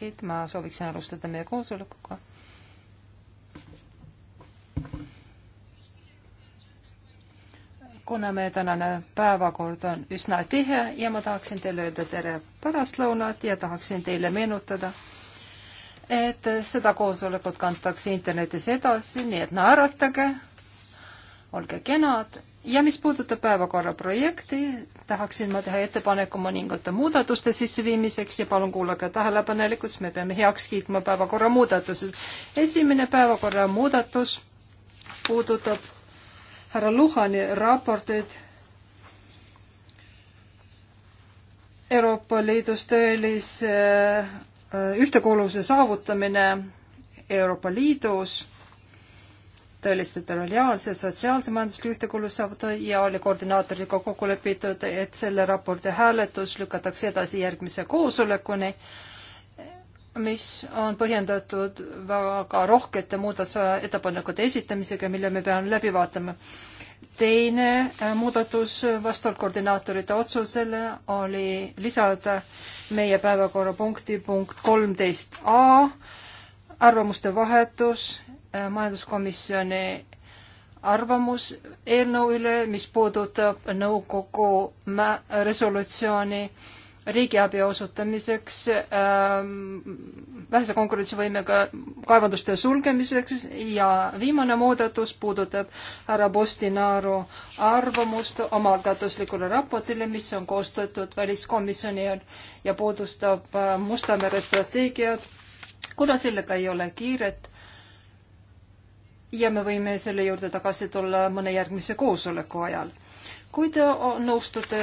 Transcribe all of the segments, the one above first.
et ma sooviksin alustada meie koosolekuga. kuna meie tänane päevakord on üsna tihe ja ma tahaksin teile öelda tere pärastlõunat ja tahaksin teile meenutada, et seda koosolekut kantakse internetis edasi, nii et naeratage, olge kenad ja mis puudutab päevakorra projekti, tahaksin ma teha ettepaneku mõningate muudatuste sisseviimiseks ja palun kuulage tähelepanelikult, sest me peame heaks kiitma päevakorra muudatused. esimene päevakorra muudatus puudutab härra Luhani raporteid Euroopa Liidus tõelise äh, ühtekuuluvuse saavutamine Euroopa Liidus tõeliste territoriaalse sotsiaalse majandusliku ühtekuuluvuse saavutada ja oli koordinaatoriga kokku lepitud, et selle raporti hääletus lükatakse edasi järgmise koosolekuni, mis on põhjendatud väga rohkete muudatusettepanekute esitamisega, mille me peame läbi vaatama. teine äh, muudatus vastavalt koordinaatorite otsusele oli lisada meie päevakorrapunkti punkt kolmteist A, arvamuste vahetus Äh, majanduskomisjoni arvamus eelnõu üle, mis puudutab nõukogu resolutsiooni riigiabi osutamiseks ähm,, vähese konkurentsivõimega kaevanduste sulgemiseks ja viimane muudatus puudutab härra Postinaru arvamust omaalgatuslikule raportile, mis on koostatud väliskomisjoni ja puudustab äh, Musta mere strateegiat. kuna sellega ei ole kiiret ja me võime selle juurde tagasi tulla mõne järgmise koosoleku ajal. kui te nõustute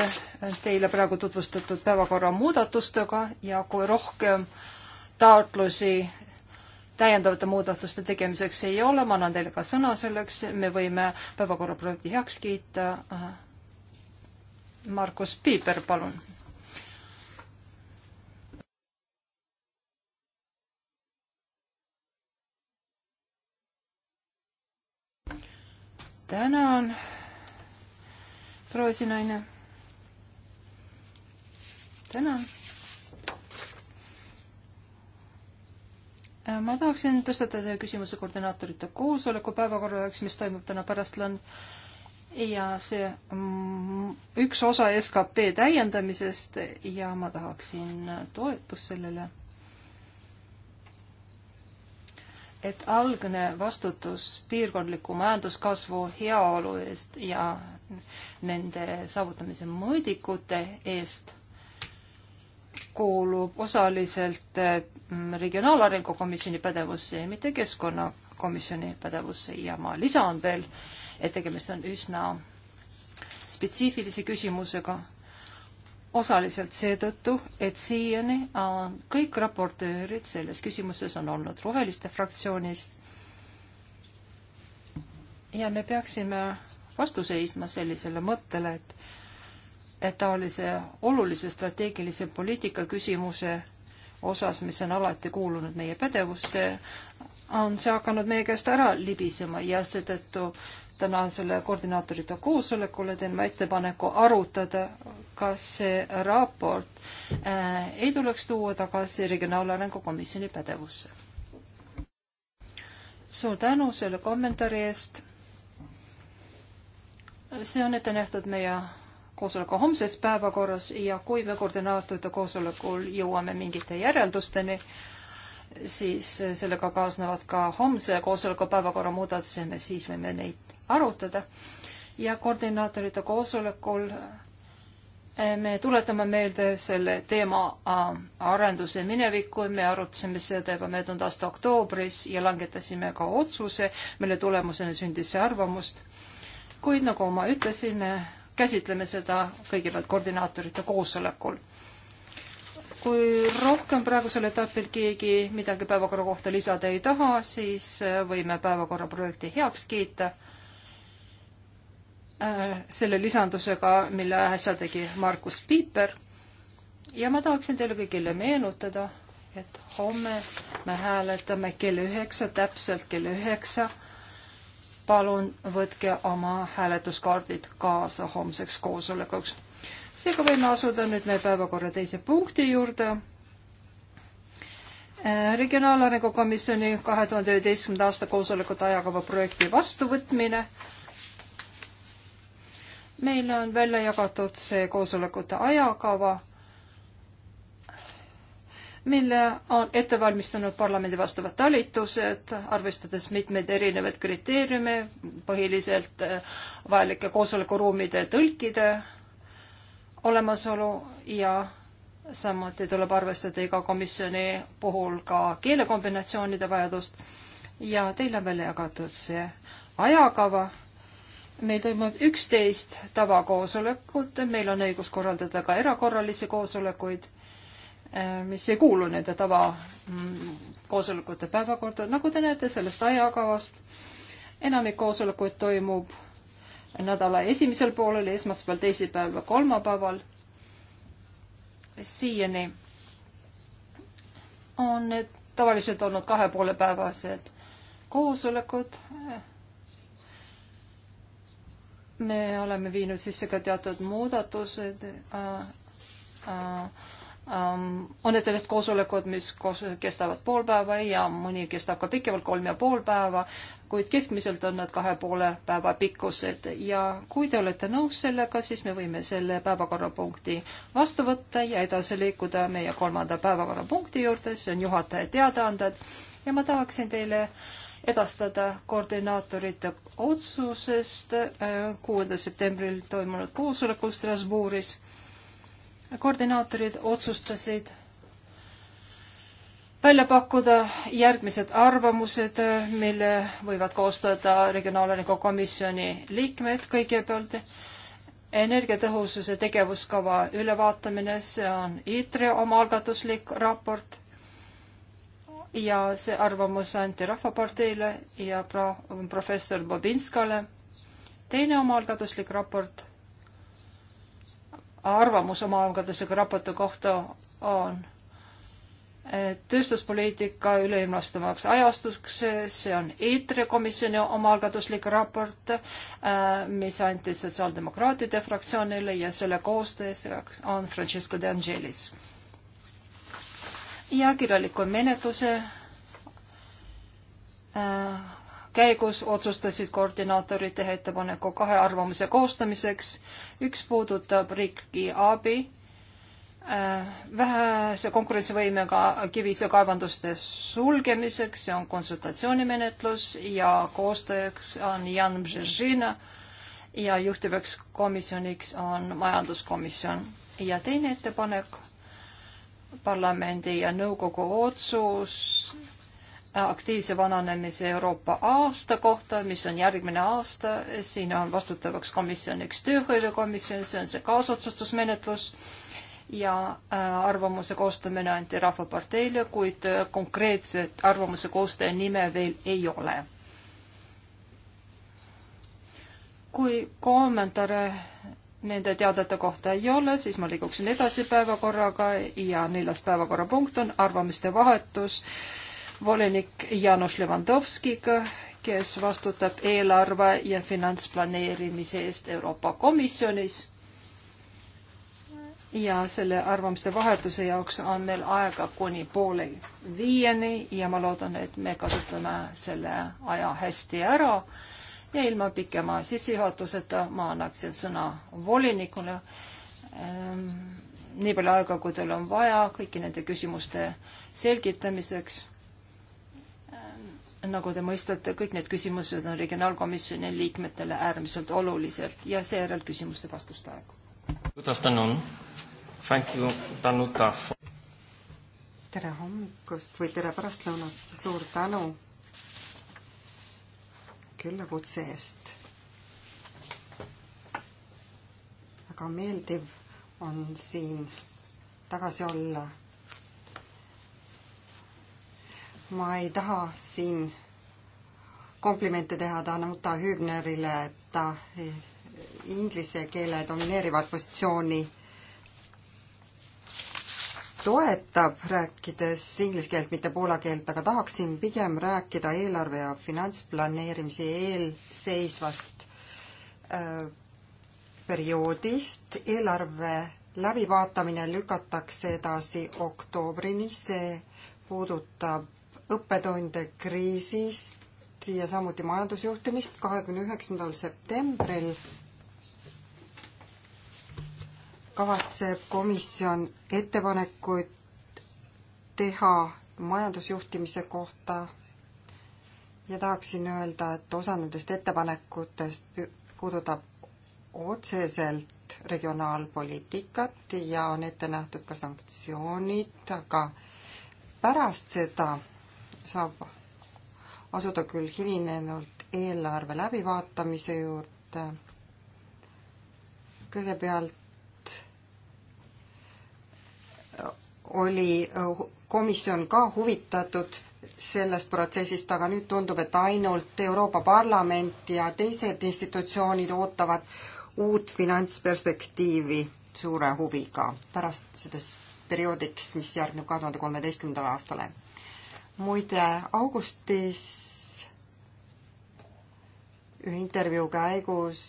teile praegu tutvustatud päevakorra muudatustega ja kui rohkem taotlusi täiendavate muudatuste tegemiseks ei ole, ma annan teile ka sõna selleks, me võime päevakorraprojekti heaks kiita. Markus Piiper, palun tänan, proua esinaine. tänan. Äh, ma tahaksin tõstatada küsimuse koordinaatorite koosoleku päevakorra jaoks, mis toimub täna pärastlõunal ja see üks osa skp täiendamisest ja ma tahaksin toetust sellele et algne vastutus piirkondliku majanduskasvu heaolu eest ja nende saavutamise mõõdikute eest kuulub osaliselt mm, Regionaalarengu Komisjoni pädevusse ja mitte Keskkonnakomisjoni pädevusse ja ma lisan veel, et tegemist on üsna spetsiifilise küsimusega osaliselt seetõttu, et siiani on äh, kõik raportöörid selles küsimuses on olnud roheliste fraktsioonist. ja me peaksime vastu seisma sellisele mõttele, et, et taolise olulise strateegilise poliitika küsimuse osas, mis on alati kuulunud meie pädevusse, on see hakanud meie käest ära libisema ja seetõttu äh, tänasele koordinaatorite koosolekule teen ma ettepaneku arutada, kas see raport äh, ei tuleks tuua tagasi Regionaalarengu Komisjoni pädevusse. suur tänu selle kommentaari eest. see on ette nähtud meie koosoleku homses päevakorras ja kui me koordinaatorite koosolekul jõuame mingite järeldusteni äh,, siis sellega kaasnevad ka homse koosoleku päevakorra muudatused, me siis võime neid arutada. ja koordinaatorite koosolekul eh, me tuletame meelde selle teema äh, arenduse minevikku, me arutasime seda juba möödunud aasta oktoobris ja langetasime ka otsuse, mille tulemusena sündis see arvamust. kuid nagu ma ütlesin, käsitleme seda kõigepealt koordinaatorite koosolekul kui rohkem praegusel etapil keegi midagi päevakorra kohta lisada ei taha, siis äh, võime päevakorra projekti heaks kiita äh, selle lisandusega, mille äsja tegi Markus Piiper. ja ma tahaksin teile kõigile meenutada, et homme me hääletame kell üheksa, täpselt kell üheksa. palun võtke oma hääletuskaardid kaasa homseks koosolekuks seega võime asuda nüüd meie päevakorra teise punkti juurde. Äh, regionaalarengu komisjoni kahe tuhande üheteistkümnenda aasta koosolekute ajakava projekti vastuvõtmine. meile on välja jagatud see koosolekute ajakava, mille on ette valmistanud parlamendi vastavad talitused, arvestades mitmeid erinevaid kriteeriume, põhiliselt äh, vajalike koosolekuruumide tõlkide olemasolu ja samuti tuleb arvestada iga komisjoni puhul ka keelekombinatsioonide vajadust ja teile on välja jagatud see ajakava. meil toimub üksteist tavakoosolekut, meil on õigus korraldada ka erakorralisi koosolekuid, mis ei kuulu nende tavakoosolekute mm, päevakorda, nagu te näete sellest ajakavast. enamik koosolekuid toimub nädala esimesel poolel, esmaspäeval, teisipäeval, kolmapäeval. siiani on need tavaliselt olnud kahe poole päevased koosolekud. me oleme viinud sisse ka teatud muudatused äh,. Äh, Um, on ette need koosolekud, mis koos, kestavad pool päeva ja mõni kestab ka pikemalt, kolm ja pool päeva kuid keskmiselt on nad kahe poole päeva pikkused ja kui te olete nõus sellega, siis me võime selle päevakorrapunkti vastu võtta ja edasi liikuda meie kolmanda päevakorrapunkti juurde, see on juhataja teadaanded ja ma tahaksin teile edastada koordinaatorite otsusest äh, kuuendal septembril toimunud koosolekul Strasbourgis. koordinaatorid otsustasid välja pakkuda järgmised arvamused, mille võivad koostada Regionaalarengu Komisjoni liikmed kõigepealt. energiatõhususe tegevuskava ülevaatamine, see on ITRE omaalgatuslik raport ja see arvamus anti Rahvaparteile ja pra-, professor Bobinskale. teine omaalgatuslik raport, arvamus omaalgatusega raporti kohta on tööstuspoliitika üleilmastumaks ajastuks, see on EITRE komisjoni omaalgatuslik raport, äh, mis anti Sotsiaaldemokraatide fraktsioonile ja selle koostöös on Francesco de Angelis. ja kirjaliku menetluse äh, käigus otsustasid koordinaatorid teha ettepaneku kahe arvamuse koostamiseks, üks puudutab riigi abi Äh, vähese konkurentsivõimega kivisöekaevanduste sulgemiseks, see on konsultatsioonimenetlus ja koostajaks on Jan Bžežina ja juhtivaks komisjoniks on majanduskomisjon. ja teine ettepanek, parlamendi ja nõukogu otsus aktiivse vananemise Euroopa aasta kohta, mis on järgmine aasta, siin on vastutavaks komisjoniks tööhõivekomisjon, see on see kaasotsustusmenetlus ja äh, arvamuse koostamine anti Rahvaparteile, kuid äh, konkreetset arvamuse koostaja nime veel ei ole. kui kommentaare nende teadete kohta ei ole, siis ma liiguksin edasi päevakorraga ja neljas päevakorrapunkt on arvamuste vahetus volinik Janus Levandovskiga, kes vastutab eelarve ja finantsplaneerimise eest Euroopa Komisjonis ja selle arvamuste vahetuse jaoks on meil aega kuni poole viieni ja ma loodan, et me kasutame selle aja hästi ära ja ilma pikema sissejuhatuseta ma annaksin sõna volinikule ähm, nii palju aega, kui teil on vaja kõiki nende küsimuste selgitamiseks ehm, nagu te mõistate, kõik need küsimused on regionaalkomisjoni liikmetele äärmiselt olulised ja seejärel küsimuste-vastuste aeg. Good afternoon. Thank you, Danuta. tere hommikust või tere pärastlõunat, suur tänu küllakutse eest. väga meeldiv on siin tagasi olla. ma ei taha siin komplimente teha Danuta Hübnerile, et ta inglise keele domineerivat positsiooni toetab, rääkides inglise keelt, mitte poola keelt, aga tahaksin pigem rääkida eelarve ja finantsplaneerimise eelseisvast äh, perioodist. eelarve läbivaatamine lükatakse edasi oktoobrini, see puudutab õppetunde kriisist ja samuti majandusjuhtimist kahekümne üheksandal septembril kavatseb komisjon ettepanekuid teha majandusjuhtimise kohta ja tahaksin öelda, et osa nendest ettepanekutest puudutab otseselt regionaalpoliitikat ja on ette nähtud ka sanktsioonid, aga pärast seda saab asuda küll hilinenult eelarve läbivaatamise juurde. kõigepealt oli äh, komisjon ka huvitatud sellest protsessist, aga nüüd tundub, et ainult Euroopa Parlament ja teised institutsioonid ootavad uut finantsperspektiivi suure huviga pärast selles perioodiks, mis järgneb kahe tuhande kolmeteistkümnendale aastale. muide, augustis ühe intervjuu käigus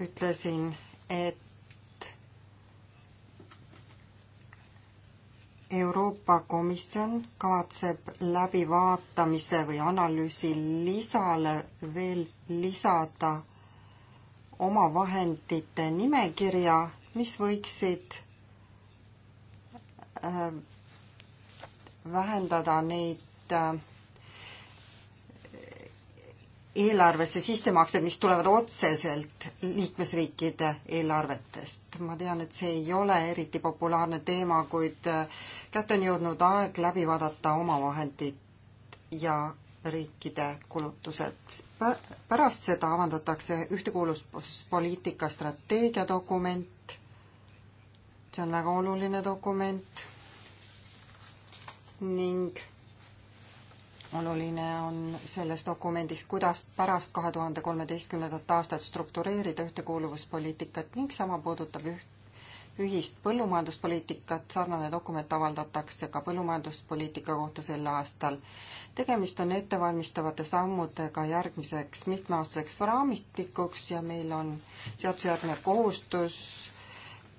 ütlesin, et Euroopa Komisjon kavatseb läbivaatamise või analüüsi lisale veel lisada omavahendite nimekirja, mis võiksid äh, vähendada neid äh, eelarvesse sissemaksed, mis tulevad otseselt liikmesriikide eelarvetest. ma tean, et see ei ole eriti populaarne teema, kuid äh, kätte on jõudnud aeg läbi vaadata omavahendid ja riikide kulutused. pärast seda avaldatakse ühtekuuluvuspoliitika strateegiadokument, see on väga oluline dokument ning oluline on selles dokumendis, kuidas pärast kahe tuhande kolmeteistkümnendat aastat struktureerida ühtekuuluvuspoliitikat ning sama puudutab üht, ühist põllumajanduspoliitikat, sarnane dokument avaldatakse ka põllumajanduspoliitika kohta sel aastal. tegemist on ettevalmistavate sammudega järgmiseks mitmeaastaseks raamistikuks ja meil on seadusjärgne kohustus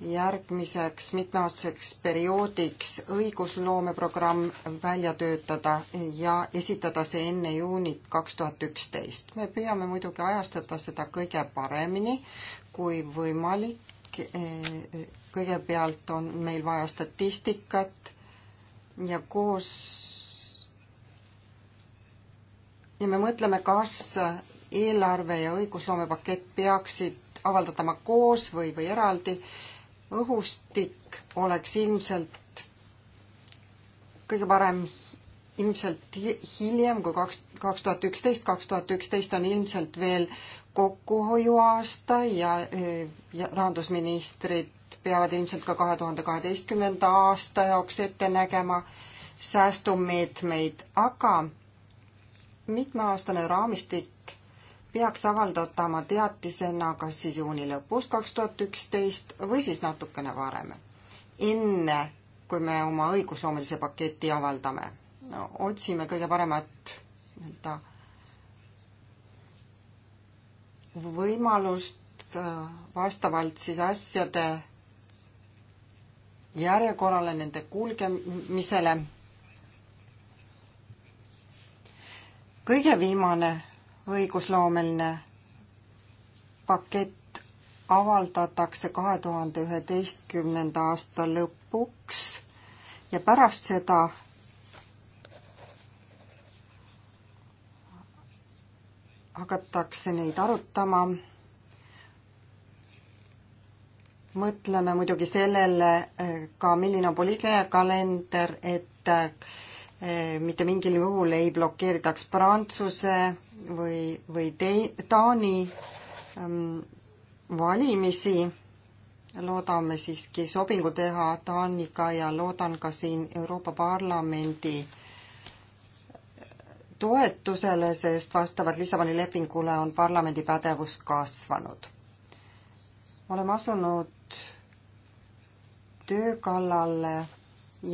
järgmiseks mitmeaastaseks perioodiks õigusloomeprogramm välja töötada ja esitada see enne juunit kaks tuhat üksteist. me püüame muidugi ajastada seda kõige paremini kui võimalik. E, kõigepealt on meil vaja statistikat ja koos ja me mõtleme, kas eelarve ja õigusloomepakett peaksid avaldatama koos või, või eraldi õhustik oleks ilmselt kõige parem ilmselt hiljem kui kaks, kaks tuhat üksteist, kaks tuhat üksteist on ilmselt veel kokkuhoiuaasta ja, ja rahandusministrid peavad ilmselt ka kahe tuhande kaheteistkümnenda aasta jaoks ette nägema säästumeetmeid, aga mitmeaastane raamistik peaks avaldatama teatisena kas siis juuni lõpus kaks tuhat üksteist või siis natukene varem, enne kui me oma õigusloomelise paketi avaldame no,. otsime kõige paremat nii-öelda võimalust äh, vastavalt siis asjade järjekorrale, nende kulgemisele. kõige viimane õigusloomeline pakett avaldatakse kahe tuhande üheteistkümnenda aasta lõpuks ja pärast seda hakatakse neid arutama. mõtleme muidugi sellele eh, ka, milline on poliitiline kalender, et eh, mitte mingil juhul ei blokeeritaks Prantsuse või, või tei-, Taani ähm, valimisi. loodame siiski sobingu teha Taaniga ja loodan ka siin Euroopa Parlamendi toetusele, sest vastavalt Lissaboni lepingule on parlamendi pädevus kasvanud. oleme asunud töö kallale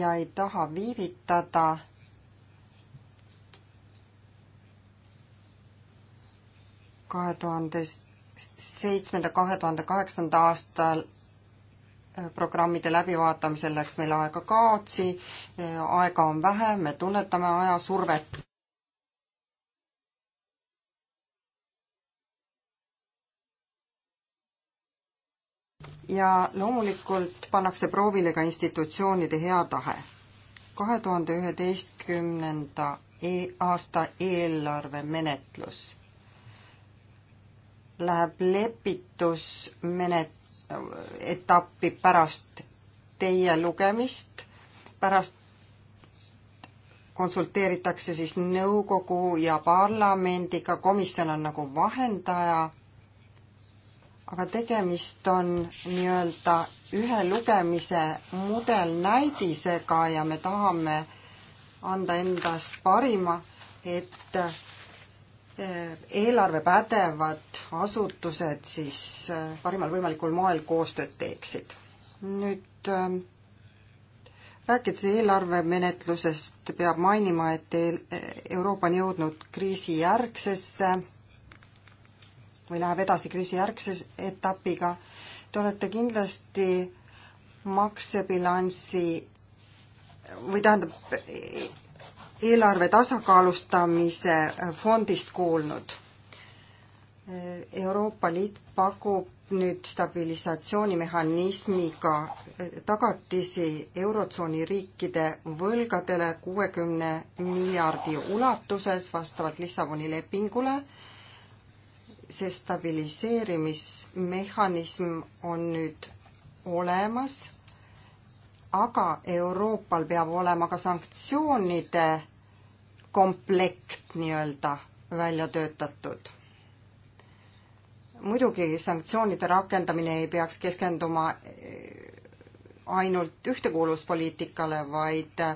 ja ei taha viivitada kahe tuhande seitsmenda, kahe tuhande kaheksanda aastal äh, programmide läbivaatamisel läks meil aega kaotsi, äh, aega on vähe, me tunnetame ajasurvet. ja loomulikult pannakse proovile ka institutsioonide hea tahe. kahe tuhande üheteistkümnenda e-, aasta eelarve menetlus läheb lepitusmenet-, etappi pärast teie lugemist, pärast konsulteeritakse siis nõukogu ja parlamendiga, komisjon on nagu vahendaja, aga tegemist on nii-öelda ühe lugemise mudelnäidisega ja me tahame anda endast parima, et eelarvepädevad asutused siis äh, parimal võimalikul moel koostööd teeksid. nüüd ähm, rääkides eelarvemenetlusest, peab mainima, et äh, Euroopa on jõudnud kriisijärgsesse või läheb edasi kriisijärgse etapiga. Te olete kindlasti maksebilansi või tähendab, eelarve tasakaalustamise fondist kuulnud. Euroopa Liit pakub nüüd stabilisatsioonimehhanismiga tagatisi Eurotsooni riikide võlgadele kuuekümne miljardi ulatuses vastavalt Lissaboni lepingule. see stabiliseerimismehhanism on nüüd olemas, aga Euroopal peab olema ka sanktsioonide komplekt nii-öelda välja töötatud muidugi sanktsioonide rakendamine ei peaks keskenduma eh, ainult ühtekuuluvuspoliitikale, vaid eh,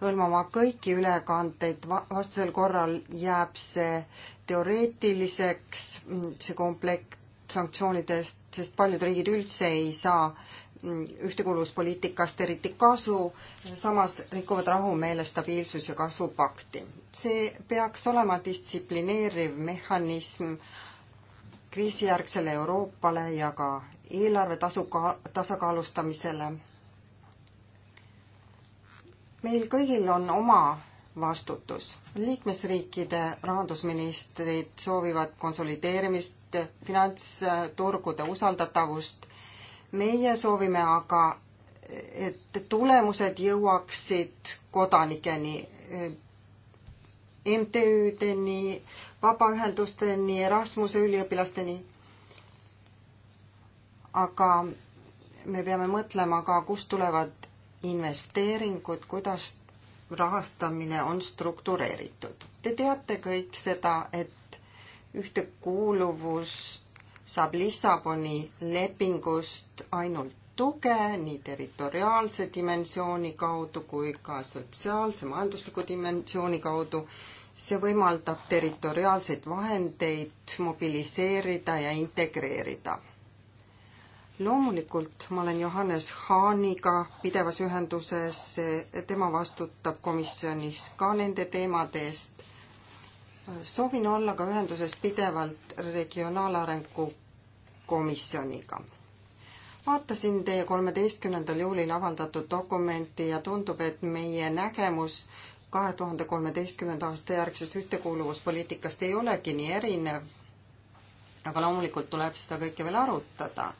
hõlmama kõiki ülekandeid, vastasel korral jääb see teoreetiliseks, mm, see komplekt sanktsioonidest, sest paljud riigid üldse ei saa ühtekuuluvuspoliitikast eriti kasu, samas rikuvad rahumeele stabiilsus- ja kasvupakti. see peaks olema distsiplineeriv mehhanism kriisijärgsele Euroopale ja ka eelarve tasuka-, tasakaalustamisele. meil kõigil on oma vastutus. liikmesriikide rahandusministrid soovivad konsolideerimist, finantsturgude usaldatavust meie soovime aga, et tulemused jõuaksid kodanikeni, MTÜ-deni, vabaühendusteni, Erasmuse üliõpilasteni. aga me peame mõtlema ka, kust tulevad investeeringud, kuidas rahastamine on struktureeritud. Te teate kõik seda, et ühtekuuluvus saab Lissaboni lepingust ainult tuge nii territoriaalse dimensiooni kaudu kui ka sotsiaalse majandusliku dimensiooni kaudu. see võimaldab territoriaalseid vahendeid mobiliseerida ja integreerida. loomulikult ma olen Johannes Haaniga pidevas ühenduses, tema vastutab komisjonis ka nende teemade eest, soovin olla ka ühenduses pidevalt Regionaalarengu Komisjoniga. vaatasin teie kolmeteistkümnendal juulil avaldatud dokumenti ja tundub, et meie nägemus kahe tuhande kolmeteistkümnenda aasta järgsest ühtekuuluvuspoliitikast ei olegi nii erinev. aga loomulikult tuleb seda kõike veel arutada.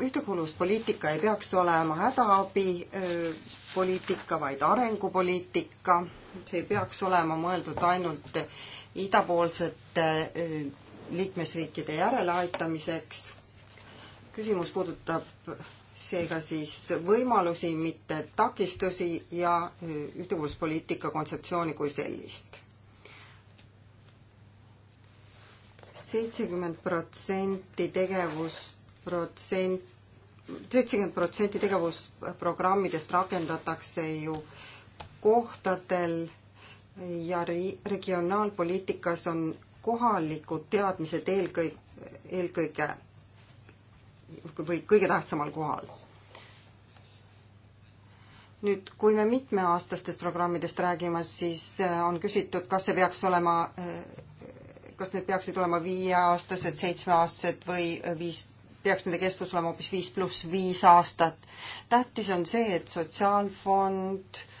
ühtekuuluvuspoliitika ei peaks olema hädaabipoliitika, vaid arengupoliitika see ei peaks olema mõeldud ainult idapoolsete eh, liikmesriikide järeleaitamiseks. küsimus puudutab seega siis võimalusi, mitte takistusi ja eh, ühtekuuluvuspoliitika kontseptsiooni kui sellist. seitsekümmend protsenti tegevusprotsent, seitsekümmend protsenti tegevusprogrammidest rakendatakse ju äh, kohtadel ja regionaalpoliitikas on kohalikud teadmised eelkõige, eelkõige või kõige tähtsamal kohal. nüüd, kui me mitmeaastastest programmidest räägime, siis äh, on küsitud, kas see peaks olema, äh, kas need peaksid olema viieaastased, seitsmeaastased või äh, viis, peaks nende kestus olema hoopis viis pluss viis aastat. tähtis on see, et sotsiaalfond äh,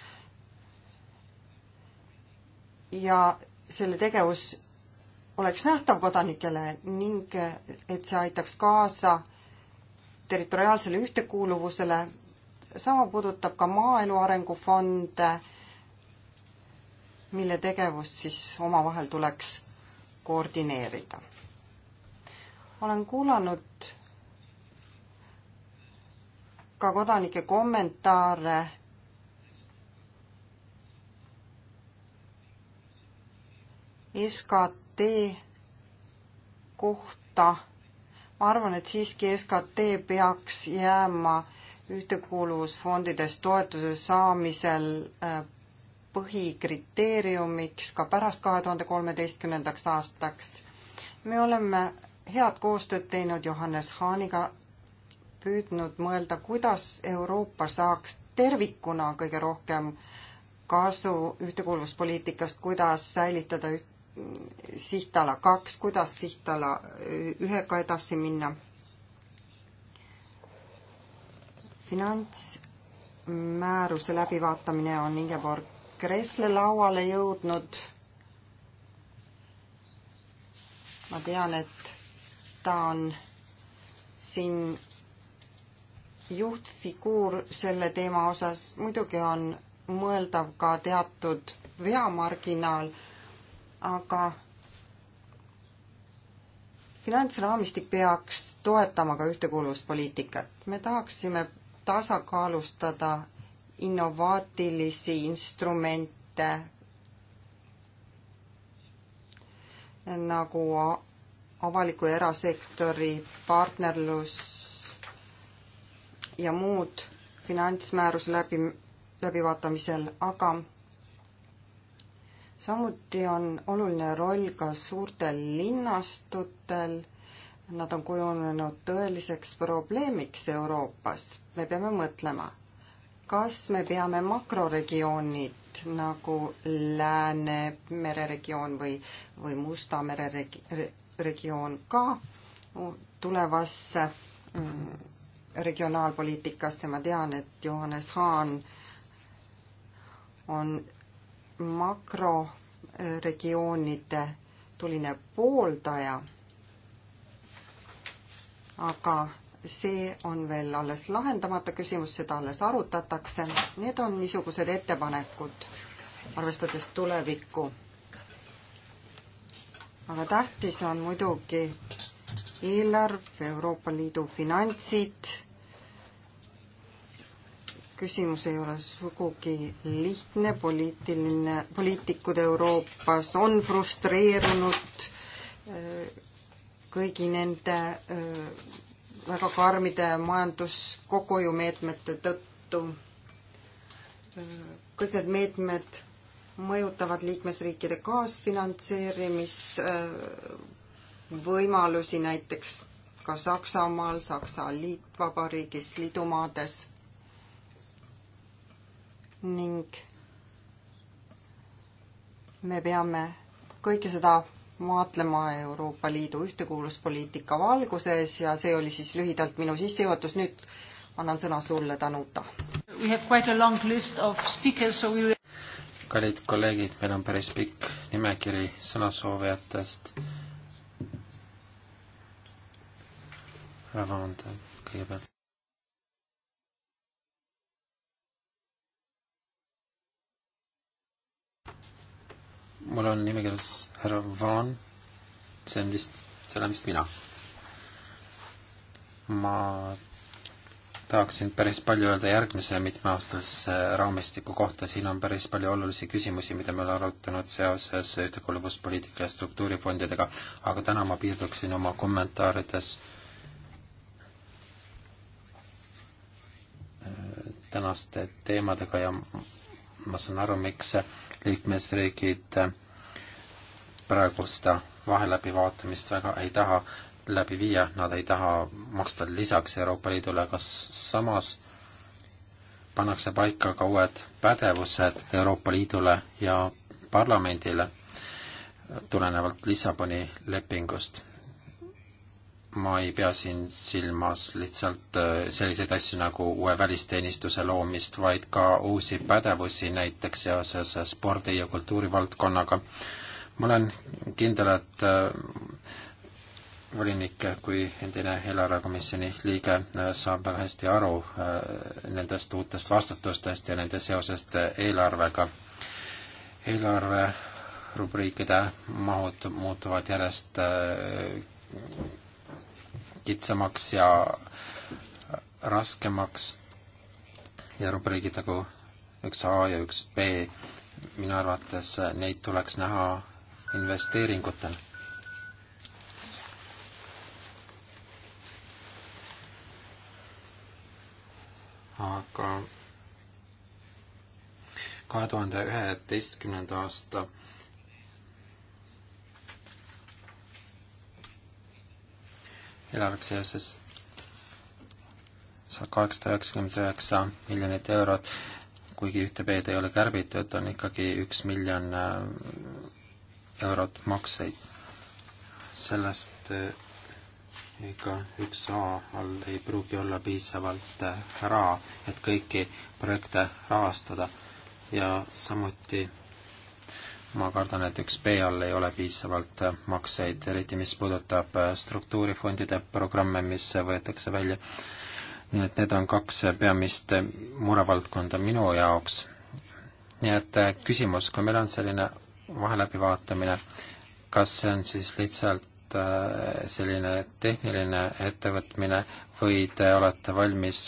ja selle tegevus oleks nähtav kodanikele ning et see aitaks kaasa territoriaalsele ühtekuuluvusele. sama puudutab ka Maaelu Arengufonde, mille tegevust siis omavahel tuleks koordineerida. olen kuulanud ka kodanike kommentaare SKT kohta. ma arvan, et siiski SKT peaks jääma ühtekuuluvusfondides toetuse saamisel äh, põhikriteeriumiks ka pärast kahe tuhande kolmeteistkümnendaks aastaks. me oleme head koostööd teinud Johannes Haaniga, püüdnud mõelda, kuidas Euroopa saaks tervikuna kõige rohkem kasu ühtekuuluvuspoliitikast, kuidas säilitada üht sihtala kaks, kuidas sihtala ühega edasi minna. finantsmääruse läbivaatamine on Ingeborg Kressle lauale jõudnud. ma tean, et ta on siin juhtfiguur selle teema osas, muidugi on mõeldav ka teatud veamarginaal aga finantsraamistik peaks toetama ka ühtekuuluvuspoliitikat. me tahaksime tasakaalustada innovaatilisi instrumente nagu avaliku ja erasektori partnerlus ja muud finantsmääruse läbi, läbivaatamisel, aga samuti on oluline roll ka suurtel linnastutel. Nad on kujunenud tõeliseks probleemiks Euroopas. me peame mõtlema, kas me peame makroregioonid nagu Lääne mereregioon või, või Musta mere regioon ka tulevasse mm, regionaalpoliitikasse, ma tean, et Johannes Haan on makroregioonide tuline pooldaja, aga see on veel alles lahendamata küsimus, seda alles arutatakse. Need on niisugused ettepanekud, arvestades tulevikku. aga tähtis on muidugi eelarv, Euroopa Liidu finantsid küsimus ei ole sugugi lihtne, poliitiline, poliitikud Euroopas on frustreerunud kõigi nende väga karmide majanduskokkuhoiumeetmete tõttu. kõik need meetmed mõjutavad liikmesriikide kaasfinantseerimisvõimalusi näiteks ka Saksamaal, Saksa liitvabariigis, liidumaades ning me peame kõike seda vaatlema Euroopa Liidu ühtekuuluvuspoliitika valguses ja see oli siis lühidalt minu sissejuhatus, nüüd annan sõna sulle, Danuta. We... kallid kolleegid, meil on päris pikk nimekiri sõnasoovijatest. Ravanda kõigepealt. mul on nimekirjas härra Vaan, see on vist, see olen vist mina. ma tahaksin päris palju öelda järgmise mitmeaastase raamistiku kohta, siin on päris palju olulisi küsimusi, mida me oleme arutanud seoses ühtekuuluvuspoliitika ja struktuurifondidega, aga täna ma piirduksin oma kommentaarides äh, tänaste teemadega ja ma saan aru, miks see liikmesriigid eh, praegu seda vaheläbivaatamist väga ei taha läbi viia, nad ei taha maksta lisaks Euroopa Liidule, kas samas pannakse paika ka uued pädevused Euroopa Liidule ja parlamendile tulenevalt Lissaboni lepingust ma ei pea siin silmas lihtsalt äh, selliseid asju nagu uue välisteenistuse loomist, vaid ka uusi pädevusi näiteks seoses spordi- ja kultuurivaldkonnaga. ma olen kindel, et äh, volinik kui endine eelarvekomisjoni liige äh, saab väga hästi aru nendest uutest vastutustest ja nende seosest eelarvega. eelarve rubriikide mahud muutuvad järjest kitsamaks ja raskemaks ja rubriigid nagu üks A ja üks B, minu arvates neid tuleks näha investeeringutel. aga kahe tuhande üheteistkümnenda aasta eelarveks seoses sada kaheksasada üheksakümmend üheksa miljonit eurot, kuigi ühte B-d ei ole kärbitud, on ikkagi üks miljon äh, eurot makseid. sellest ega äh, üks A all ei pruugi olla piisavalt äh, raha, et kõiki projekte rahastada ja samuti ma kardan, et üks B all ei ole piisavalt äh, makseid, eriti mis puudutab äh, struktuurifondide programme, mis võetakse välja. nii et need on kaks äh, peamist murevaldkonda minu jaoks. nii et küsimus, kui meil on selline vaheläbivaatamine, kas see on siis lihtsalt selline tehniline ettevõtmine või te olete valmis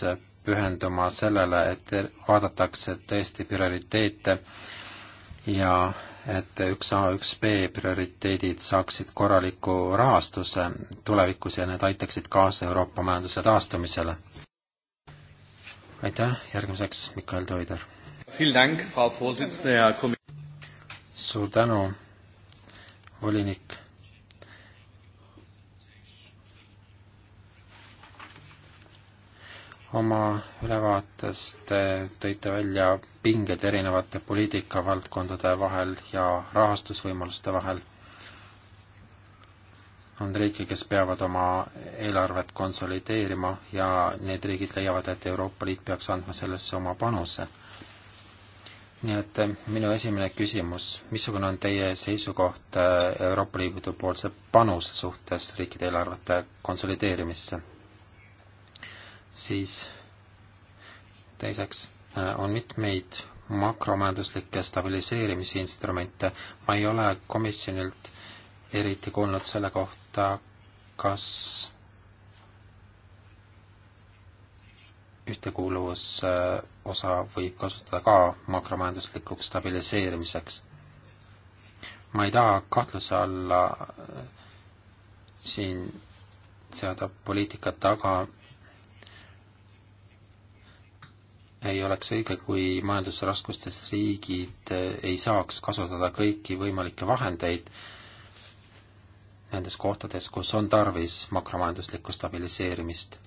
pühenduma sellele, et vaadatakse tõesti prioriteete ja et üks A, üks B prioriteedid saaksid korraliku rahastuse tulevikus ja need aitaksid kaasa Euroopa majanduse taastumisele. aitäh, järgmiseks Mikael Toider. suur tänu, volinik oma ülevaatest tõite välja pinged erinevate poliitikavaldkondade vahel ja rahastusvõimaluste vahel. on riike, kes peavad oma eelarvet konsolideerima ja need riigid leiavad, et Euroopa Liit peaks andma sellesse oma panuse. nii et minu esimene küsimus, missugune on teie seisukoht Euroopa Liidu poolse panuse suhtes riikide eelarvete konsolideerimisse? siis teiseks äh, on mitmeid makromajanduslikke stabiliseerimisinstrumente. ma ei ole komisjonilt eriti kuulnud selle kohta, kas ühtekuuluvusosa äh, võib kasutada ka makromajanduslikuks stabiliseerimiseks. ma ei taha kahtluse alla äh, siin seada poliitikat, aga ei oleks õige, kui majandusraskustes riigid eh, ei saaks kasutada kõiki võimalikke vahendeid nendes kohtades, kus on tarvis makromajanduslikku stabiliseerimist.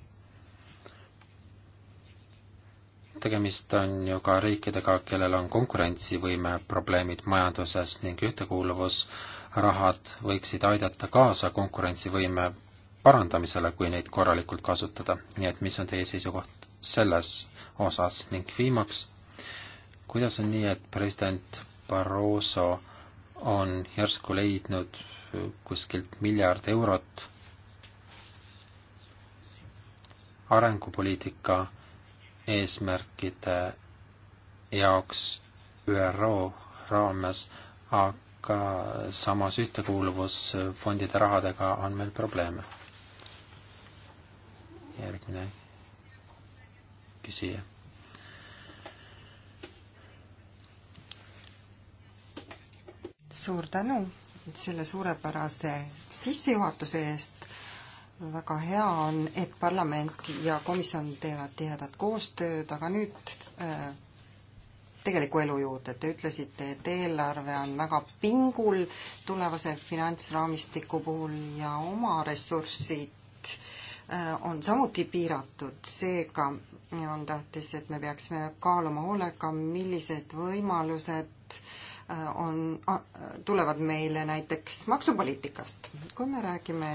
tegemist on ju ka riikidega, kellel on konkurentsivõime probleemid majanduses ning ühtekuuluvusrahad võiksid aidata kaasa konkurentsivõime parandamisele, kui neid korralikult kasutada. nii et mis on teie seisukoht selles osas ning viimaks, kuidas on nii, et president Barroso on järsku leidnud kuskilt miljard eurot arengupoliitika eesmärkide jaoks ÜRO raames, aga samas ühtekuuluvusfondide rahadega on meil probleeme. järgmine küsija. suur tänu selle suurepärase sissejuhatuse eest. väga hea on, et parlament ja komisjon teevad tihedat koostööd, aga nüüd äh, tegeliku elu juurde. Te ütlesite, et eelarve on väga pingul tulevase finantsraamistiku puhul ja oma ressurssid äh, on samuti piiratud, seega on tähtis, et me peaksime kaaluma hoolega, millised võimalused äh, on, äh, tulevad meile näiteks maksupoliitikast. kui me räägime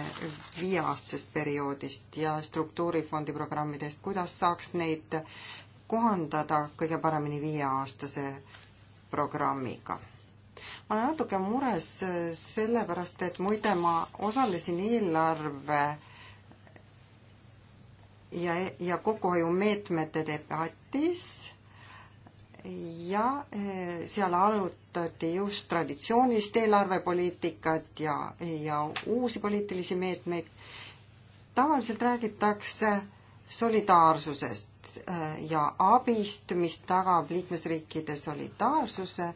viieaastasest perioodist ja struktuurifondi programmidest, kuidas saaks neid kohandada kõige paremini viieaastase programmiga? ma olen natuke mures äh, sellepärast, et muide ma osalesin eelarve ja, ja kokkuhoiumeetmete debatis ja eh, seal arutati just traditsioonilist eelarvepoliitikat ja, ja uusi poliitilisi meetmeid. tavaliselt räägitakse solidaarsusest eh, ja abist, mis tagab liikmesriikide solidaarsuse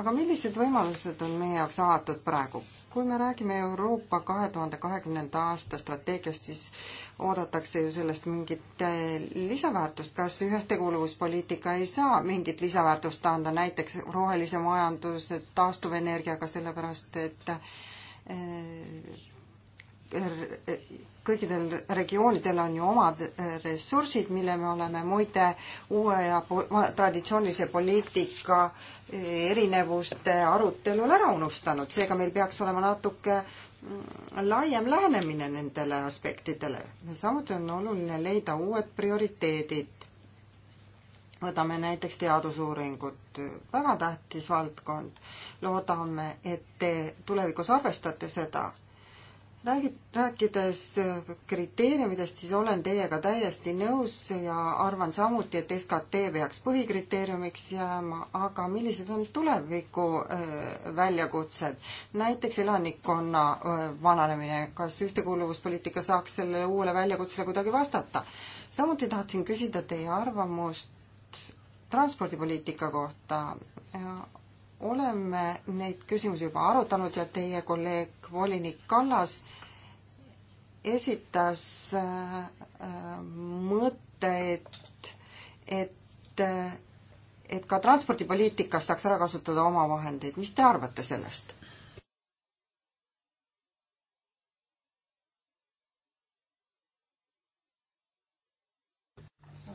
aga millised võimalused on meie jaoks avatud praegu? kui me räägime Euroopa kahe tuhande kahekümnenda aasta strateegiast, siis oodatakse ju sellest mingit eh, lisaväärtust, kas ühtekuuluvuspoliitika ei saa mingit lisaväärtust anda näiteks rohelise majanduse, taastuvenergiaga, sellepärast et eh, er, er, kõikidel regioonidel on ju omad äh, ressursid, mille me oleme muide uue ja traditsioonilise poliitika äh, erinevuste arutelul ära unustanud, seega meil peaks olema natuke mm, laiem lähenemine nendele aspektidele. samuti on oluline leida uued prioriteedid. võtame näiteks teadusuuringud, väga tähtis valdkond. loodame, et te tulevikus arvestate seda räägid, rääkides äh, kriteeriumidest, siis olen teiega täiesti nõus ja arvan samuti, et SKT peaks põhikriteeriumiks jääma, aga millised on tuleviku äh, väljakutsed? näiteks elanikkonna äh, vananemine, kas ühtekuuluvuspoliitika saaks sellele uuele väljakutsele kuidagi vastata? samuti tahtsin küsida teie arvamust transpordipoliitika kohta oleme neid küsimusi juba arutanud ja teie kolleeg volinik Kallas esitas äh, mõtte, et, et, et ka transpordipoliitikas saaks ära kasutada omavahendeid. mis te arvate sellest?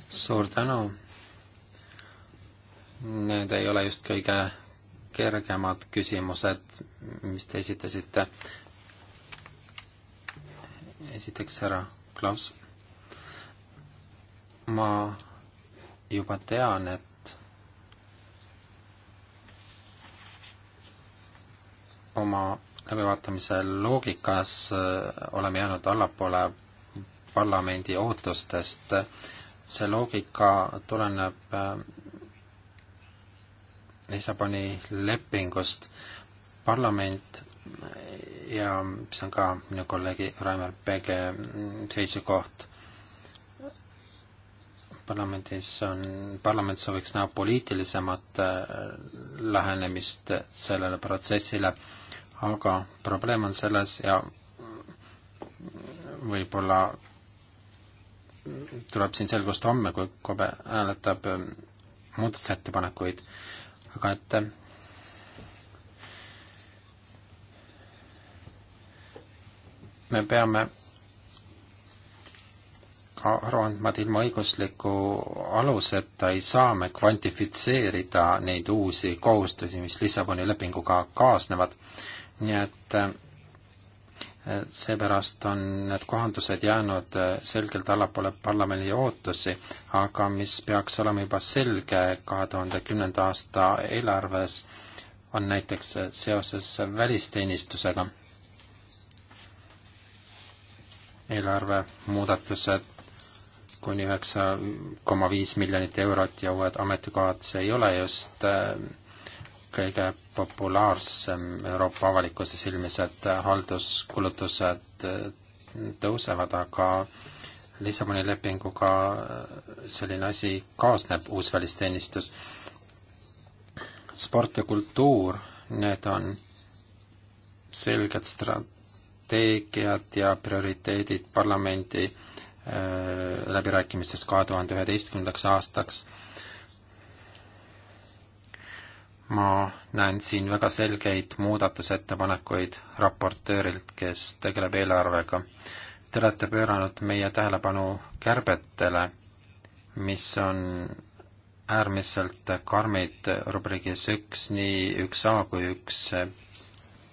suur tänu. Need ei ole just kõige kergemad küsimused, mis te esitasite. esiteks, härra Klaus, ma juba tean, et oma läbivaatamise loogikas äh, oleme jäänud allapoole parlamendi ootustest. see loogika tuleneb äh, Lissaboni lepingust. parlament ja see on ka minu kolleegi Raimar Pege seisukoht, parlamendis on, parlament sooviks näha poliitilisemat äh, lähenemist sellele protsessile, aga probleem on selles ja võib-olla tuleb siin selgust homme, kui Kobe hääletab äh, muudatusettepanekuid, aga et äh, me peame ka aru andma, et ilma õigusliku aluseta ei saa me kvantifitseerida neid uusi kohustusi, mis Lissaboni lepinguga kaasnevad. nii et äh, seepärast on need kohandused jäänud äh, selgelt allapoole parlamendi ootusi, aga mis peaks olema juba selge kahe tuhande kümnenda aasta eelarves, on näiteks äh, seoses välisteenistusega. eelarve muudatused kuni üheksa koma viis miljonit eurot ja uued ametikohad, see ei ole just äh, kõige populaarsem Euroopa avalikkuse silmis, et halduskulutused eh, tõusevad, aga Lissaboni lepinguga eh, selline asi kaasneb, uus välisteenistus. sport ja kultuur, need on selged strateegiad ja prioriteedid parlamendi eh, läbirääkimistest kahe tuhande üheteistkümnendaks aastaks ma näen siin väga selgeid muudatusettepanekuid raportöörilt, kes tegeleb eelarvega. Te olete pööranud meie tähelepanu kärbetele, mis on äärmiselt karmid rubriigis üks, nii üks A kui üks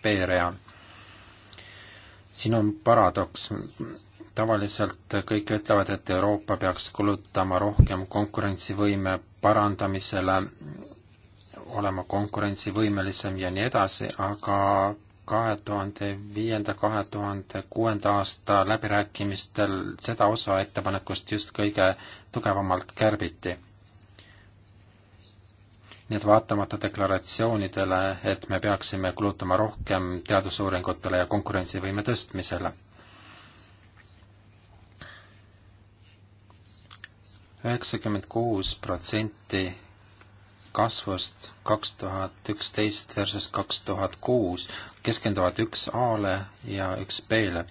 B rea. siin on paradoks, tavaliselt kõik ütlevad, et Euroopa peaks kulutama rohkem konkurentsivõime parandamisele, olema konkurentsivõimelisem ja nii edasi, aga kahe tuhande viienda, kahe tuhande kuuenda aasta läbirääkimistel seda osa ettepanekust just kõige tugevamalt kärbiti. nii et vaatamata deklaratsioonidele, et me peaksime kulutama rohkem teadusuuringutele ja konkurentsivõime tõstmisele üheksakümmend kuus protsenti kasvust kaks tuhat üksteist versus kaks tuhat kuus keskenduvad üks A-le ja üks B-le.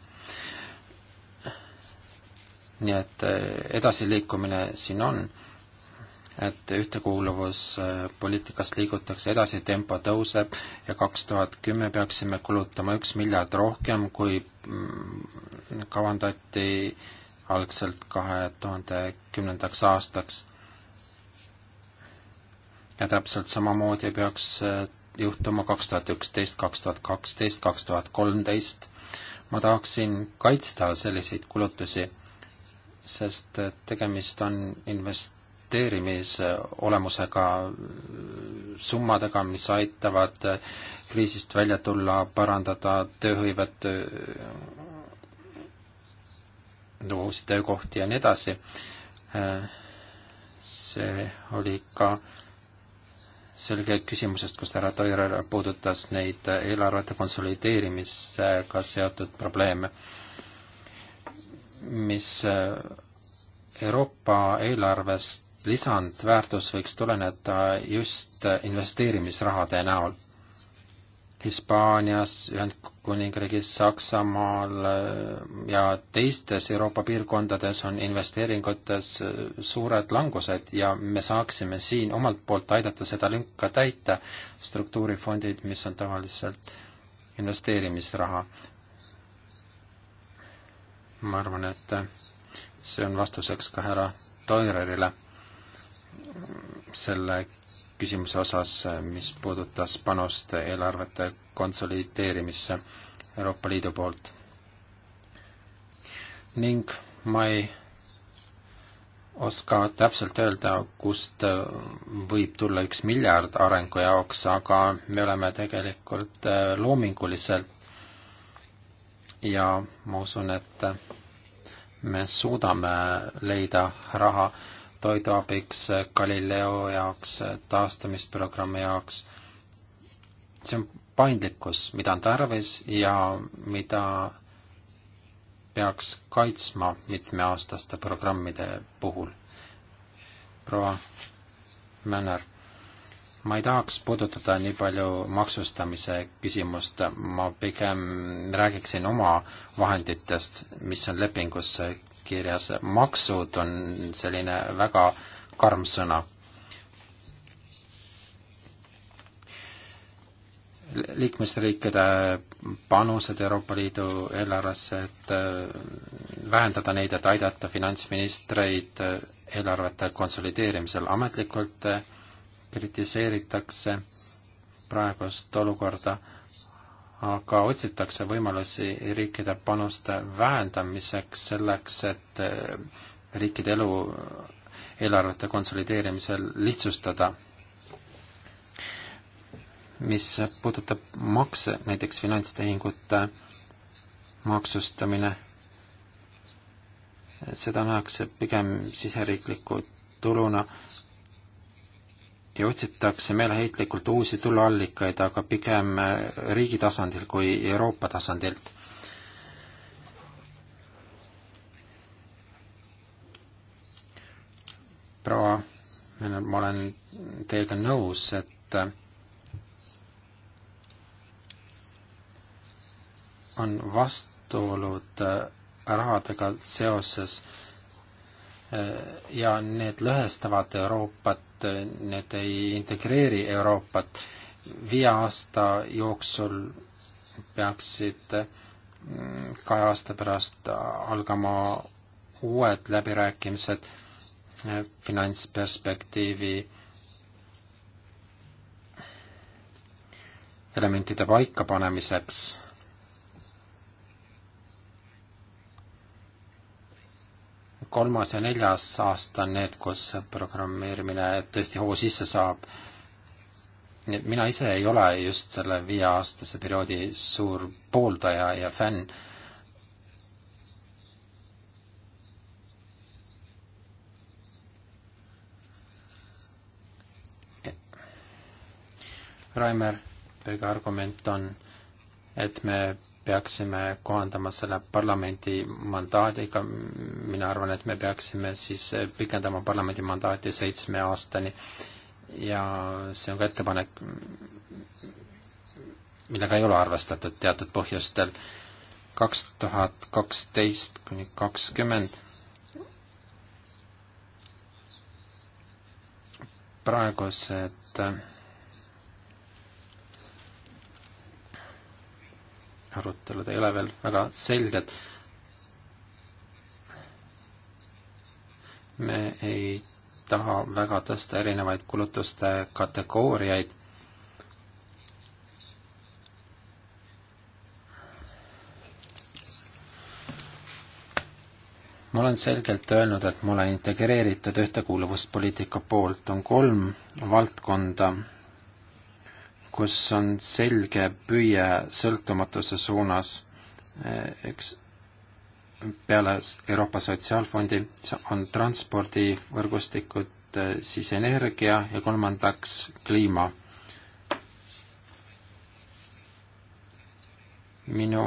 nii et eh, edasiliikumine siin on, et ühtekuuluvuspoliitikast liigutakse edasi, tempo tõuseb ja kaks tuhat kümme peaksime kulutama üks miljard rohkem, kui mm, kavandati algselt kahe tuhande kümnendaks aastaks ja täpselt samamoodi peaks äh, juhtuma kaks tuhat üksteist, kaks tuhat kaksteist, kaks tuhat kolmteist. ma tahaksin kaitsta selliseid kulutusi, sest äh, tegemist on investeerimise olemusega äh, summadega, mis aitavad kriisist välja tulla, parandada tööhõivet, uusi töökohti ja nii edasi. see oli ka äh, selge küsimusest, kus härra Toirer puudutas neid eelarvete konsolideerimisega seotud probleeme, mis äh, Euroopa eelarvest lisandväärtus võiks tuleneda just investeerimisrahade näol. Hispaanias, Ühendkuningriigis, Saksamaal äh, ja teistes Euroopa piirkondades on investeeringutes äh, suured langused ja me saaksime siin omalt poolt aidata seda lünka täita, struktuurifondid, mis on tavaliselt investeerimisraha. ma arvan, et äh, see on vastuseks ka härra Toirerile selle küsimuse osas, mis puudutas panust eelarvete konsolideerimisse Euroopa Liidu poolt. ning ma ei oska täpselt öelda, kust võib tulla üks miljard arengu jaoks, aga me oleme tegelikult äh, loominguliselt ja ma usun, et me suudame leida raha toiduabiks, Galileo jaoks, taastamisprogrammi jaoks. see on paindlikkus, mida on tarvis ja mida peaks kaitsma mitmeaastaste programmide puhul. proua Männer, ma ei tahaks puudutada nii palju maksustamise küsimust, ma pigem räägiksin oma vahenditest, mis on lepingusse kirjas, maksud on selline väga karm sõna. liikmesriikide panused Euroopa Liidu eelarvesse, et äh, vähendada neid, et aidata finantsministreid äh, eelarvete konsolideerimisel ametlikult äh, kritiseeritakse praegust olukorda aga otsitakse võimalusi riikide panuste vähendamiseks selleks, et eh, riikide elu eelarvete konsolideerimisel lihtsustada. mis puudutab makse, näiteks finantstehingute maksustamine, seda nähakse pigem siseriikliku tuluna ja otsitakse meeleheitlikult uusi tuluallikaid, aga pigem riigi tasandil kui Euroopa tasandilt. proua, ma olen teiega nõus, et on vastuolud äh, rahadega seoses äh, ja need lõhestavad Euroopat et need ei integreeri Euroopat. viie aasta jooksul peaksid mm, kahe aasta pärast algama uued läbirääkimised eh, finantsperspektiivi elementide paikapanemiseks kolmas ja neljas aasta on need, kus programmeerimine tõesti hoo sisse saab. nii et mina ise ei ole just selle viieaastase perioodi suur pooldaja ja fänn. Raimer, teie argument on, et me peaksime kohandama selle parlamendi mandaadiga, mina arvan, et me peaksime siis pikendama parlamendi mandaati seitsme aastani ja see on ka ettepanek, millega ei ole arvestatud teatud põhjustel. kaks tuhat kaksteist kuni kakskümmend praegused et arutelud ei ole veel väga selged. me ei taha väga tõsta erinevaid kulutuste kategooriaid. ma olen selgelt öelnud, et ma olen integreeritud ühtekuuluvuspoliitika poolt, on kolm valdkonda, kus on selge püüe sõltumatuse suunas, üks eh, peale Euroopa Sotsiaalfondi on transpordivõrgustikud, eh, siis energia ja kolmandaks kliima minu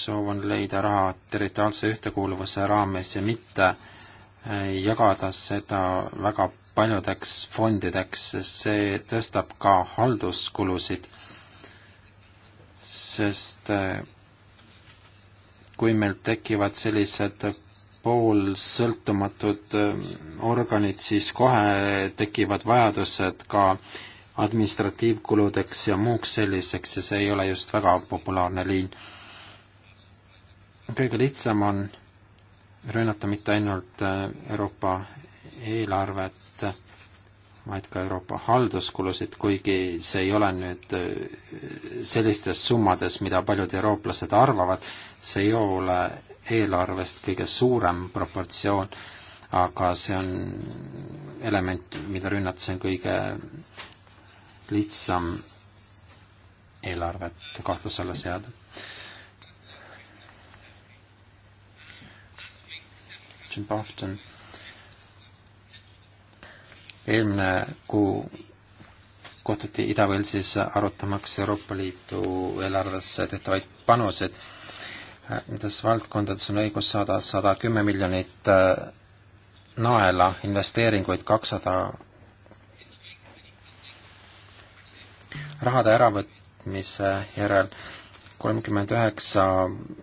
soov on leida raha territoriaalse ühtekuuluvuse raames ja mitte Äh, jagada seda väga paljudeks fondideks, sest see tõstab ka halduskulusid, sest äh, kui meil tekivad sellised poolsõltumatud äh, organid, siis kohe tekivad vajadused ka administratiivkuludeks ja muuks selliseks ja see ei ole just väga populaarne liin. kõige lihtsam on rünnata mitte ainult äh, Euroopa eelarvet, vaid ka Euroopa halduskulusid, kuigi see ei ole nüüd äh, sellistes summades, mida paljud eurooplased arvavad, see ei ole eelarvest kõige suurem proportsioon, aga see on element, mida rünnata, see on kõige lihtsam eelarvet kahtluse alla seada Jim Bafton. eelmine kuu kohtuti Ida-Velsis arutamaks Euroopa Liidu eelarvesse tehtavaid panuseid. Nendes valdkondades on õigus saada sada kümme miljonit äh, naela investeeringuid, kakssada 200... rahade äravõtmise järel kolmkümmend üheksa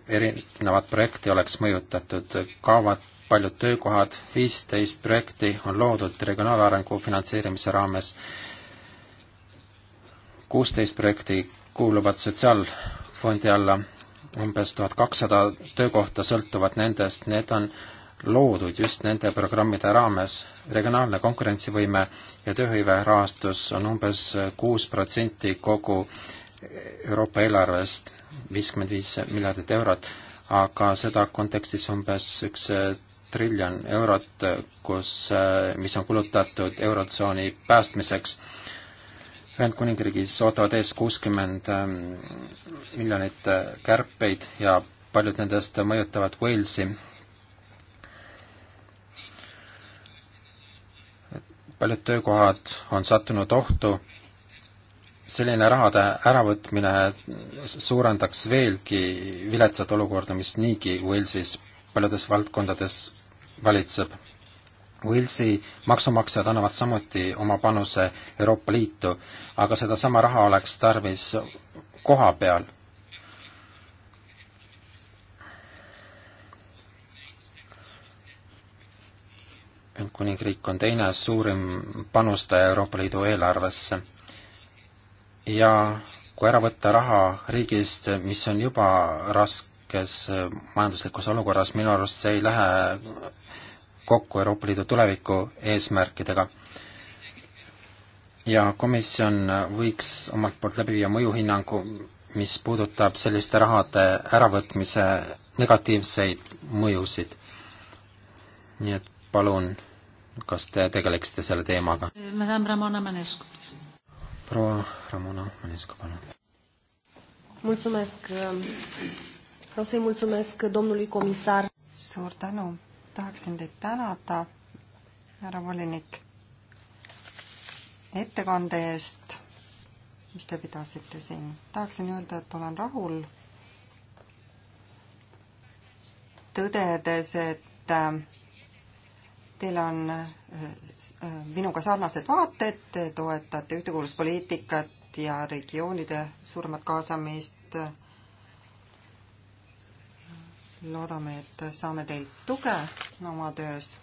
erinevat projekti oleks mõjutatud, kaovad paljud töökohad, viisteist projekti on loodud regionaalarengu finantseerimise raames, kuusteist projekti kuuluvad sotsiaalfondi alla, umbes tuhat kakssada töökohta sõltuvad nendest, need on loodud just nende programmide raames. regionaalne konkurentsivõime ja tööhõive rahastus on umbes kuus protsenti kogu Euroopa eelarvest, viiskümmend viis miljardit eurot, aga seda kontekstis umbes üks triljon eurot, kus, äh, mis on kulutatud Eurotsooni päästmiseks. Ühendkuningriigis ootavad ees kuuskümmend ähm, miljonit äh, kärpeid ja paljud nendest mõjutavad Walesi. paljud töökohad on sattunud ohtu, selline rahade äravõtmine suurendaks veelgi viletsat olukorda, mis niigi Walesis paljudes valdkondades valitseb. Walesi maksumaksjad annavad samuti oma panuse Euroopa Liitu, aga sedasama raha oleks tarvis koha peal. Ühendkuningriik on teine suurim panustaja Euroopa Liidu eelarvesse ja kui ära võtta raha riigist, mis on juba raskes majanduslikus olukorras, minu arust see ei lähe kokku Euroopa Liidu tuleviku eesmärkidega. ja komisjon võiks omalt poolt läbi viia mõjuhinnangu, mis puudutab selliste rahade äravõtmise negatiivseid mõjusid. nii et palun, kas te tegeleksite selle teemaga? proua Ramona Manescu, palun. mulțumesc, vreau să-i mulțumesc domnului comisar. suur tänu tahaksin teid tänada, härra volinik, ettekande eest, mis te pidasite siin. tahaksin öelda, et olen rahul tõdedes, et äh, teil on äh, äh, minuga sarnased vaated, te toetate ühtekuuluvuspoliitikat ja regioonide suuremat kaasamist loodame, et saame teilt tuge oma töös.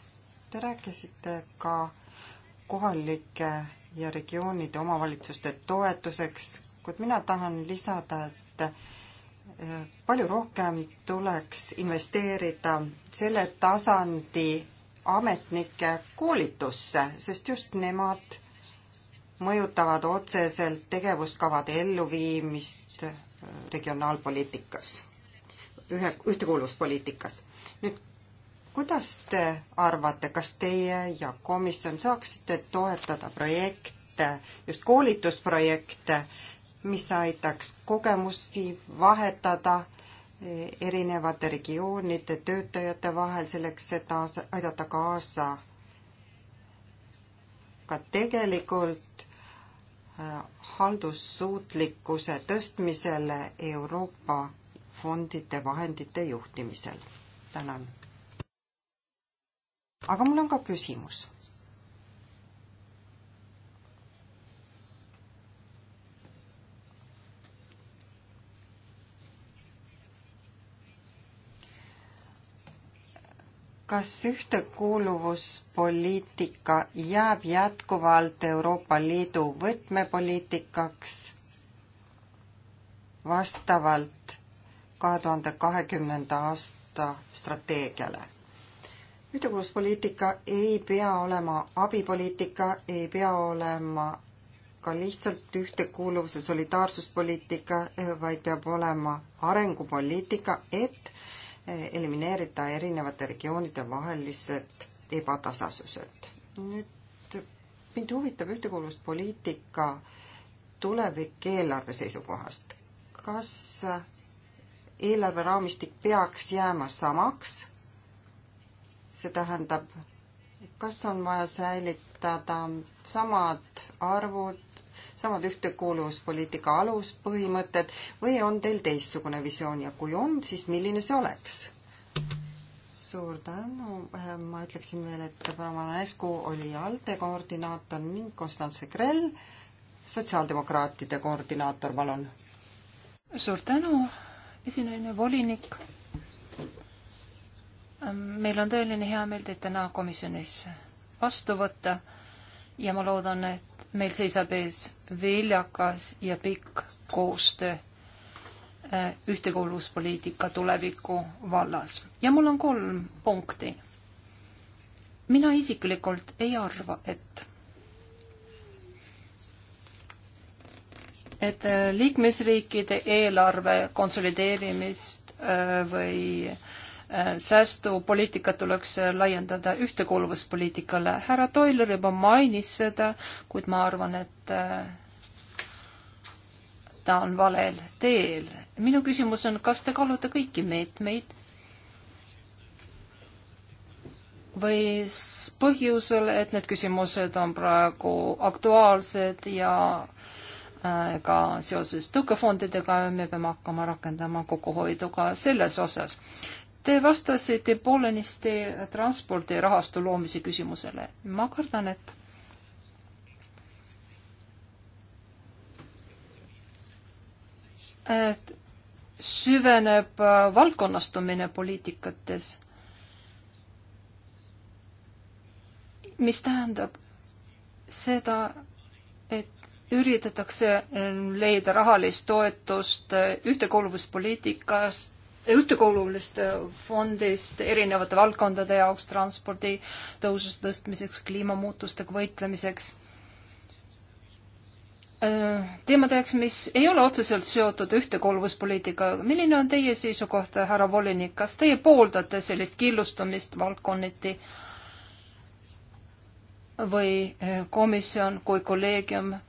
Te rääkisite ka kohalike ja regioonide omavalitsuste toetuseks, kuid mina tahan lisada, et eh, palju rohkem tuleks investeerida selle tasandi ametnike koolitusse, sest just nemad mõjutavad otseselt tegevuskavade elluviimist eh, regionaalpoliitikas ühe, ühtekuuluvuspoliitikas. nüüd, kuidas te arvate, kas teie ja komisjon saaksite toetada projekte, just koolitusprojekte, mis aitaks kogemusi vahetada erinevate regioonide töötajate vahel selleks, et aidata kaasa ka tegelikult äh, haldussuutlikkuse tõstmisele Euroopa fondide vahendite juhtimisel. tänan. aga mul on ka küsimus kas ühtekuuluvuspoliitika jääb jätkuvalt Euroopa Liidu võtmepoliitikaks vastavalt kahe tuhande kahekümnenda aasta strateegiale. ühtekuuluvuspoliitika ei pea olema abipoliitika, ei pea olema ka lihtsalt ühtekuuluvus- ja solidaarsuspoliitika, vaid peab olema arengupoliitika, et elimineerida erinevate regioonide vahelised ebatasasused. nüüd mind huvitab ühtekuuluvuspoliitika tulevik eelarve seisukohast. kas eelarveraamistik peaks jääma samaks, see tähendab, kas on vaja säilitada samad arvud, samad ühtekuuluvuspoliitika aluspõhimõtted või on teil teistsugune visioon ja kui on, siis milline see oleks? suur tänu, ma ütleksin veel, et Romanescu oli ALDE koordinaator ning Konstantse Krell, sotsiaaldemokraatide koordinaator, palun. suur tänu, esinaine volinik. Ähm, meil on tõeline hea meel teid täna komisjonis vastu võtta ja ma loodan, et meil seisab ees viljakas ja pikk koostöö äh, ühtekuuluvuspoliitika tuleviku vallas. ja mul on kolm punkti. mina isiklikult ei arva, et et äh, liikmesriikide eelarve konsolideerimist äh, või äh, säästupoliitikat tuleks laiendada ühtekuuluvuspoliitikale. härra Toiler juba mainis seda, kuid ma arvan, et ta on valel teel. minu küsimus on, kas te kaalute kõiki meetmeid või põhjusel, et need küsimused on praegu aktuaalsed ja äh, Äh, ka seoses tõukefondidega me peame hakkama rakendama kokkuhoidu ka selles osas. Te vastasite poolenisti transpordirahastu loomise küsimusele. ma kardan, et et süveneb äh, valdkonnastumine poliitikates, mis tähendab seda, üritatakse ähm, leida rahalist toetust äh, ühtekuuluvuspoliitikast, äh, ühtekuuluvusest äh, fondist erinevate valdkondade jaoks, transpordi tõusus tõstmiseks, kliimamuutustega võitlemiseks. Teemade jaoks, mis ei ole otseselt seotud ühtekuuluvuspoliitikaga, milline on teie seisukoht, härra volinik, kas teie pooldate sellist killustumist valdkonniti või komisjon kui kolleegium äh,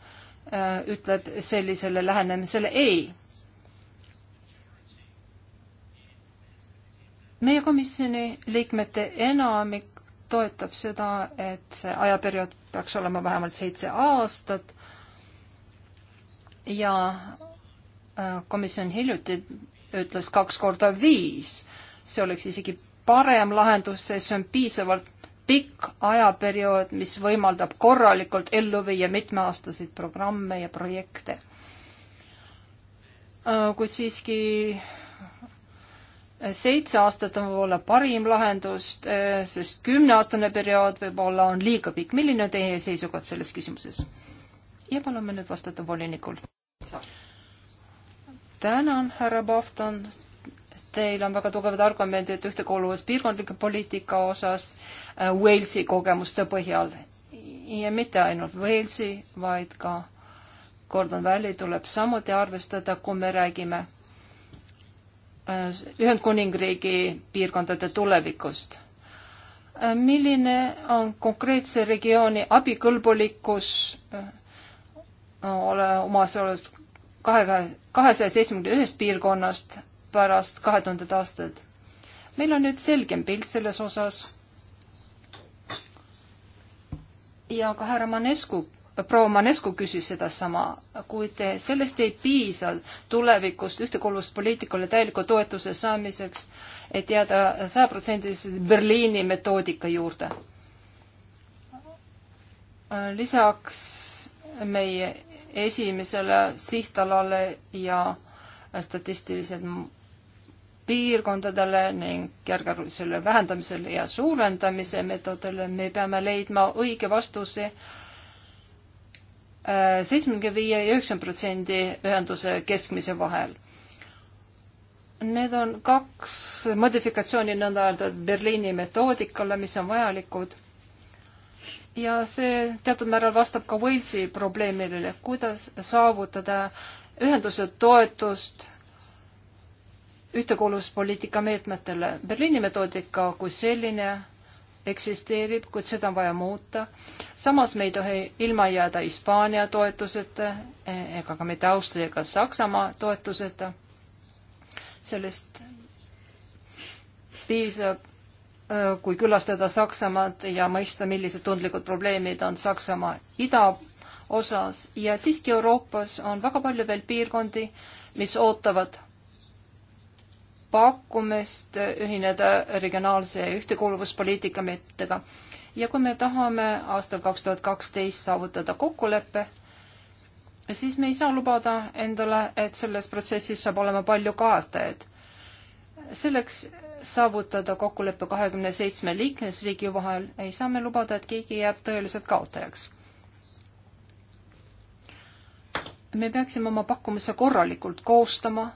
Äh, ütleb sellisele lähenemisele ei. meie komisjoni liikmete enamik toetab seda, et see ajaperiood peaks olema vähemalt seitse aastat ja äh, komisjon hiljuti ütles kaks korda viis, see oleks isegi parem lahendus, sest see on piisavalt pikk ajaperiood, mis võimaldab korralikult ellu viia mitmeaastaseid programme ja projekte. Äh, kuid siiski äh, seitse aastat on võib-olla parim lahendus, äh, sest kümneaastane periood võib-olla on liiga pikk. milline on teie seisukoht selles küsimuses? ja palume nüüd vastata volinikul. tänan, härra Pahvton teil on väga tugevad argumendid ühtekuuluvuspiirkondlike poliitika osas äh, Walesi kogemuste põhjal ja mitte ainult Walesi, vaid ka Gordon Valley tuleb samuti arvestada, kui me räägime äh, Ühendkuningriigi piirkondade tulevikust. Äh, milline on konkreetse regiooni abikõlbulikkus ole omas olles kahe, kahesaja seitsmekümne ühest piirkonnast pärast kahe tuhandet aastat. meil on nüüd selgem pilt selles osas. ja ka härra Manescu, proua Manescu küsis sedasama, kuid sellest ei piisa tulevikust ühtekuuluvuspoliitikule täieliku toetuse saamiseks, et jääda sajaprotsendilise Berliini metoodika juurde. lisaks meie esimesele sihtalale ja statistilised piirkondadele ning järgarvulisele vähendamisele ja suurendamise meetodile, me peame leidma õige vastuse äh, seitsmekümne viie ja üheksakümne protsendi ühenduse keskmise vahel. Need on kaks modifikatsiooni nõnda öelda Berliini metoodikale, mis on vajalikud ja see teatud määral vastab ka Walesi probleemile, kuidas saavutada ühenduse toetust ühtekuuluvuspoliitika meetmetele. Berliini metoodika kui selline eksisteerib, kuid seda on vaja muuta. samas me ei tohi ilma jääda Hispaania toetuseta e, ega ka mitte Austria ega Saksamaa toetuseta. sellest piisab, e, kui külastada Saksamaad ja mõista, millised tundlikud probleemid on Saksamaa idaosas ja siiski Euroopas on väga palju veel piirkondi, mis ootavad pakkumist ühineda regionaalse ühtekuuluvuspoliitika meetodega. ja kui me tahame aastal kaks tuhat kaksteist saavutada kokkuleppe, siis me ei saa lubada endale, et selles protsessis saab olema palju kaotajaid. selleks saavutada kokkulepe kahekümne seitsme liikmesriigi vahel, ei saa me lubada, et keegi jääb tõeliselt kaotajaks. me peaksime oma pakkumise korralikult koostama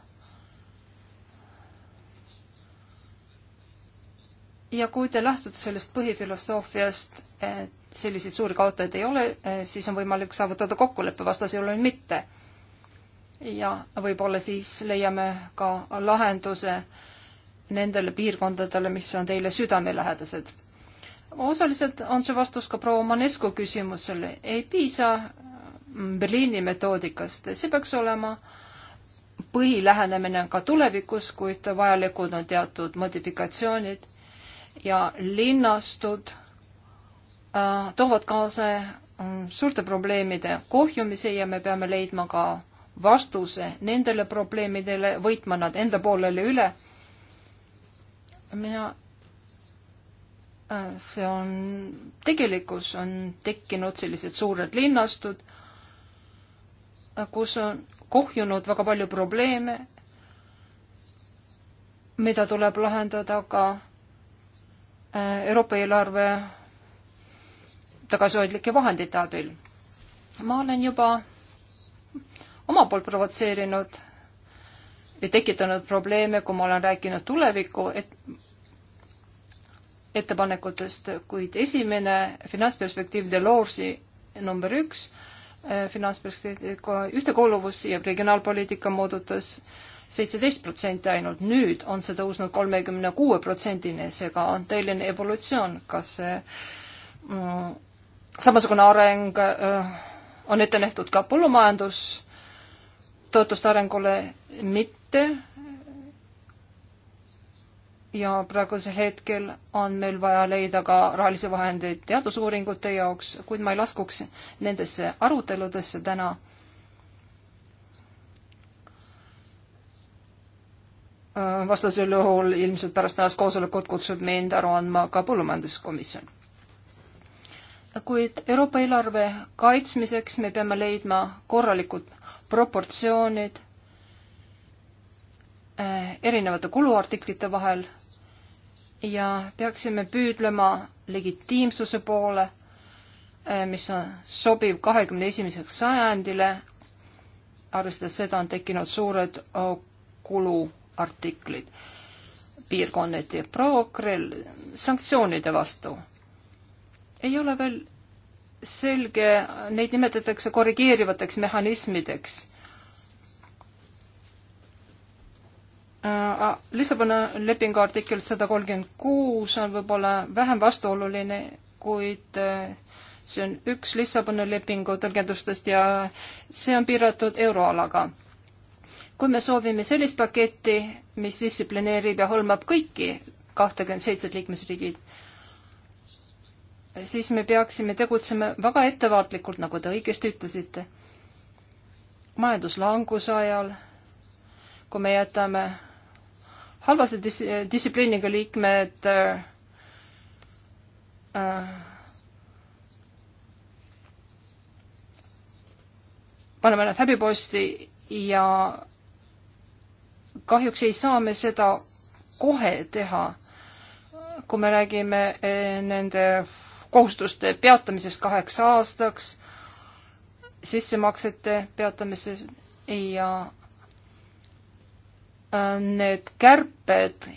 ja kui te lähtute sellest põhifilosoofiast, et selliseid suuri kaotajaid ei ole, eh, siis on võimalik saavutada kokkulepe, vastasel juhul mitte. ja võib-olla siis leiame ka lahenduse nendele piirkondadele, mis on teile südamelähedased. osaliselt on see vastus ka proua Manescu küsimusele, ei piisa mm, Berliini metoodikast, see peaks olema põhilähenemine ka tulevikus, kuid vajalikud on teatud modifikatsioonid ja linnastud äh, toovad kaasa mm, suurte probleemide kohjumise ja me peame leidma ka vastuse nendele probleemidele, võitma nad enda poolele üle. mina, äh, see on, tegelikkus on tekkinud sellised suured linnastud, äh, kus on kohjunud väga palju probleeme, mida tuleb lahendada ka Äh, Euroopa eelarve tagasihoidlike vahendite abil. ma olen juba oma poolt provotseerinud ja tekitanud probleeme, kui ma olen rääkinud tuleviku et, ettepanekutest, kuid esimene finantsperspektiivide loosi number üks, äh, finantsperspektiiv ühtekuuluvus ja regionaalpoliitika moodutas äh, seitseteist protsenti ainult, nüüd on see tõusnud kolmekümne kuue protsendini, seega on tõeline evolutsioon, kas see mm, samasugune areng äh, on ette nähtud ka põllumajandustoetuste arengule, mitte ja praegusel hetkel on meil vaja leida ka rahalisi vahendeid teadusuuringute jaoks, kuid ma ei laskuks nendesse aruteludesse täna Äh, vastasel juhul ilmselt pärast tänast koosolekut kutsub mind aru andma ka põllumajanduskomisjon. kuid Euroopa eelarve kaitsmiseks me peame leidma korralikud proportsioonid äh, erinevate kuluartiklite vahel ja peaksime püüdlema legitiimsuse poole, äh, mis on sobiv kahekümne esimeseks sajandile, arvestades seda, on tekkinud suured kulu artiklid piirkonniti ja pro-Krell sanktsioonide vastu. ei ole veel selge, neid nimetatakse korrigeerivateks mehhanismideks äh, Lissaboni lepingu artikkel sada kolmkümmend kuus on võib-olla vähem vastuoluline, kuid äh, see on üks Lissaboni lepingu tõlgendustest ja see on piiratud euroalaga kui me soovime sellist paketti, mis distsiplineerib ja hõlmab kõiki kahtekümmet seitset liikmesriigid, siis me peaksime tegutsema väga ettevaatlikult, nagu te õigesti ütlesite. majanduslanguse ajal, kui me jätame halvasti dis-, distsipliiniga liikmed äh, äh, paneme nad häbiposti ja kahjuks ei saa me seda kohe teha, kui me räägime eh, nende kohustuste peatamisest kaheks aastaks, sissemaksete peatamisest ja eh, need kärped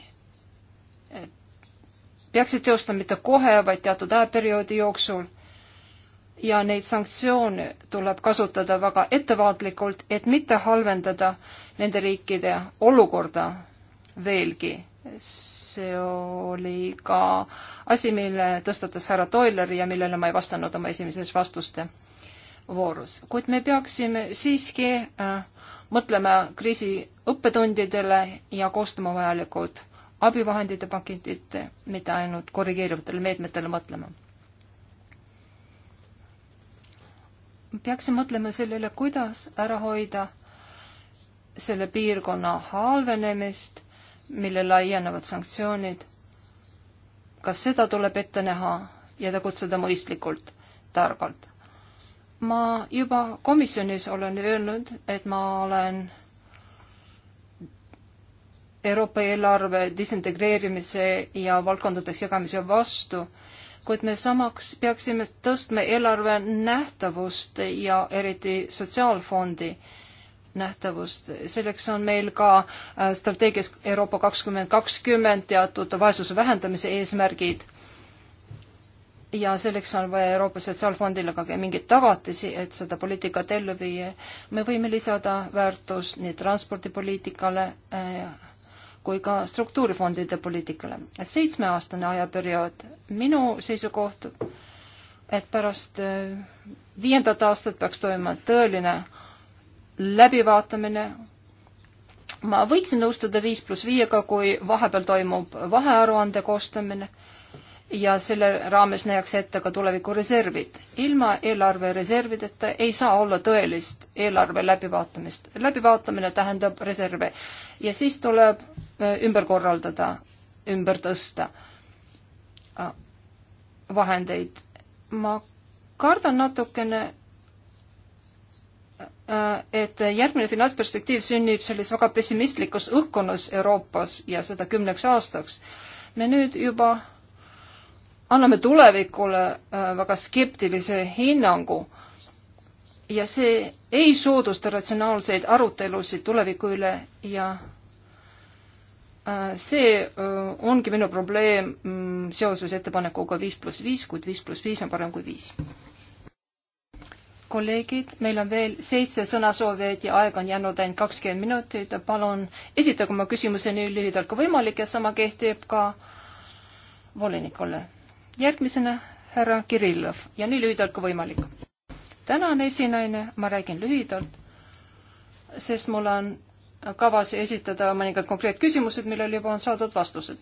eh, peaksid teostama mitte kohe, vaid teatud ajaperioodi jooksul. ja neid sanktsioone tuleb kasutada väga ettevaatlikult, et mitte halvendada nende riikide olukorda veelgi. see oli ka asi, mille tõstatas härra Toiler ja millele ma ei vastanud oma esimeses vastuste voorus. kuid me peaksime siiski äh, mõtlema kriisi õppetundidele ja koostama vajalikud abivahendite paketid, mitte ainult korrigeerivatele meetmetele mõtlema. peaksime mõtlema selle üle, kuidas ära hoida selle piirkonna halvenemist, mille laienevad sanktsioonid. kas seda tuleb ette näha ja tegutseda mõistlikult, targalt? ma juba komisjonis olen öelnud, et ma olen Euroopa eelarve disintegreerimise ja valdkondadeks jagamise vastu, kuid me samaks peaksime tõstma eelarve nähtavust ja eriti sotsiaalfondi äh, nähtavust. selleks on meil ka äh, strateegias Euroopa kakskümmend kakskümmend teatud vaesuse vähendamise eesmärgid. ja selleks on vaja Euroopa Sotsiaalfondile ka mingeid tagatisi, et seda poliitikat ellu viia. me võime lisada väärtust nii transpordipoliitikale äh, kui ka struktuurifondide poliitikale. seitsmeaastane ajaperiood, minu seisukoht, et pärast äh, viiendat aastat peaks toimuma tõeline läbivaatamine. ma võiksin nõustuda viis pluss viiega, kui vahepeal toimub vahearuande koostamine ja selle raames nähakse ette ka tulevikureservid. ilma eelarvereservideta ei saa olla tõelist eelarve läbivaatamist. läbivaatamine tähendab reserve ja siis tuleb äh, ümber korraldada, ümber tõsta äh, vahendeid. ma kardan natukene, Äh, et järgmine finantsperspektiiv sünnib selles väga pessimistlikus õhkkonnas Euroopas ja seda kümneks aastaks. me nüüd juba anname tulevikule äh, väga skeptilise hinnangu ja see ei soodusta ratsionaalseid arutelusid tuleviku üle ja äh, see ongi minu probleem mm, seoses ettepanekuga viis pluss viis, kuid viis pluss viis on parem kui viis kolleegid, meil on veel seitse sõnasoovijaid ja aega on jäänud ainult kakskümmend minutit. palun esitage oma küsimuse nii lühidalt kui võimalik ja sama kehtib ka volinikule. järgmisena härra Kirillov ja nii lühidalt kui võimalik. tänan, esinaine, ma räägin lühidalt, sest mul on kavas esitada mõningad konkreetsed küsimused, millele juba on saadud vastused.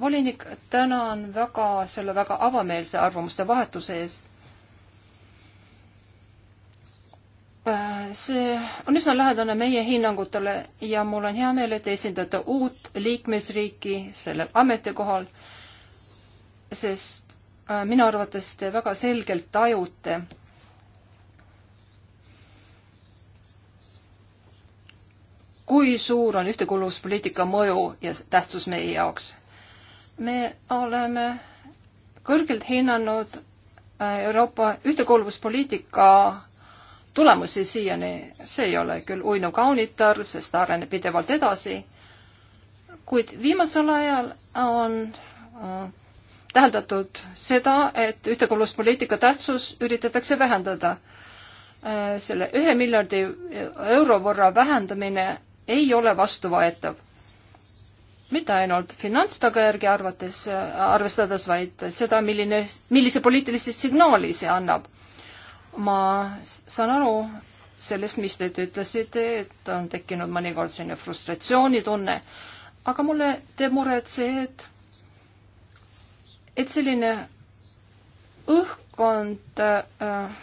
volinik, tänan väga selle väga avameelse arvamuste vahetuse eest Äh, see on üsna lähedane meie hinnangutele ja mul on hea meel, et esindate uut liikmesriiki sellel ametikohal, sest äh, minu arvates te väga selgelt tajute, kui suur on ühtekuuluvuspoliitika mõju ja tähtsus meie jaoks. me oleme kõrgelt hinnanud äh, Euroopa ühtekuuluvuspoliitika tulemusi siiani, see ei ole küll uinu kaunitar, sest ta areneb pidevalt edasi, kuid viimasel ajal on äh, täheldatud seda, et ühtekuuluvuspoliitika tähtsus üritatakse vähendada. Äh, selle ühe miljardi euro võrra vähendamine ei ole vastuvõetav mitte ainult finantstagajärgi arvates, äh, arvestades, vaid seda, milline, millise poliitilise signaali see annab ma saan aru sellest, mis te ütlesite, et on tekkinud mõnikord selline frustratsioonitunne, aga mulle teeb muret see, et, et selline õhkkond äh,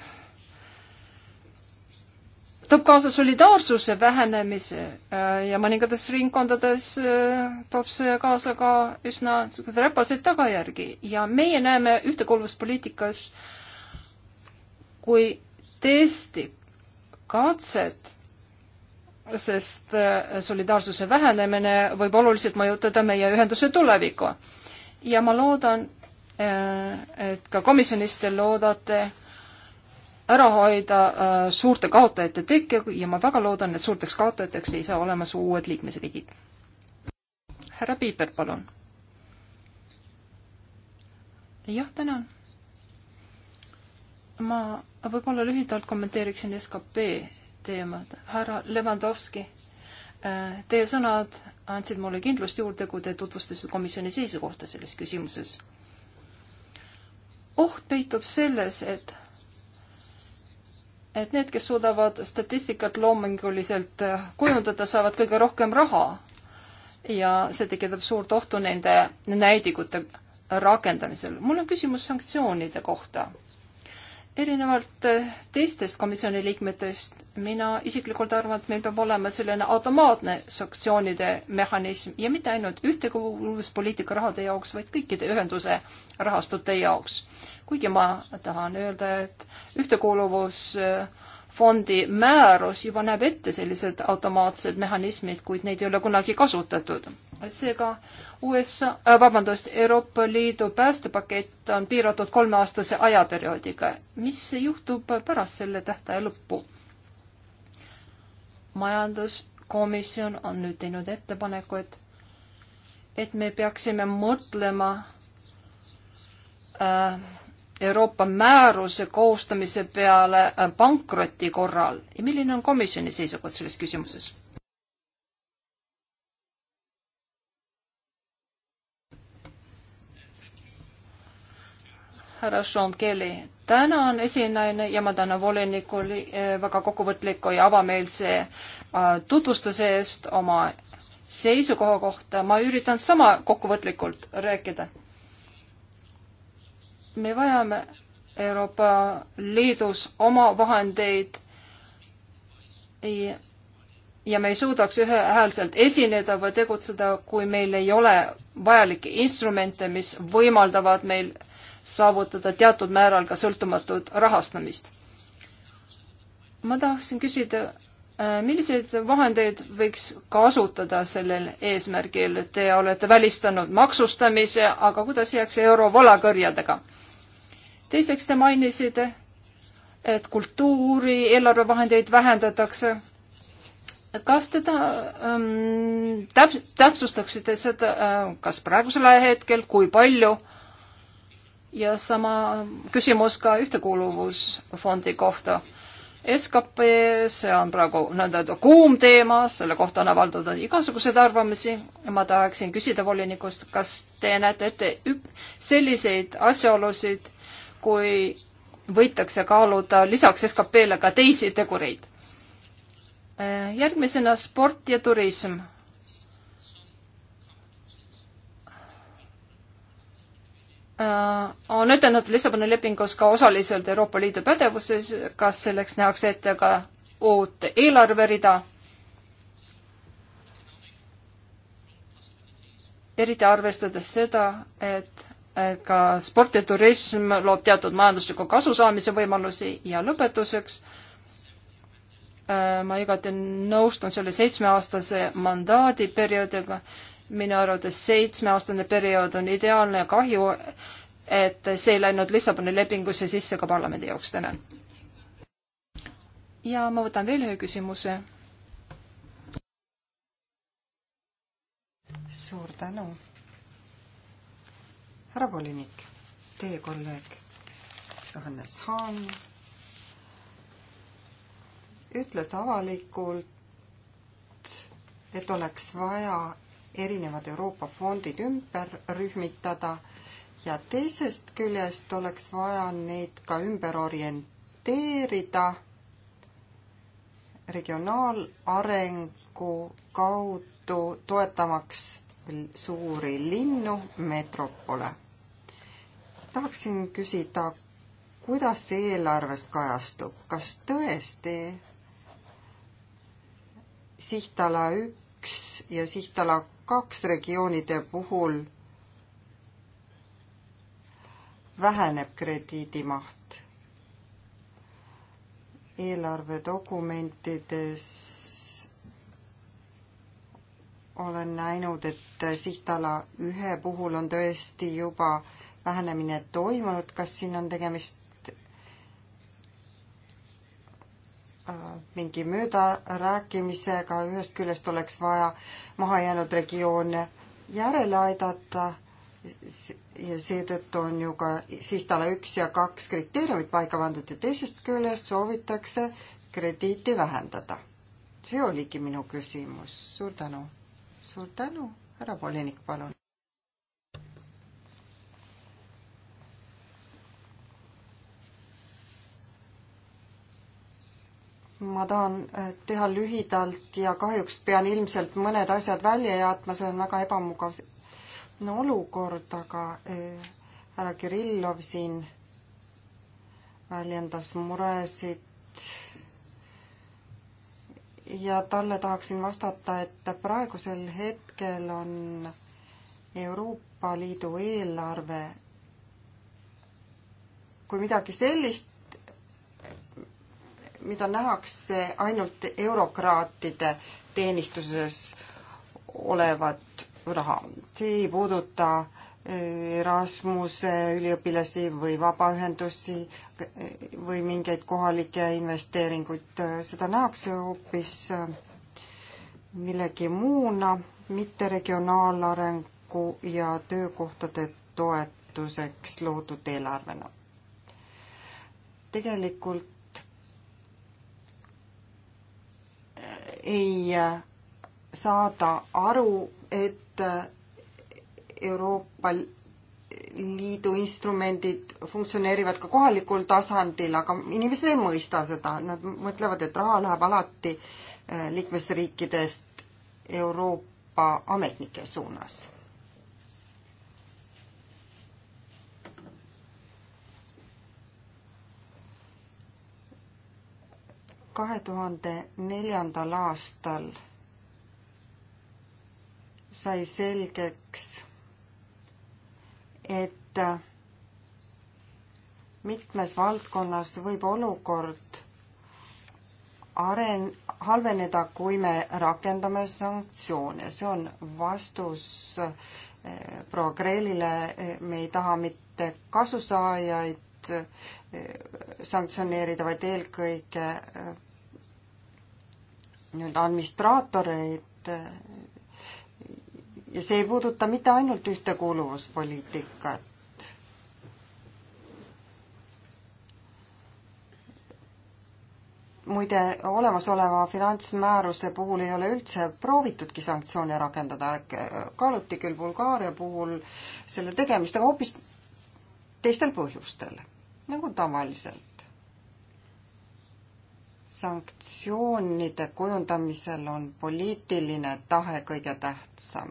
toob kaasa solidaarsuse vähenemise äh, ja mõningates ringkondades äh, toob see kaasa ka üsna räpaseid tagajärgi ja meie näeme ühtekuuluvuspoliitikas äh, kui testi katset, sest äh, solidaarsuse vähenemine võib oluliselt mõjutada meie ühenduse tulevikku. ja ma loodan, äh, et ka komisjonis te loodate ära hoida äh, suurte kaotajate tekke ja ma väga loodan, et suurteks kaotajateks ei saa olema su uued liikmesriigid. härra Piiper, palun. jah, tänan ma võib-olla lühidalt kommenteeriksin SKP teemad. härra Levandovski, äh, teie sõnad andsid mulle kindlust juurde, kui te tutvustasite komisjoni seisukohta selles küsimuses. oht peitub selles, et et need, kes suudavad statistikat loominguliselt äh, kujundada, saavad kõige rohkem raha. ja see tekitab suurt ohtu nende näidikute rakendamisel. mul on küsimus sanktsioonide kohta erinevalt eh, teistest komisjoni liikmetest, mina isiklikult arvan, et meil peab olema selline automaatne sanktsioonide mehhanism ja mitte ainult ühtekuuluvuspoliitika rahade jaoks, vaid kõikide ühenduse rahastute jaoks. kuigi ma tahan öelda, et ühtekuuluvus äh, fondi määrus juba näeb ette sellised automaatsed mehhanismid, kuid neid ei ole kunagi kasutatud. seega USA äh,, vabandust, Euroopa Liidu päästepakett on piiratud kolmeaastase ajaperioodiga. mis juhtub pärast selle tähtaja lõppu? majanduskomisjon on nüüd teinud ettepaneku, et, et me peaksime mõtlema äh, Euroopa määruse koostamise peale äh, pankroti korral ja milline on komisjoni seisukoht selles küsimuses? härra Sean Kelly, tänan esinaine ja ma tänan volinikule äh, väga kokkuvõtliku ja avameelse äh, tutvustuse eest oma seisukoha kohta. ma üritan sama kokkuvõtlikult rääkida me vajame Euroopa Liidus oma vahendeid ja, ja me ei suudaks ühehäälselt esineda või tegutseda, kui meil ei ole vajalikke instrumente, mis võimaldavad meil saavutada teatud määral ka sõltumatut rahastamist. ma tahaksin küsida Äh, milliseid vahendeid võiks kasutada sellel eesmärgil? Te olete välistanud maksustamise, aga kuidas jääks euro võlakõrjedega? teiseks te mainisite, et kultuuri eelarvevahendeid vähendatakse. kas te ta, ähm, täp-, täpsustaksite seda äh,, kas praegusel hetkel, kui palju? ja sama küsimus ka ühtekuuluvusfondi kohta äh, SKP, see on praegu nõnda nagu kuum teema, selle kohta on avaldatud igasuguseid arvamusi. ma tahaksin küsida volinikust, kas te näete ette selliseid asjaolusid, kui võidakse kaaluda lisaks SKP-le ka teisi tegureid? järgmisena sport ja turism Äh, on ütelnud Lissaboni lepingus ka osaliselt Euroopa Liidu pädevuses, kas selleks nähakse ette ka uut eelarverida. eriti arvestades seda, et, et ka sport ja turism loob teatud majandusliku kasu saamise võimalusi ja lõpetuseks äh, ma igati nõustun selle seitsmeaastase mandaadi perioodiga minu arvates seitsmeaastane periood on ideaalne ja kahju, et see ei läinud Lissaboni lepingusse sisse ka parlamendi jaoks, tänan. ja ma võtan veel ühe küsimuse. suur tänu. härra volinik, teie kolleeg Johannes Haan ütles avalikult, et oleks vaja erinevad Euroopa fondid ümber rühmitada ja teisest küljest oleks vaja neid ka ümber orienteerida regionaalarengu kaudu toetamaks suuri linnu, metropole. tahaksin küsida, kuidas see eelarves kajastub, kas tõesti sihtala üks ja sihtala kaks regioonide puhul väheneb krediidimaht. eelarvedokumentides olen näinud, et sihtala ühe puhul on tõesti juba vähenemine toimunud, kas siin on tegemist Äh, mingi möödarääkimisega, ühest küljest oleks vaja mahajäänud regioone järele aidata ja seetõttu on ju ka sihtala üks ja kaks kriteeriumid paika pandud ja teisest küljest soovitakse krediiti vähendada. see oligi minu küsimus, suur tänu. suur tänu, härra volinik, palun. ma tahan äh, teha lühidalt ja kahjuks pean ilmselt mõned asjad välja jätma, see on väga ebamugav no, olukord, aga äh, härra Kirillov siin väljendas muresid ja talle tahaksin vastata, et praegusel hetkel on Euroopa Liidu eelarve kui midagi sellist, mida nähakse ainult eurokraatide teenistuses olevat raha. see ei puuduta äh, Erasmuse üliõpilasi või vabaühendusi äh, või mingeid kohalikke investeeringuid, seda nähakse hoopis äh, millegi muuna, mitte regionaalarengu ja töökohtade toetuseks loodud eelarvena. tegelikult ei äh, saada aru, et äh, Euroopa Liidu instrumendid funktsioneerivad ka kohalikul tasandil, aga inimesed ei mõista seda, nad mõtlevad, et raha läheb alati äh, liikmesriikidest Euroopa ametnike suunas. kahe tuhande neljandal aastal sai selgeks, et mitmes valdkonnas võib olukord aren-, halveneda, kui me rakendame sanktsioone. see on vastus eh, proua Kreelile, eh, me ei taha mitte kasusaajaid eh, sanktsioneerida, vaid eelkõige nii-öelda administraatoreid ja see ei puuduta mitte ainult ühtekuuluvuspoliitikat. muide, olemasoleva finantsmääruse puhul ei ole üldse proovitudki sanktsioone rakendada, kaaluti küll Bulgaaria puhul selle tegemist, aga hoopis teistel põhjustel, nagu tavaliselt sanktsioonide kujundamisel on poliitiline tahe kõige tähtsam.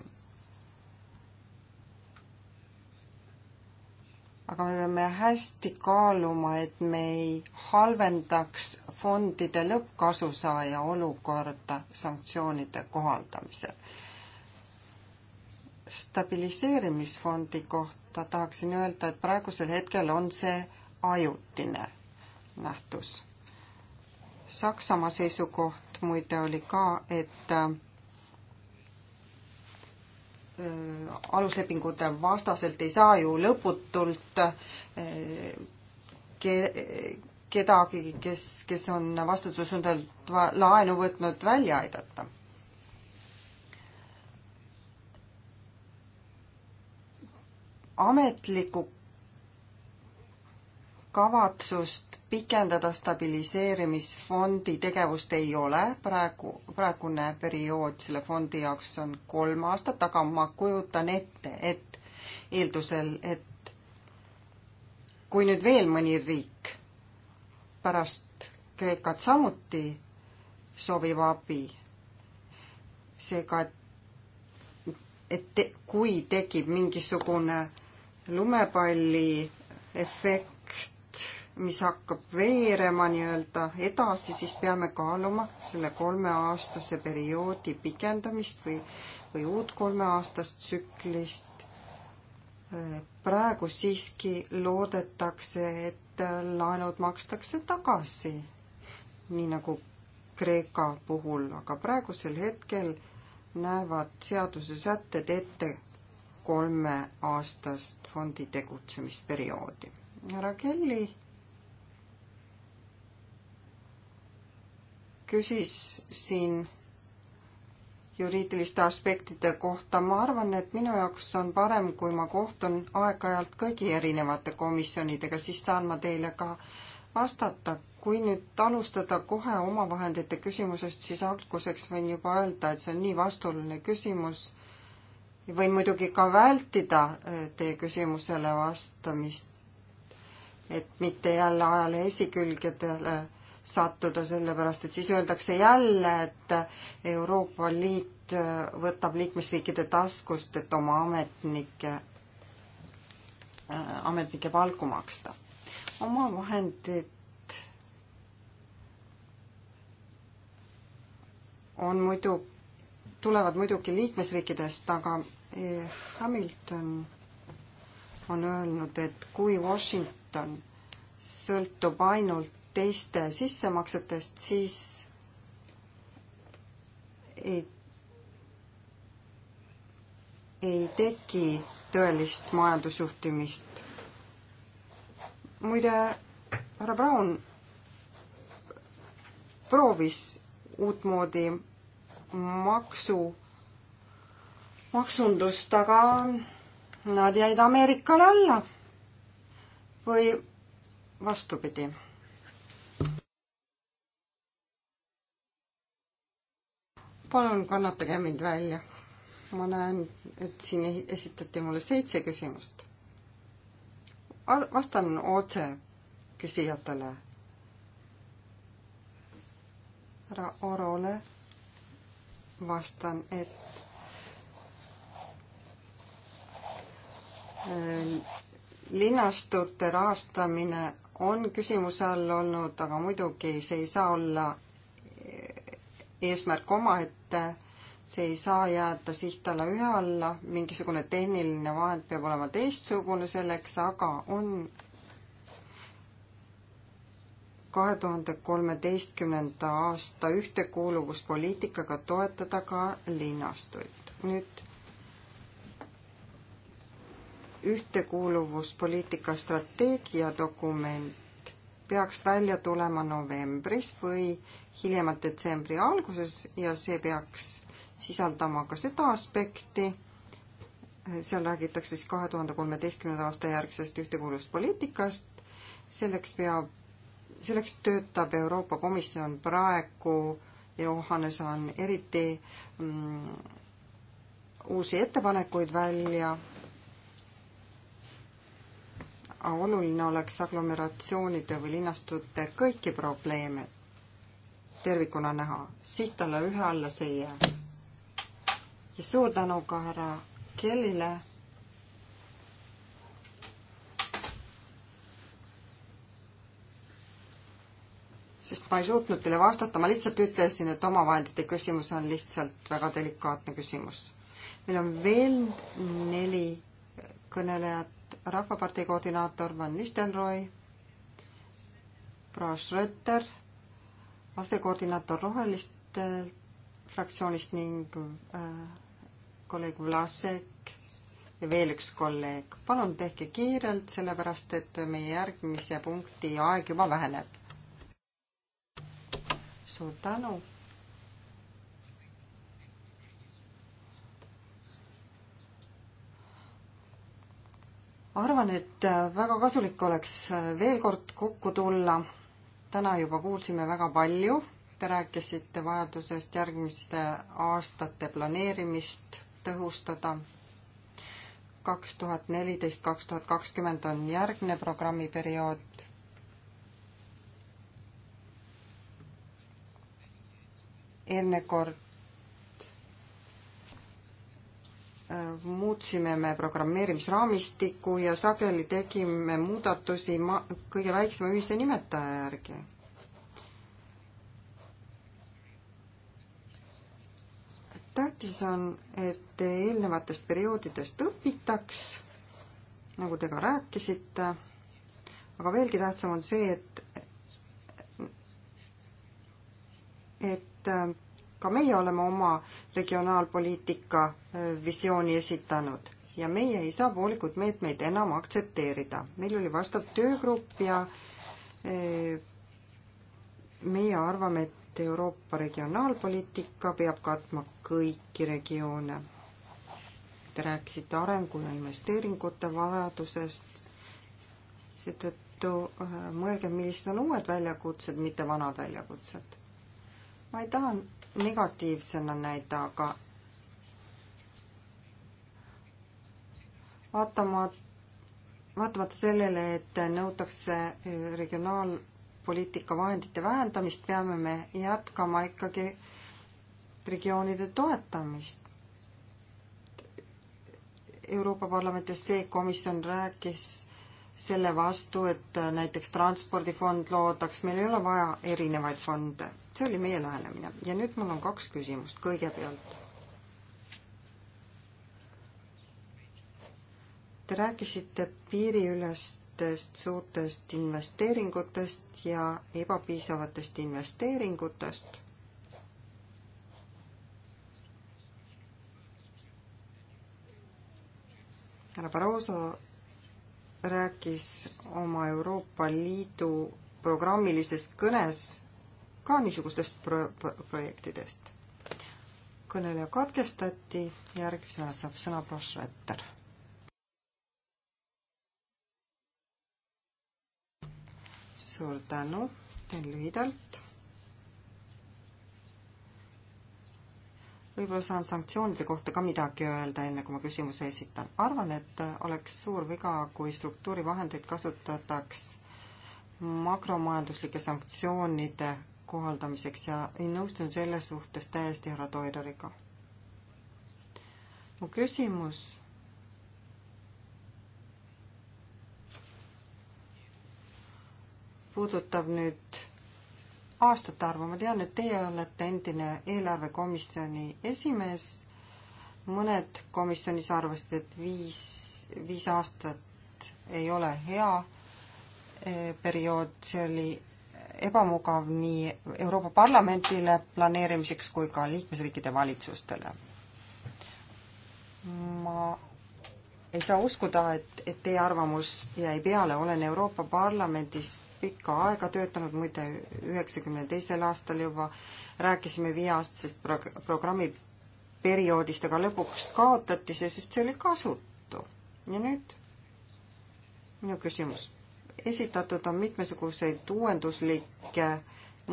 aga me peame hästi kaaluma, et me ei halvendaks fondide lõppkasusaaja olukorda sanktsioonide kohaldamisel. stabiliseerimisfondi kohta tahaksin öelda, et praegusel hetkel on see ajutine nähtus Saksamaa seisukoht muide oli ka, et äh, aluslepingute vastaselt ei saa ju lõputult äh, ke-, kedagi, kes, kes on vastutusundelt laenu võtnud, välja aidata. ametliku kavatsust pikendada stabiliseerimisfondi tegevust ei ole, praegu, praegune periood selle fondi jaoks on kolm aastat, aga ma kujutan ette, et eeldusel, et kui nüüd veel mõni riik pärast Kreekat samuti soovib abi, seega et, et te, kui tekib mingisugune lumepalli efekt, mis hakkab veerema nii-öelda edasi, siis peame kaaluma selle kolmeaastase perioodi pikendamist või, või uut kolmeaastast tsüklist. praegu siiski loodetakse, et laenud makstakse tagasi, nii nagu Kreeka puhul, aga praegusel hetkel näevad seadusesätted ette kolmeaastast fondi tegutsemisperioodi. härra Kelly küsis siin juriidiliste aspektide kohta, ma arvan, et minu jaoks on parem, kui ma kohtun aeg-ajalt kõigi erinevate komisjonidega, siis saan ma teile ka vastata. kui nüüd alustada kohe omavahendite küsimusest, siis alguseks võin juba öelda, et see on nii vastuoluline küsimus. võin muidugi ka vältida eh, teie küsimusele vastamist, et mitte jälle ajalehe esikülgedele sattuda, sellepärast et siis öeldakse jälle, et Euroopa Liit võtab liikmesriikide taskust, et oma ametnike, äh, ametnike palku maksta. oma vahendid on muidu, tulevad muidugi liikmesriikidest, aga eh, Hamilton on öelnud, et kui Washington sõltub ainult teiste sissemaksetest, siis ei, ei teki tõelist majandusjuhtimist. muide, härra Brown proovis uutmoodi maksu, maksundust, aga nad jäid Ameerikale alla. või vastupidi palun kannatage mind välja. ma näen, et siin esitati mulle seitse küsimust. vastan otse küsijatele. härra Orole vastan, et äh, linnastute rahastamine on küsimuse all olnud, aga muidugi see ei saa olla äh, eesmärk omaette, kätte, see ei saa jääda sihtala ühe alla, mingisugune tehniline vahend peab olema teistsugune selleks, aga on kahe tuhande kolmeteistkümnenda aasta ühtekuuluvuspoliitikaga toetada ka linnastuid. nüüd ühtekuuluvuspoliitika strateegia dokument peaks välja tulema novembris või hiljemalt detsembri alguses ja see peaks sisaldama ka seda aspekti, seal räägitakse siis kahe tuhande kolmeteistkümnenda aasta järgsest ühtekuuluvuspoliitikast, selleks peab, selleks töötab Euroopa Komisjon praegu, Johannes on eriti mm, uusi ettepanekuid välja oluline oleks aglomeratsioonide või linnastute kõiki probleeme tervikuna näha, siit alla ühe alla see ei jää. ja suur tänu ka härra Kellile. sest ma ei suutnud teile vastata, ma lihtsalt ütlesin, et omavahendite küsimus on lihtsalt väga delikaatne küsimus. meil on veel neli kõnelejat Rahvapartei koordinaator Van Nistelrooy, proua Schröter, asekoordinaator Roheliste fraktsioonist ning äh, kolleeg Vlasek ja veel üks kolleeg. palun tehke kiirelt, sellepärast et meie järgmise punkti aeg juba väheneb. suur tänu arvan, et äh, väga kasulik oleks äh, veel kord kokku tulla. täna juba kuulsime väga palju. Te rääkisite vajadusest järgmiste aastate planeerimist tõhustada. kaks tuhat neliteist, kaks tuhat kakskümmend on järgne programmiperiood eelmine kord muutsime me programmeerimisraamistikku ja sageli tegime muudatusi ma-, kõige väiksema ühise nimetaja järgi. tähtis on, et eelnevatest perioodidest õpitaks, nagu te ka rääkisite, aga veelgi tähtsam on see, et et ka meie oleme oma regionaalpoliitika äh, visiooni esitanud ja meie ei saa poolikud meetmeid enam aktsepteerida. meil oli vastav töögrupp ja äh, meie arvame, et Euroopa regionaalpoliitika peab katma kõiki regioone. Te rääkisite arengu ja investeeringute vajadusest, seetõttu äh, mõelge, millised on uued väljakutsed, mitte vanad väljakutsed. ma ei taha negatiivsena näida, aga vaatama, vaatamata sellele, et nõutakse regionaalpoliitika vahendite vähendamist, peame me jätkama ikkagi regioonide toetamist. Euroopa Parlamendis see komisjon rääkis selle vastu, et näiteks transpordifond loodaks, meil ei ole vaja erinevaid fonde. see oli meie lähenemine ja nüüd mul on kaks küsimust kõigepealt. Te rääkisite piiriülestest suurtest investeeringutest ja ebapiisavatest investeeringutest härra Barroso rääkis oma Euroopa Liidu programmilises kõnes ka niisugustest pro-, projektidest. kõneleja katkestati, järgmisena saab sõna proua Schröter. suur tänu, teen lühidalt võib-olla saan sanktsioonide kohta ka midagi öelda, enne kui ma küsimuse esitan. arvan, et oleks suur viga, kui struktuurivahendeid kasutataks makromajanduslike sanktsioonide kohaldamiseks ja nõustun selles suhtes täiesti härra Toideriga. mu küsimus puudutab nüüd aastate arvu, ma tean, et teie olete endine eelarvekomisjoni esimees, mõned komisjonis arvasid, et viis, viis aastat ei ole hea eh, periood, see oli ebamugav nii Euroopa Parlamendile planeerimiseks kui ka liikmesriikide valitsustele. ma ei saa uskuda, et, et teie arvamus jäi peale, olen Euroopa Parlamendis pikka aega töötanud, muide üheksakümne teisel aastal juba rääkisime viieaastasest prog-, programmi perioodist, aga lõpuks kaotati see, sest see oli kasutu. ja nüüd minu küsimus. esitatud on mitmesuguseid uuenduslikke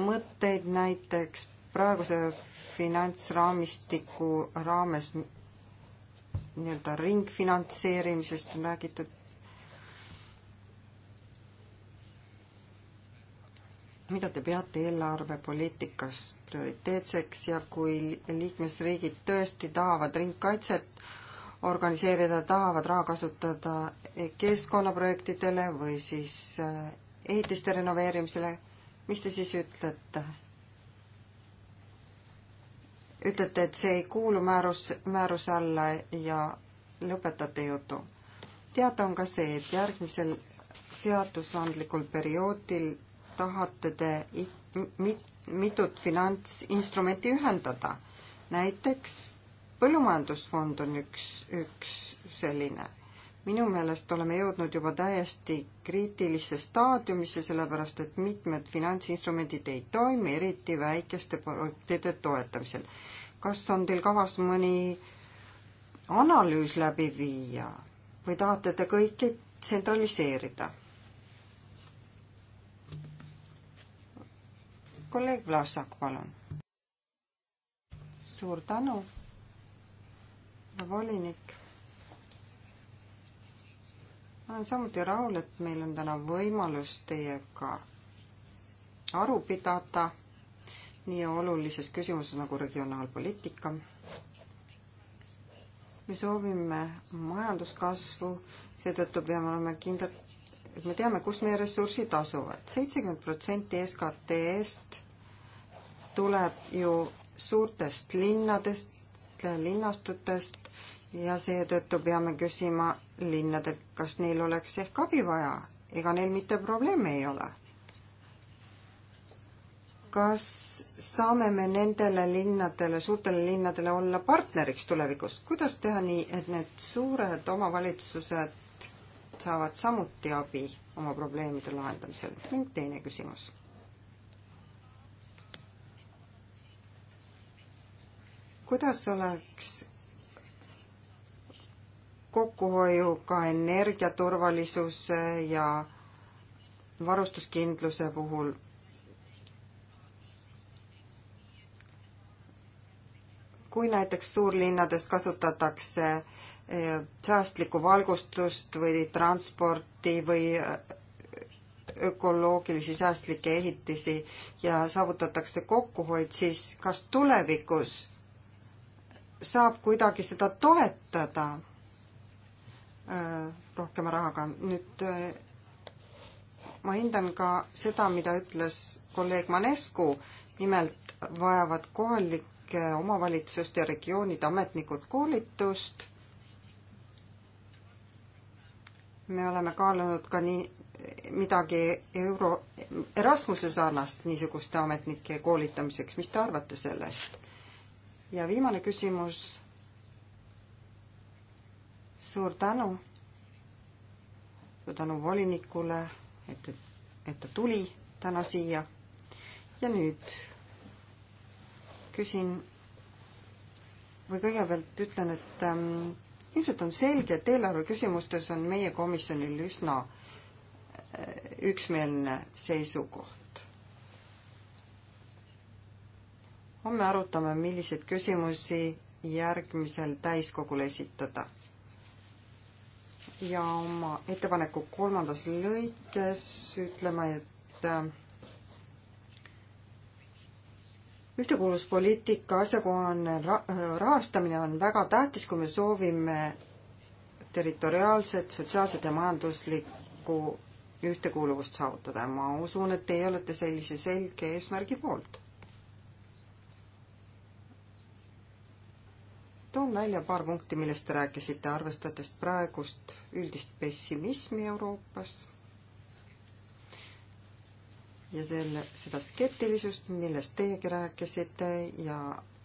mõtteid, näiteks praeguse finantsraamistiku raames nii-öelda ringfinantseerimisest on räägitud, mida te peate eelarvepoliitikas prioriteetseks ja kui liikmesriigid tõesti tahavad ringkaitset organiseerida, tahavad raha kasutada keskkonnaprojektidele või siis äh, ehitiste renoveerimisele, mis te siis ütlete? ütlete, et see ei kuulu määrus, määruse alla ja lõpetate jutu. teada on ka see, et järgmisel seadusandlikul perioodil tahate te mit, mitut finantsinstrumenti ühendada. näiteks põllumajandusfond on üks, üks selline. minu meelest oleme jõudnud juba täiesti kriitilisse staadiumisse, sellepärast et mitmed finantsinstrumendid ei toimi, eriti väikeste projektide toetamisel. kas on teil kavas mõni analüüs läbi viia või tahate te kõike tsentraliseerida? kolleeg Vlasak, palun. suur tänu, volinik. ma olen samuti rahul, et meil on täna võimalus teiega aru pidada nii olulises küsimuses nagu regionaalpoliitika. me soovime majanduskasvu, seetõttu peame olema kindlad et me teame, kus meie ressursid asuvad. seitsekümmend protsenti SKT-st tuleb ju suurtest linnadest, linnastutest ja seetõttu peame küsima linnadelt, kas neil oleks ehk abi vaja. ega neil mitte probleeme ei ole. kas saame me nendele linnadele, suurtele linnadele olla partneriks tulevikus? kuidas teha nii, et need suured omavalitsused nemad saavad samuti abi oma probleemide lahendamisel ning teine küsimus. kuidas oleks kokkuhoiuga energiaturvalisuse ja varustuskindluse puhul kui näiteks suurlinnades kasutatakse säästlikku valgustust või transporti või äh, ökoloogilisi säästlikke ehitisi ja saavutatakse kokkuhoid, siis kas tulevikus saab kuidagi seda toetada äh, rohkema rahaga? nüüd äh, ma hindan ka seda, mida ütles kolleeg Manescu, nimelt vajavad kohalike omavalitsuste ja regioonide ametnikud koolitust me oleme kaalunud ka nii midagi euro, Erasmuse sarnast niisuguste ametnike koolitamiseks, mis te arvate sellest? ja viimane küsimus. suur tänu. suur tänu volinikule, et, et ta tuli täna siia. ja nüüd küsin või kõigepealt ütlen, et ähm, ilmselt on selge, et eelarve küsimustes on meie komisjonil üsna äh, üksmeelne seisukoht. homme arutame, milliseid küsimusi järgmisel täiskogul esitada. ja oma ettepaneku kolmandas lõikes ütleme, et äh, ühtekuuluvuspoliitika asjakohane rahastamine on väga tähtis, kui me soovime territoriaalset, sotsiaalset ja majanduslikku ühtekuuluvust saavutada ja ma usun, et teie olete sellise selge eesmärgi poolt. toon välja paar punkti, millest te rääkisite, arvestades praegust üldist pessimismi Euroopas ja selle, seda skeptilisust, millest teiegi rääkisite ja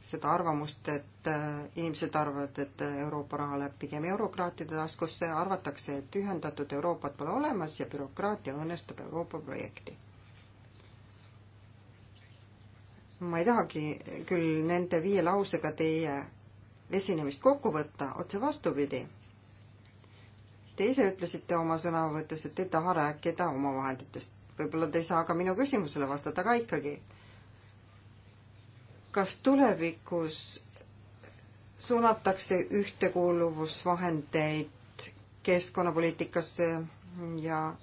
seda arvamust, et äh, inimesed arvavad, et äh, Euroopa raha läheb pigem eurokraatide taskusse, arvatakse, et ühendatud Euroopat pole olemas ja bürokraatia õõnestab Euroopa projekti. ma ei tahagi küll nende viie lausega teie esinemist kokku võtta, otse vastupidi. Te ise ütlesite oma sõnavõttes, et ei taha rääkida omavahenditest võib-olla te ei saa ka minu küsimusele vastata, aga ikkagi. kas tulevikus suunatakse ühtekuuluvusvahendeid keskkonnapoliitikasse ja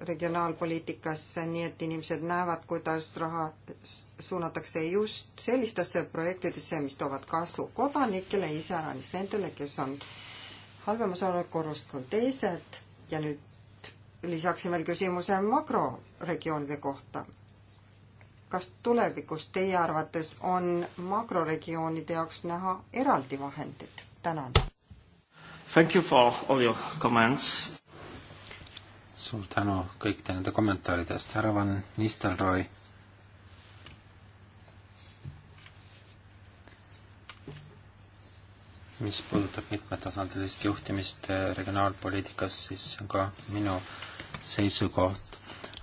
regionaalpoliitikasse, nii et inimesed näevad, kuidas raha suunatakse just sellistesse projektidesse, mis toovad kasu kodanikele, iseäranis nendele, kes on halvemas olukorras kui teised ja nüüd lisaksin veel küsimuse makroregioonide kohta. kas tulevikus teie arvates on makroregioonide jaoks näha eraldi vahendid? tänan. Thank you for all your comments. suur tänu kõikide nende kommentaaride eest, härra Van Nistelrooy mis puudutab mitmetasandilist juhtimist eh, regionaalpoliitikas, siis see on ka minu seisukoht,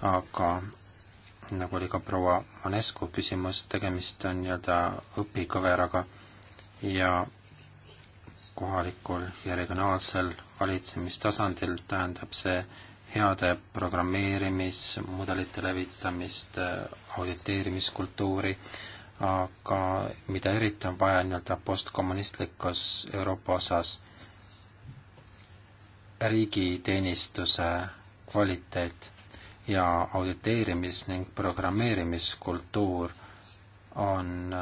aga nagu oli ka proua Manescu küsimus, tegemist on nii-öelda õpikõveraga ja kohalikul ja regionaalsel valitsemistasandil tähendab see heade programmeerimismudelite levitamist, eh, auditeerimiskultuuri äh,, aga mida eriti on vaja nii-öelda postkommunistlikus Euroopa osas, riigiteenistuse kvaliteet ja auditeerimis- ning programmeerimiskultuur on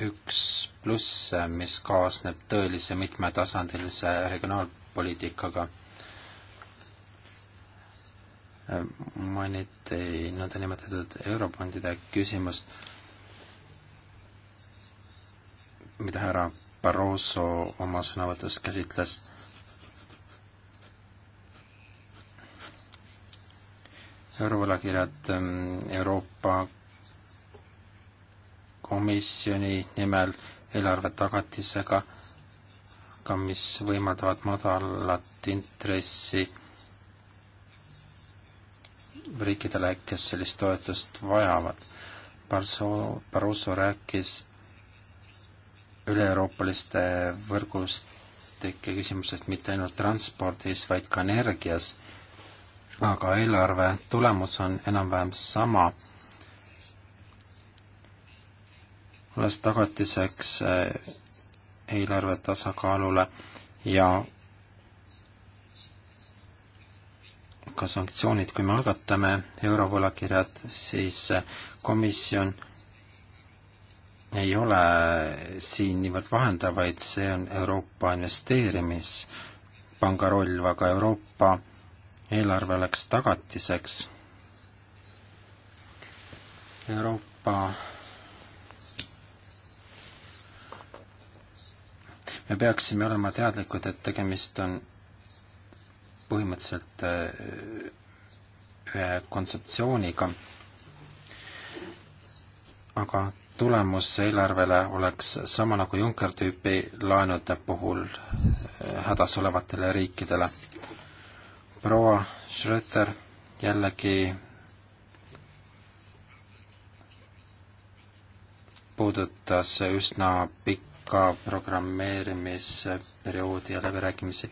üks plusse, mis kaasneb tõelise mitmetasandilise regionaalpoliitikaga mainiti nõndanimetatud eurobondide küsimust, mida härra Barroso oma sõnavõtus käsitles. eurovõlakirjad ähm, Euroopa Komisjoni nimel eelarvetagatisega, aga mis võimaldavad madalat intressi riikidele, kes sellist toetust vajavad. Barso-, Barroso rääkis üle-euroopaliste võrgustike küsimusest mitte ainult transpordis, vaid ka energias, aga eelarve tulemus on enam-vähem sama. alles tagatiseks eh, eelarve tasakaalule ja ka sanktsioonid, kui me algatame eurovõlakirjad, siis komisjon ei ole siin niivõrd vahendav, vaid see on Euroopa Investeerimispanga roll, aga Euroopa eelarve oleks tagatiseks. Euroopa me peaksime olema teadlikud, et tegemist on põhimõtteliselt äh, ühe kontseptsiooniga, aga tulemus eelarvele oleks sama nagu Juncker tüüpi laenude puhul äh, hädas olevatele riikidele. proua Schröter jällegi puudutas üsna pikka programmeerimisperioodi ja läbirääkimisi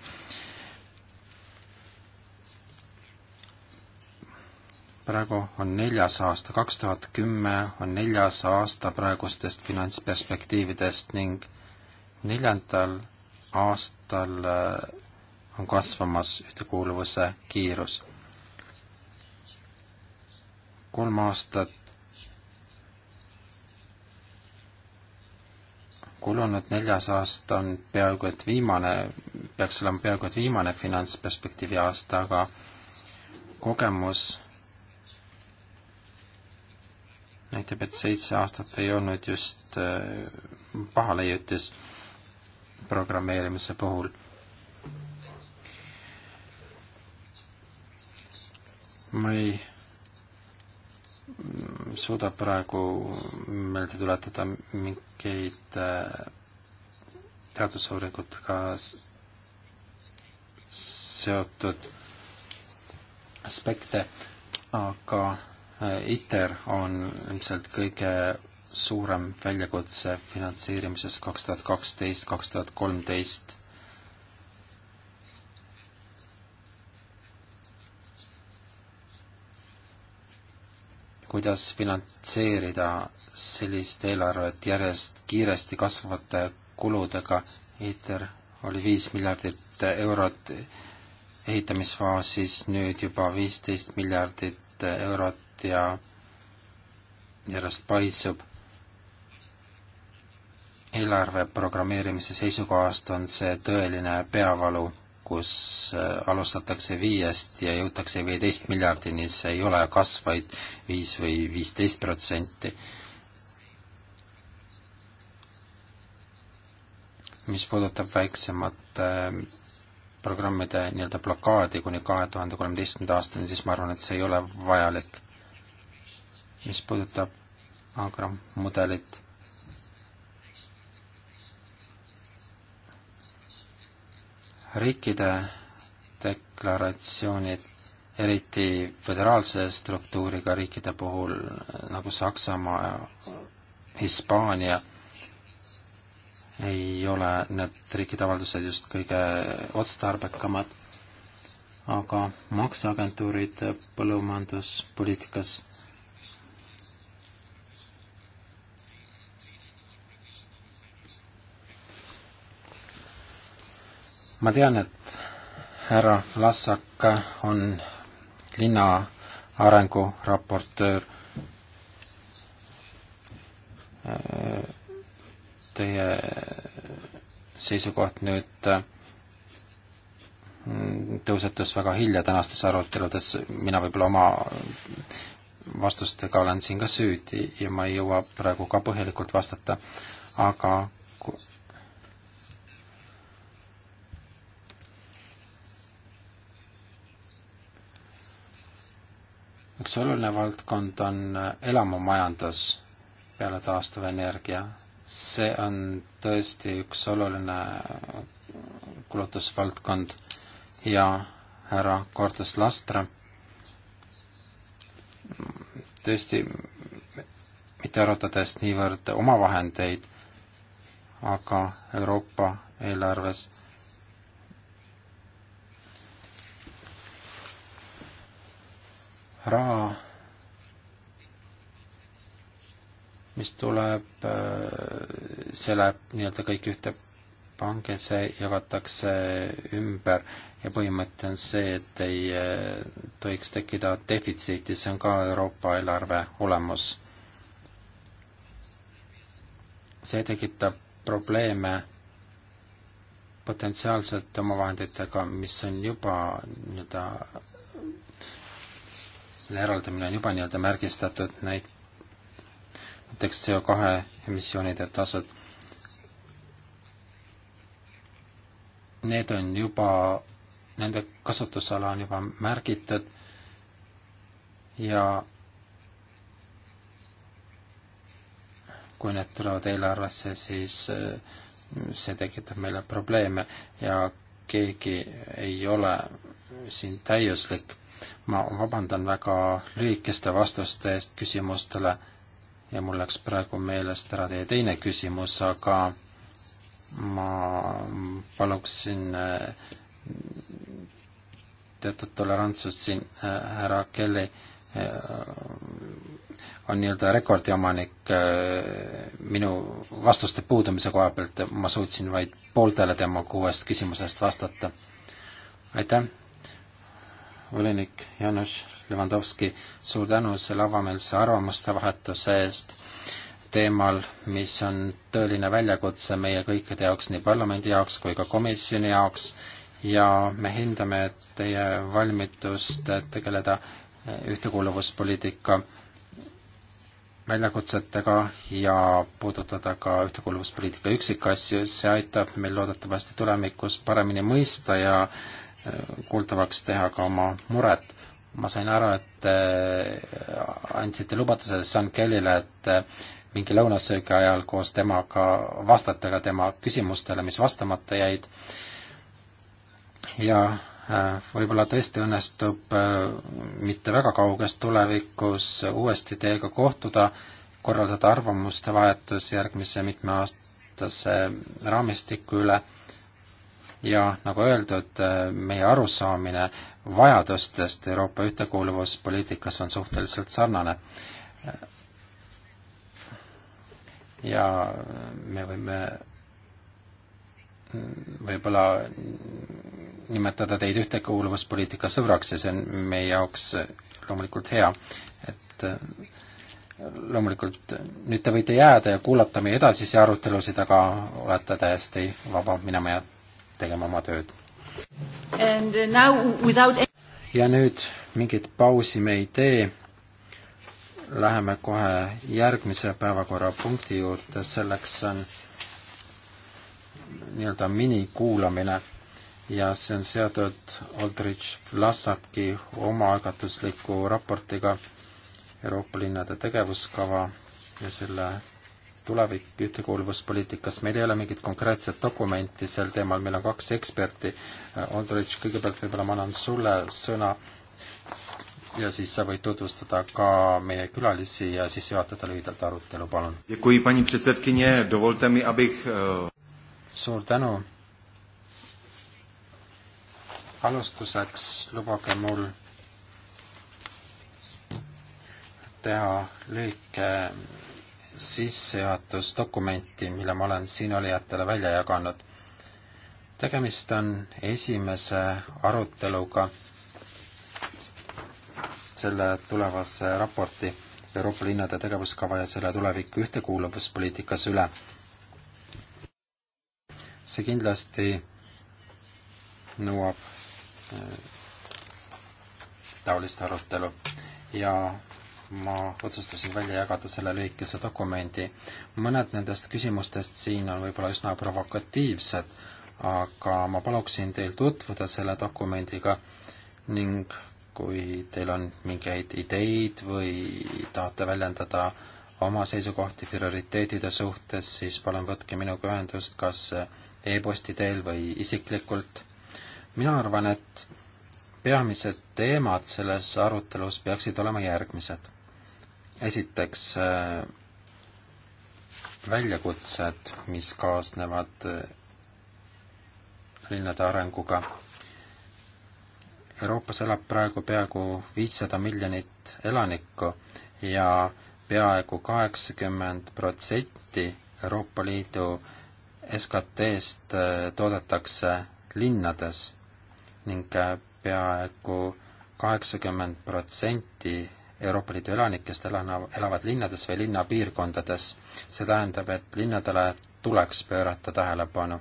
praegu on neljas aasta, kaks tuhat kümme on neljas aasta praegustest finantsperspektiividest ning neljandal aastal äh, on kasvamas ühtekuuluvuse kiirus. kolm aastat kulunud neljas aasta on peaaegu et viimane, peaks olema peaaegu et viimane finantsperspektiivi aasta, aga kogemus näitab, et seitse aastat ei olnud just äh, paha leiutis programmeerimise puhul. ma ei suuda praegu meelde tuletada mingeid äh, teadusuuringutega seotud aspekte, aga Äh, ITER on ilmselt kõige suurem väljakutse finantseerimises kaks tuhat kaksteist, kaks tuhat kolmteist. kuidas finantseerida sellist eelarvet järjest kiiresti kasvavate kuludega, ITER oli viis miljardit eurot ehitamisfaasis, nüüd juba viisteist miljardit eurot ja järjest paisub. eelarve programmeerimise seisukohast on see tõeline peavalu, kus äh, alustatakse viiest ja jõutakse viieteist miljardini, see ei ole kasv, vaid viis või viisteist protsenti. mis puudutab väiksemat äh, programmide nii-öelda blokaadi kuni kahe tuhande kolmeteistkümnenda aastani, siis ma arvan, et see ei ole vajalik mis puudutab agromudelit. riikide deklaratsioonid, eriti föderaalse struktuuriga riikide puhul nagu Saksamaa ja Hispaania, ei ole need riikide avaldused just kõige otstarbekamad, aga makseagentuurid põllumajanduspoliitikas ma tean, et härra Vlasak on linna arenguraportöör. Teie seisukoht nüüd mm, tõusetus väga hilja tänastes aruteludes, mina võib-olla oma vastustega olen siin ka süüdi ja ma ei jõua praegu ka põhjalikult vastata, aga üks oluline valdkond on äh, elamumajandus peale taastuvenergia. see on tõesti üks oluline äh, kulutusvaldkond ja härra Cortes Lastra tõesti mitte arutades niivõrd omavahendeid, aga Euroopa eelarves raha, mis tuleb, äh, see läheb nii-öelda kõik ühte pange, see jagatakse ümber ja põhimõte on see, et ei äh, tohiks tekkida defitsiiti, see on ka Euroopa eelarve olemus. see tekitab probleeme potentsiaalsete omavahenditega, mis on juba nii-öelda selle eraldamine on juba nii-öelda märgistatud, neid näiteks CO2 emissioonid ja tasud. Need on juba, nende kasutusala on juba märgitud ja kui need tulevad eelarvesse, siis eh, see tekitab meile probleeme ja keegi ei ole siin täiuslik ma vabandan väga lühikeste vastuste eest küsimustele ja mul läks praegu meelest ära teie teine küsimus, aga ma paluksin äh, teatud tolerantsust siin, äh, härra Kelly äh, on nii-öelda rekordi omanik minu vastuste puudumise koha pealt, ma suutsin vaid pooltele tema kuuest küsimusest vastata. aitäh, volinik Janus Levandovski, suur tänu selle avameelse arvamuste vahetuse eest teemal, mis on tõeline väljakutse meie kõikide jaoks, nii parlamendi jaoks kui ka komisjoni jaoks ja me hindame teie valmidust tegeleda eh, ühtekuuluvuspoliitika väljakutsetega ja puudutada ka ühtekuuluvuspoliitika üksikasju, see aitab meil loodetavasti tulevikus paremini mõista ja äh, kuuldavaks teha ka oma muret. ma sain aru, et äh, andsite lubaduse Sean Kellyle, et äh, mingi lõunasöögi ajal koos temaga vastata ka tema küsimustele, mis vastamata jäid. ja äh, võib-olla tõesti õnnestub mitte väga kauges tulevikus uuesti teiega kohtuda, korraldada arvamuste vahetus järgmise mitmeaastase raamistiku üle ja nagu öeldud, äh, meie arusaamine vajadustest Euroopa ühtekuuluvuspoliitikas on suhteliselt sarnane. ja me võime võib-olla nimetada teid ühtekuuluvuspoliitika sõbraks ja see on meie jaoks loomulikult hea, et äh, loomulikult nüüd te võite jääda ja kuulata meie edasisi arutelusid, aga olete täiesti vaba minema ja tegema oma tööd. Uh, without... ja nüüd mingit pausi me ei tee, läheme kohe järgmise päevakorrapunkti juurde, selleks on nii-öelda minikuulamine ja see on seotud Aldrich Vlasaki omaalgatusliku raportiga Euroopa linnade tegevuskava ja selle tulevik ühtekuuluvuspoliitikas, meil ei ole mingit konkreetset dokumenti sel teemal, meil on kaks eksperti, Oldrich, äh, kõigepealt võib-olla ma annan sulle sõna ja siis sa võid tutvustada ka meie külalisi ja siis juhatada lühidalt arutelu, palun. Äh, suur tänu. alustuseks lubage mul teha lühike sissejuhatusdokumenti, mille ma olen siinolijatele välja jaganud. tegemist on esimese aruteluga selle tulevase raporti Euroopa linnade tegevuskava ja selle tuleviku ühtekuuluvuspoliitikas üle. see kindlasti nõuab eh, taolist arutelu ja ma otsustasin välja jagada selle lühikese dokumendi. mõned nendest küsimustest siin on võib-olla üsna provokatiivsed, aga ma paluksin teil tutvuda selle dokumendiga ning kui teil on mingeid ideid või tahate väljendada oma seisukohti prioriteetide suhtes, siis palun võtke minuga ühendust kas e-posti teel või isiklikult. mina arvan, et peamised teemad selles arutelus peaksid olema järgmised esiteks äh, väljakutsed, mis kaasnevad äh, linnade arenguga. Euroopas elab praegu peaaegu viissada miljonit elanikku ja peaaegu kaheksakümmend protsenti Euroopa Liidu SKT-st äh, toodetakse linnades ning peaaegu kaheksakümmend protsenti Euroopa Liidu elanikest elavad linnades või linnapiirkondades. see tähendab, et linnadele tuleks pöörata tähelepanu.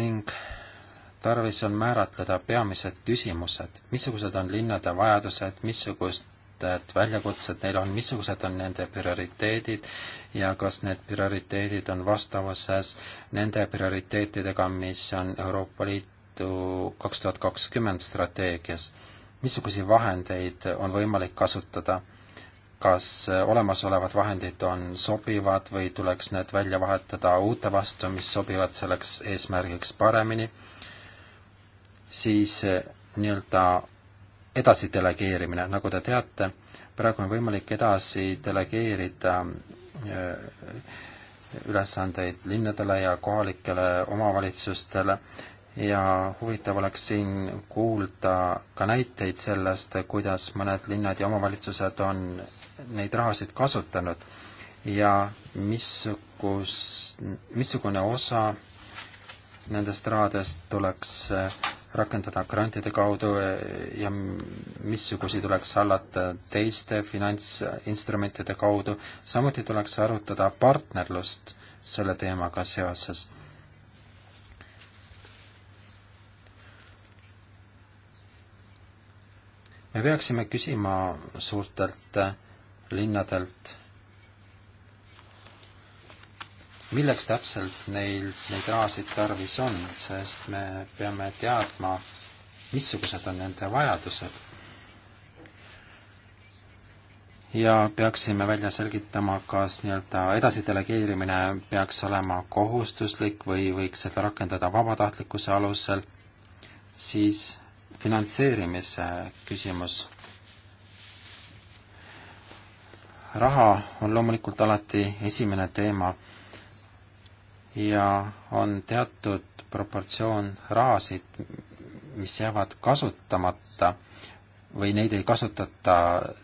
ning tarvis on määratleda peamised küsimused, missugused on linnade vajadused, missugust et väljakutsed neil on, missugused on nende prioriteedid ja kas need prioriteedid on vastavuses nende prioriteetidega, mis on Euroopa Liidu kaks tuhat kakskümmend strateegias missuguseid vahendeid on võimalik kasutada, kas olemasolevad vahendid on sobivad või tuleks need välja vahetada uute vastu, mis sobivad selleks eesmärgiks paremini, siis eh, nii-öelda edasi delegeerimine, nagu te teate, praegu on võimalik edasi delegeerida eh, ülesandeid linnadele ja kohalikele omavalitsustele ja huvitav oleks siin kuulda ka näiteid sellest, kuidas mõned linnad ja omavalitsused on neid rahasid kasutanud ja missugus, missugune osa nendest rahadest tuleks äh, rakendada grantide kaudu äh, ja missuguseid tuleks hallata teiste finantsinstrumentide kaudu, samuti tuleks arutada partnerlust selle teemaga seoses me peaksime küsima suurtelt äh, linnadelt, milleks täpselt neil neid rahasid tarvis on, sest me peame teadma, missugused on nende vajadused. ja peaksime välja selgitama, kas nii-öelda edasidelegeerimine peaks olema kohustuslik või võiks seda rakendada vabatahtlikkuse alusel, siis finantseerimise küsimus. raha on loomulikult alati esimene teema ja on teatud proportsioon rahasid, mis jäävad kasutamata või neid ei kasutata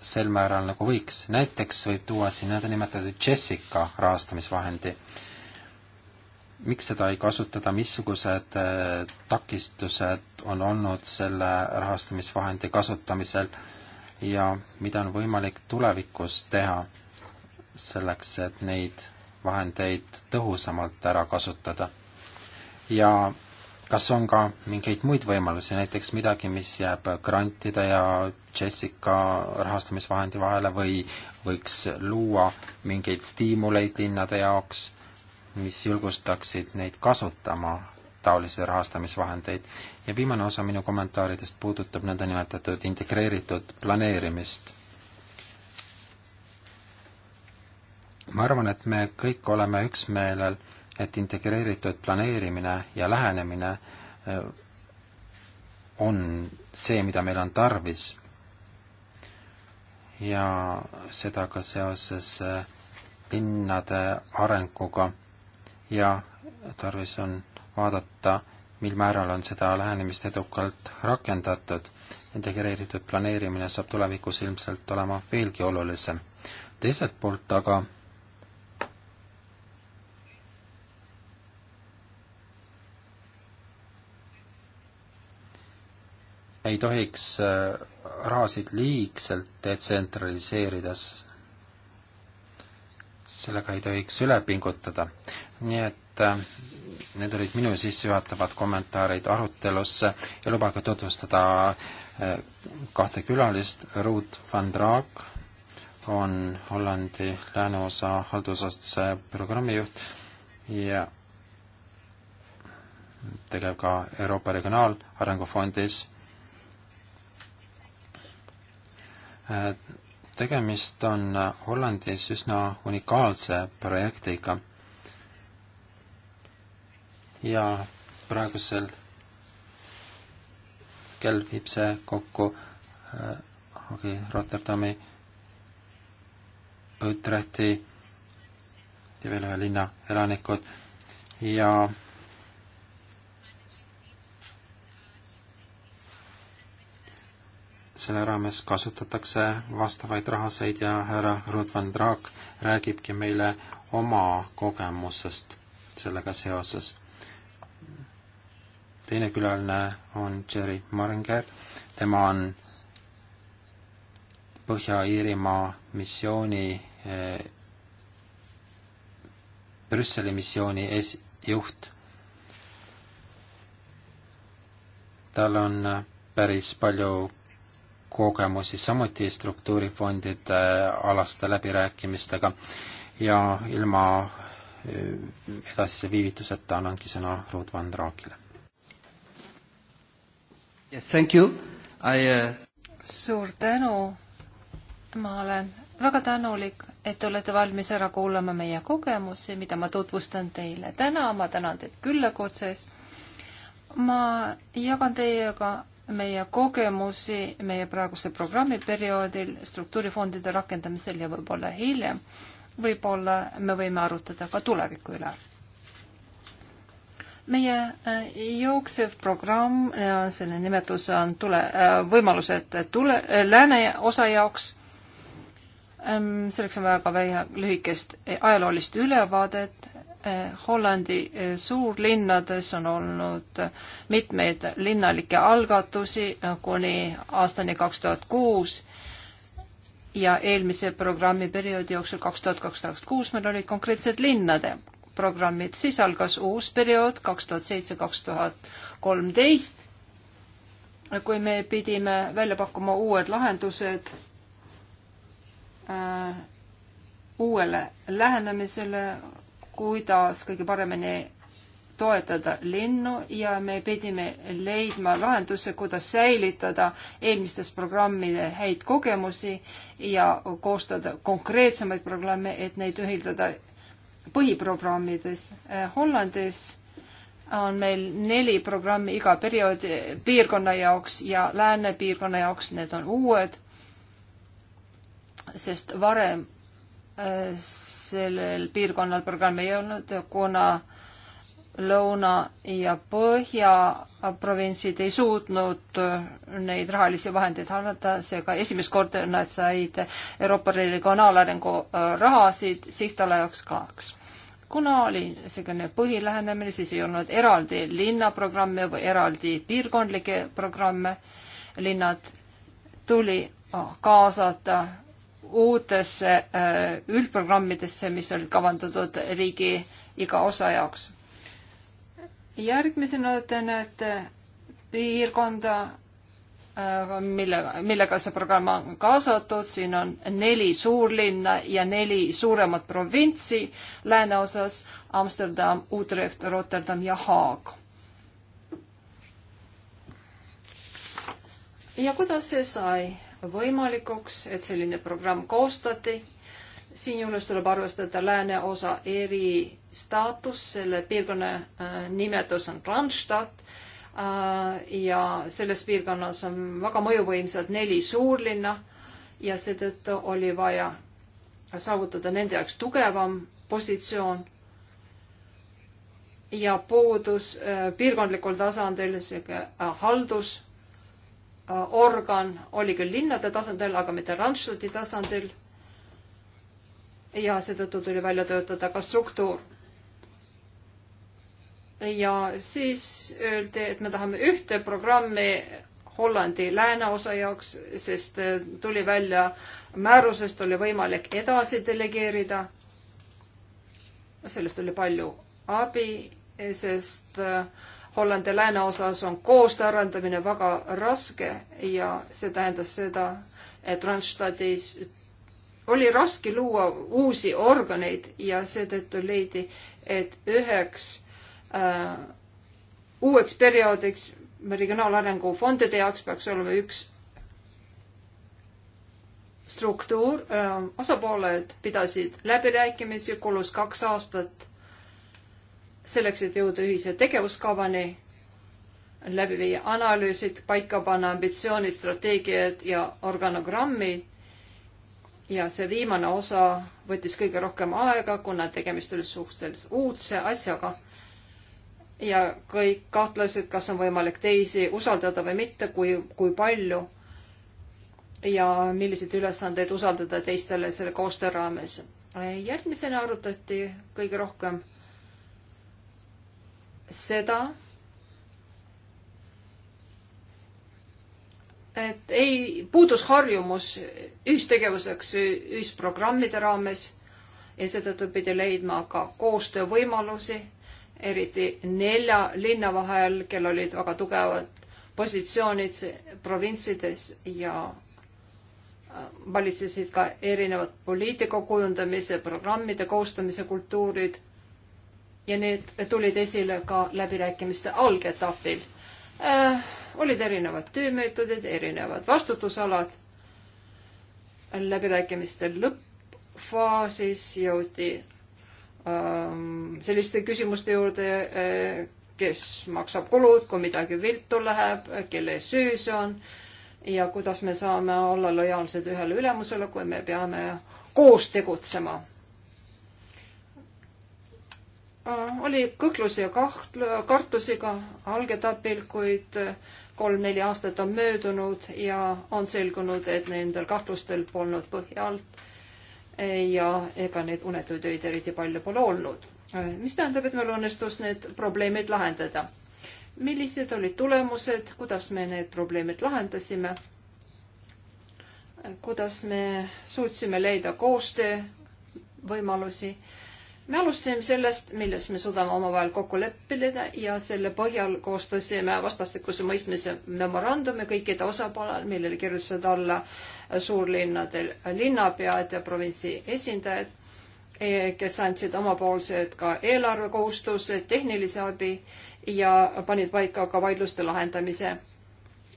sel määral, nagu võiks. näiteks võib tuua siin nõndanimetatud Jessica rahastamisvahendi. miks seda ei kasutata, missugused äh, takistused seisukoht on olnud selle rahastamisvahendi kasutamisel ja mida on võimalik tulevikus teha selleks, et neid vahendeid tõhusamalt ära kasutada. ja kas on ka mingeid muid võimalusi, näiteks midagi, mis jääb grantide ja Jessica rahastamisvahendi vahele või võiks luua mingeid stiimuleid linnade jaoks, mis julgustaksid neid kasutama taolisi rahastamisvahendeid. ja viimane osa minu kommentaaridest puudutab nõndanimetatud integreeritud planeerimist. ma arvan, et me kõik oleme üksmeelel, et integreeritud planeerimine ja lähenemine äh, on see, mida meil on tarvis ja seda ka seoses linnade äh, arenguga ja tarvis on vaadata, mil määral on seda lähenemist edukalt rakendatud. integreeritud planeerimine saab tulevikus ilmselt olema veelgi olulisem. teiselt poolt aga ei tohiks äh, rahasid liigselt detsentraliseerides, sellega ei tohiks üle pingutada. nii et äh, Need olid minu sissejuhatavad kommentaarid arutelusse ja lubage tutvustada eh, kahte külalist, Ruut van Draak on Hollandi lääneosa haldusasutuse programmijuht ja tegev ka Euroopa Regionaalarengu Fondis. Eh, tegemist on Hollandis üsna unikaalse projektiga ja praegusel kell viib see kokku Hagi äh, Rotterdami, Utrechti ja veel ühe linna elanikud ja selle raames kasutatakse vastavaid rahaseid ja härra Rudvan Draak räägibki meile oma kogemusest sellega seoses teine külaline on Jerry Maringer, tema on Põhja-Iirimaa missiooni, eh, Brüsseli missiooni esjuht. tal on päris palju kogemusi samuti struktuurifondide eh, alaste läbirääkimistega ja ilma eh, edasise viivituseta annangi sõna Ruut Van Draakile yes,. Thank you, I uh.... suur tänu. ma olen väga tänulik, et olete valmis ära kuulama meie kogemusi, mida ma tutvustan teile täna. ma tänan teid küllakutse eest. ma jagan teiega meie kogemusi meie praeguse programmi perioodil struktuurifondide rakendamisel ja võib-olla hiljem. võib-olla me võime arutada ka tuleviku üle meie äh, jooksev programm, äh, selle nimetus on tule, äh, võimalused tule, lääne osa jaoks. Ähm, selleks on vaja ka väga lühikest ajaloolist ülevaadet. Hollandi suurlinnades on olnud mitmeid linnalikke algatusi kuni aastani kaks tuhat kuus ja eelmise programmiperioodi jooksul kaks tuhat kaks tuhat kuus meil olid konkreetsed linnade programmid, siis algas uus periood kaks tuhat seitse, kaks tuhat kolmteist, kui me pidime välja pakkuma uued lahendused äh, uuele lähenemisele, kuidas kõige paremini toetada linnu ja me pidime leidma lahenduse, kuidas säilitada eelmistes programmide häid kogemusi ja koostada konkreetsemaid programme, et neid ühildada põhiprogrammides. Eh, Hollandis on meil neli programmi iga perioodi piirkonna jaoks ja lääne piirkonna jaoks, need on uued, sest varem eh, sellel piirkonnal programmi ei olnud, kuna äh, lõuna ja põhja provintsid ei suutnud äh, neid rahalisi vahendeid hallata, seega esimest korda nad said Euroopa regionaalarengu äh, rahasid sihtala jaoks kaks. kuna oli selline põhilähenemine, siis ei olnud eraldi linnaprogramme või eraldi piirkondlikke programme, linnad tuli äh, kaasata uutesse üldprogrammidesse, mis olid kavandatud riigi iga osa jaoks järgmisena te näete piirkonda, mille, millega see programm on kaasatud, siin on neli suurlinna ja neli suuremat provintsi lääneosas Amsterdam, Utrecht, Rotterdam ja Haag ja kuidas see sai võimalikuks, et selline programm koostati. siinjuures tuleb arvestada lääne osa eri staatus, selle piirkonna äh, nimetus on Randstad äh, ja selles piirkonnas on väga mõjuvõimsad neli suurlinna ja seetõttu oli vaja saavutada nende jaoks tugevam positsioon ja puudus äh, piirkondlikul tasandil sihuke haldusorgan, oli küll linnade tasandil, aga mitte Randstadti tasandil ja seetõttu tuli välja töötada ka struktuur ja siis öeldi, et me tahame ühte programmi Hollandi lääneosa jaoks, sest äh, tuli välja määrusest oli võimalik edasi delegeerida. sellest oli palju abi, sest äh, Hollandi lääneosas on koostöö arendamine väga raske ja see tähendas seda, et Randstadis oli raske luua uusi organeid ja seetõttu leidi, et üheks äh, uueks perioodiks regionaalarengu fondide jaoks peaks olema üks struktuur äh,. osapooled pidasid läbirääkimisi, kulus kaks aastat selleks, et jõuda ühise tegevuskavani, läbi viia analüüsid, paika panna ambitsioonid, strateegiad ja organogrammi ja see viimane osa võttis kõige rohkem aega, kuna tegemist oli suhteliselt uudse asjaga ja kõik kahtlased, kas on võimalik teisi usaldada või mitte, kui, kui palju ja milliseid ülesandeid usaldada teistele selle koostöö raames. järgmisena arutati kõige rohkem seda, et ei, puudus harjumus ühistegevuseks ühisprogrammide raames ja seetõttu pidi leidma ka koostöövõimalusi eriti nelja linna vahel, kel olid väga tugevad positsioonid provintsides ja äh, valitsesid ka erinevad poliitika kujundamise, programmide koostamise kultuurid ja need tulid esile ka läbirääkimiste algetapil äh,. olid erinevad töömeetodid, erinevad vastutusalad. läbirääkimiste lõppfaasis jõuti Ähm, selliste küsimuste juurde, äh, kes maksab kulud, kui midagi viltu läheb, kelle süü see on ja kuidas me saame olla lojaalsed ühele ülemusele, kui me peame koos tegutsema. Äh, oli kõhklusi ja kahtl-, kartusi ka algetapil, kuid äh, kolm-neli aastat on möödunud ja on selgunud, et nendel kahtlustel polnud põhjalt ja ega neid unetuid öid eriti palju pole olnud. Äh, mis tähendab, et meil õnnestus need probleemid lahendada. millised olid tulemused, kuidas me need probleemid lahendasime? Äh, kuidas me suutsime leida koostöövõimalusi? me alustasime sellest, milles me suudame omavahel kokku leppida ja selle põhjal koostasime vastastikuse mõistmise memorandumi kõikide osapoolel, millele kirjutasid alla äh, suurlinnadel linnapead ja provintsi esindajad, e, kes andsid omapoolsed ka eelarvekohustused, tehnilise abi ja panid paika ka vaidluste lahendamise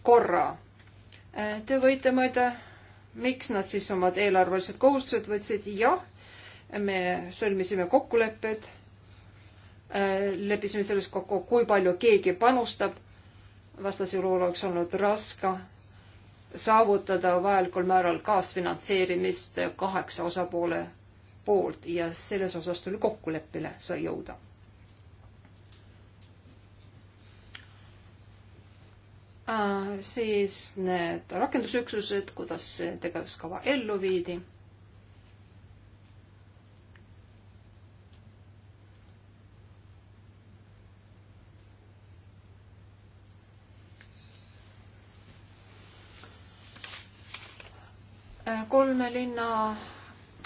korra. E, te võite mõelda, miks nad siis omad eelarvelised kohustused võtsid, jah, me sõlmisime kokkulepped, e, leppisime selles kokku, kui palju keegi panustab, vastasel juhul oleks olnud raske saavutada vajalikul määral kaasfinantseerimist kaheksa osapoole poolt ja selles osas tuli kokkuleppele sai jõuda. Äh, siis need rakendusüksused, kuidas see tegevuskava ellu viidi kolme linna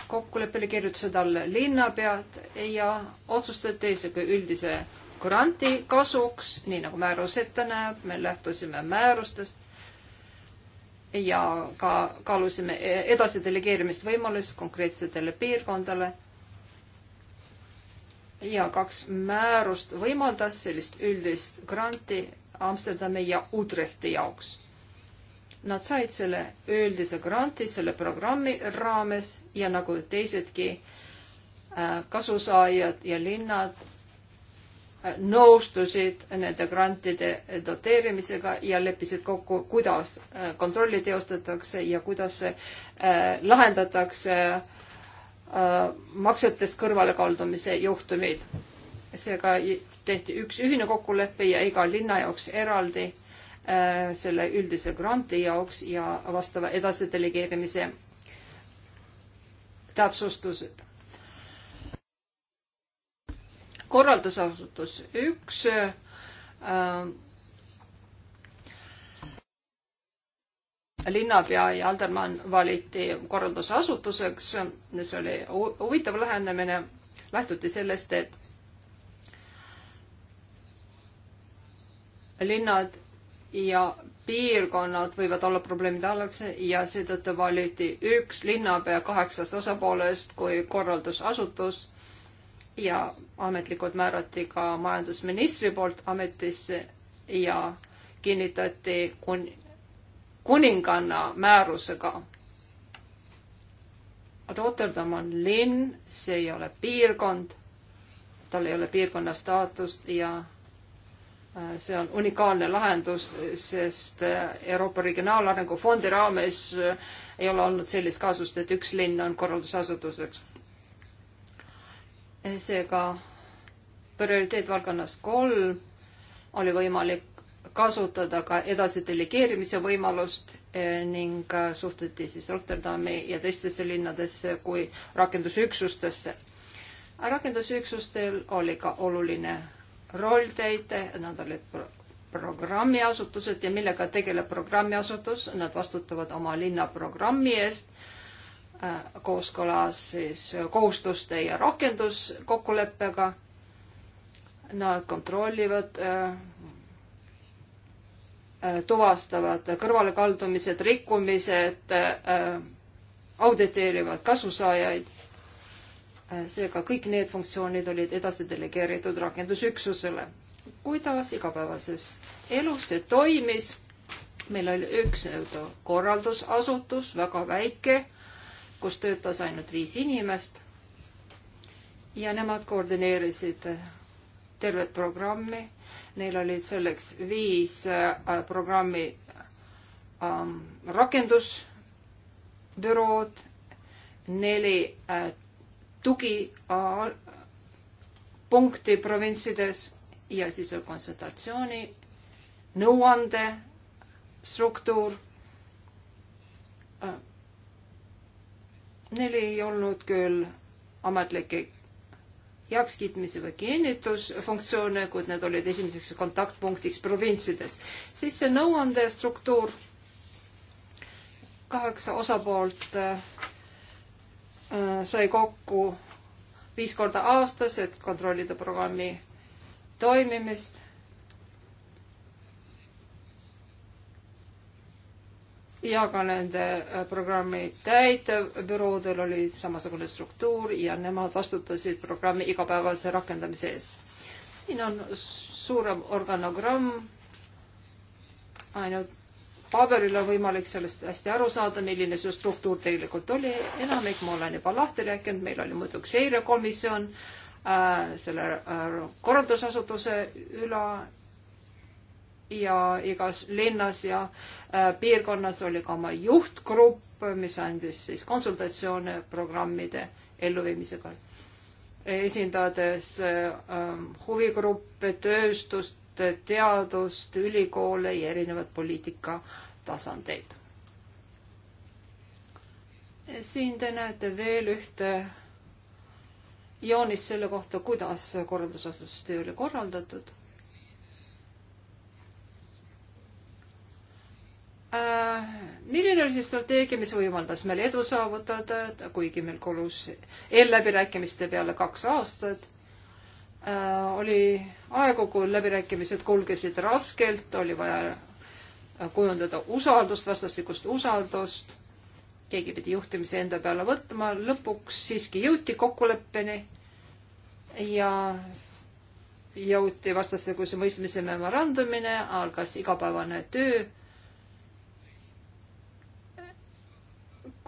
kokkuleppele kirjutasid alla linnapead ja otsustati isegi üldise granti kasuks, nii nagu määrus ette näeb, me lähtusime määrustest ja ka kaalusime e-, edasi delegeerimist võimalust konkreetsetele piirkondadele. ja kaks määrust võimaldas sellist üldist granti Amsterdami ja Utrechti jaoks Nad said selle üldise granti selle programmi raames ja nagu teisedki äh, kasusaajad ja linnad äh, nõustusid nende grantide doteerimisega ja leppisid kokku, kuidas äh, kontrolli teostatakse ja kuidas lahendatakse maksetest kõrvalekaldumise juhtumeid. seega tehti üks ühine kokkulepe ja iga linna jaoks eraldi Äh, selle üldise granti jaoks ja vastava edasi delegeerimise täpsustused. korraldusasutus üks äh, linnapea Jaldermann valiti korraldusasutuseks, see oli huvitav lähenemine, lähtuti sellest, et linnad ja piirkonnad võivad olla probleemide allaks ja seetõttu valiti üks linnapea kaheksast osapoolest kui korraldusasutus ja ametlikult määrati ka majandusministri poolt ametisse ja kinnitati kun-, kuninganna määrusega. Rotterdam on linn, see ei ole piirkond, tal ei ole piirkonna staatust ja see on unikaalne lahendus, sest äh, Euroopa Regionaalarengu Fondi raames äh, ei ole olnud sellist kaasust, et üks linn on korraldusasutuseks. Äh, seega prioriteetvaldkonnas kolm oli võimalik kasutada ka edasi delegeerimise võimalust ning suhtuti siis Rotterdami ja teistesse linnadesse kui rakendusüksustesse. rakendusüksustel oli ka oluline roll täid, nad olid pro programmiasutused ja millega tegeleb programmiasutus, nad vastutavad oma linna programmi eest äh, kooskõlas siis kohustuste ja rakenduskokkuleppega. Nad kontrollivad, äh, äh, tuvastavad kõrvalekaldumised, rikkumised, auditeerivad kasusaajaid Äh, seega kõik need funktsioonid olid edasi delegeeritud rakendusüksusele. kuidas igapäevases elus see toimis? meil oli üks nii-öelda korraldusasutus, väga väike, kus töötas ainult viis inimest. ja nemad koordineerisid tervet programmi. Neil olid selleks viis äh, programmi ähm, rakendusbürood, neli äh, tugipunkti provintsides ja siis on konsultatsiooni, nõuande struktuur. Neil ei olnud küll ametlikke heakskiitmise või kinnitusfunktsioone, kuid need olid esimeseks kontaktpunktiks provintsides. siis see nõuandestruktuur, kaheksa osapoolt Äh, sai kokku viis korda aastas, et kontrollida programmi toimimist. ja ka nende äh, programmi täitevbüroodel oli samasugune struktuur ja nemad vastutasid programmi igapäevase rakendamise eest. siin on suurem organogramm, ainult paberil on võimalik sellest hästi aru saada, milline see struktuur tegelikult oli, enamik ma olen juba lahti rääkinud, meil oli muidugi seirekomisjon äh, selle äh, korraldusasutuse üle ja igas linnas ja äh, piirkonnas oli ka oma juhtgrupp, mis andis siis konsultatsioone programmide elluviimisega esindades äh, äh huvigruppe, tööstust, koostööd, teadust, ülikoole ja erinevaid poliitikatasandeid. siin te näete veel ühte joonist selle kohta, kuidas korraldusasutuses töö oli korraldatud äh,. milline oli see strateegia, mis võimaldas meil edu saavutada, kuigi meil kulus eelläbirääkimiste peale kaks aastat Äh, oli aegu, kui läbirääkimised kulgesid raskelt, oli vaja äh, kujundada usaldust, vastastikust usaldust, keegi pidi juhtimise enda peale võtma, lõpuks siiski jõuti kokkuleppeni ja jõuti vastastikuse mõistmise memorandumine, algas igapäevane töö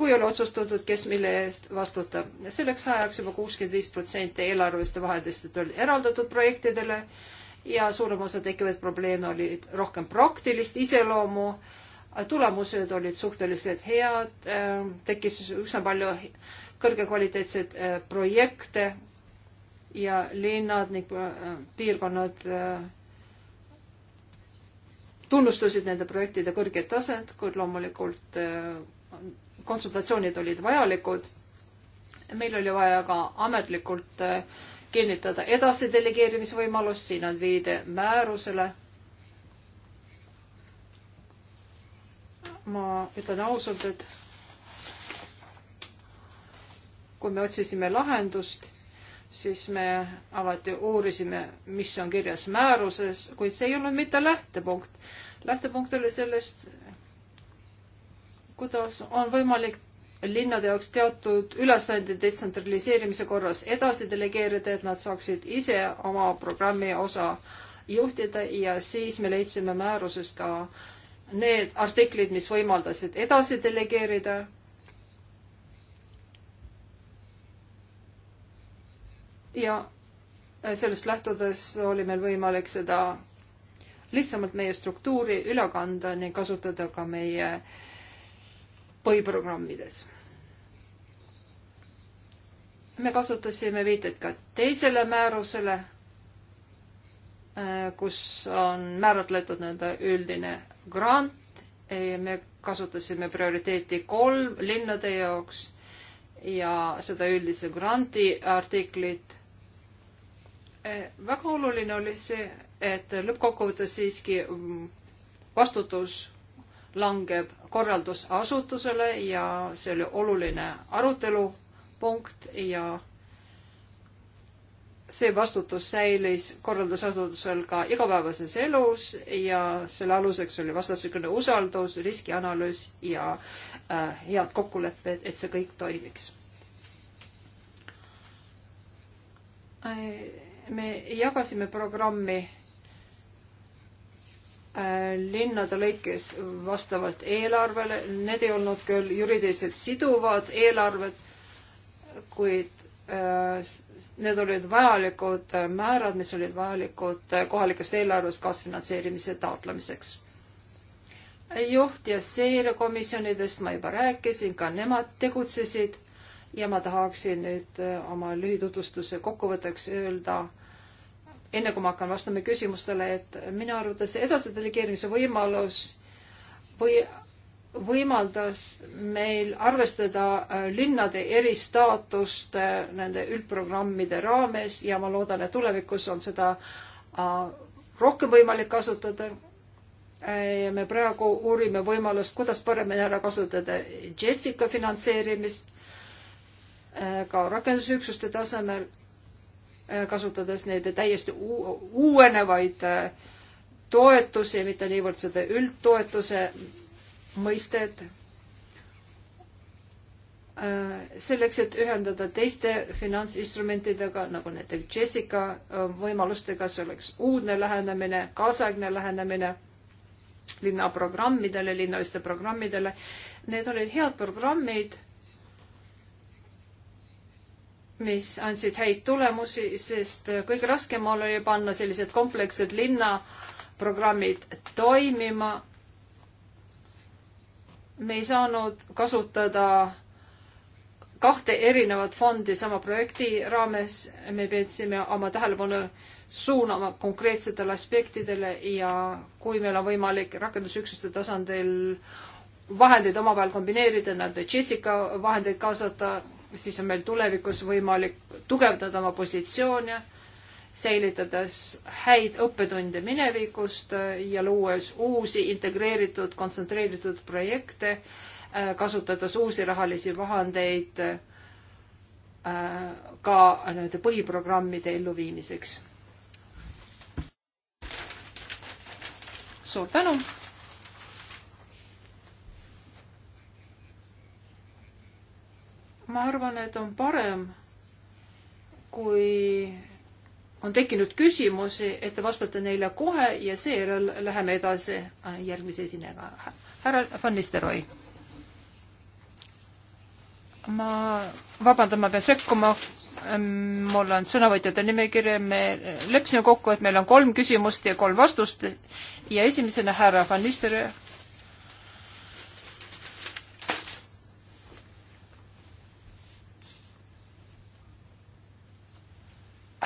kui oli otsustatud, kes mille eest vastutab. selleks ajaks juba kuuskümmend viis protsenti eelarveliste vahenditest oli eraldatud projektidele ja suurem osa tekkivaid probleeme olid rohkem praktilist iseloomu. tulemused olid suhteliselt head, ähm, tekkis üsna palju kõrgekvaliteetseid äh, projekte ja linnad ning äh, piirkonnad äh, tunnustasid nende projektide kõrget taset, kuid loomulikult konsultatsioonid olid vajalikud. meil oli vaja ka ametlikult äh, kinnitada edasi delegeerimisvõimalus, siin on viide määrusele. ma ütlen ausalt, et kui me otsisime lahendust, siis me alati uurisime, mis on kirjas määruses, kuid see ei olnud mitte lähtepunkt. lähtepunkt oli sellest, kuidas on võimalik linnade jaoks teatud ülesande detsentraliseerimise korras edasi delegeerida, et nad saaksid ise oma programmi osa juhtida ja siis me leidsime määruses ka need artiklid, mis võimaldasid edasi delegeerida. ja sellest lähtudes oli meil võimalik seda lihtsamalt meie struktuuri üle kanda ning kasutada ka meie äh, põhiprogrammides. me kasutasime viited ka teisele määrusele, äh, kus on määratletud nende üldine grant. me kasutasime prioriteeti kolm linnade jaoks ja seda üldise granti artiklit. Äh, väga oluline oli see, et lõppkokkuvõttes siiski mm, vastutus langeb korraldusasutusele ja see oli oluline arutelupunkt ja see vastutus säilis korraldusasutusel ka igapäevases elus ja selle aluseks oli vastastikune usaldus, riskianalüüs ja äh, head kokkulepped, et see kõik toimiks äh, me jagasime programmi Äh, linnade lõikes vastavalt eelarvele, need ei olnud küll juriidiliselt siduvad eelarved, kuid äh, need olid vajalikud äh, määrad, mis olid vajalikud kohalikust eelarvest kaasfinantseerimise taotlemiseks. juht- ja seirekomisjonidest ma juba rääkisin, ka nemad tegutsesid ja ma tahaksin nüüd oma lühitutvustuse kokkuvõtteks öelda enne kui ma hakkan vastama küsimustele, et minu arvates edasidelegeerimise võimalus või võimaldas meil arvestada äh, linnade eristaatust äh, nende üldprogrammide raames ja ma loodan, et tulevikus on seda äh, rohkem võimalik kasutada. me praegu uurime võimalust, kuidas paremini ära kasutada Jessica finantseerimist ka rakendusüksuste tasemel Äh, kasutades neid täiesti uuenevaid äh, toetusi, mitte niivõrd seda üldtoetuse mõistet. Äh, selleks, et ühendada teiste finantsinstrumentidega, nagu näiteks Jessica võimalustega, see oleks uudne lähenemine, kaasaegne lähenemine linnaprogrammidele, linnaliste programmidele. Need olid head programmid mis andsid häid tulemusi, sest kõige raskem oli panna sellised komplekssed linnaprogrammid toimima. me ei saanud kasutada kahte erinevat fondi sama projekti raames, me peatsime oma tähelepanu suunama konkreetsetele aspektidele ja kui meil on võimalik rakendusüksuste tasandil vahendeid omavahel kombineerida, nagu Jessica vahendeid kaasata, siis on meil tulevikus võimalik tugevdada oma positsioone, säilitades häid õppetunde minevikust äh, ja luues uusi integreeritud, kontsentreeritud projekte, äh, kasutades uusi rahalisi vahendeid äh, ka nende põhiprogrammide elluviimiseks. suur tänu! ma arvan, et on parem, kui on tekkinud küsimusi, et te vastate neile kohe ja seejärel läheme edasi äh, järgmise esinejaga. härra Van Nistelrooy. ma vabandan, ma pean sekkuma. Ähm, mul on sõnavõtjate nimekiri, me leppisime kokku, et meil on kolm küsimust ja kolm vastust ja esimesena härra Van Nistelrooy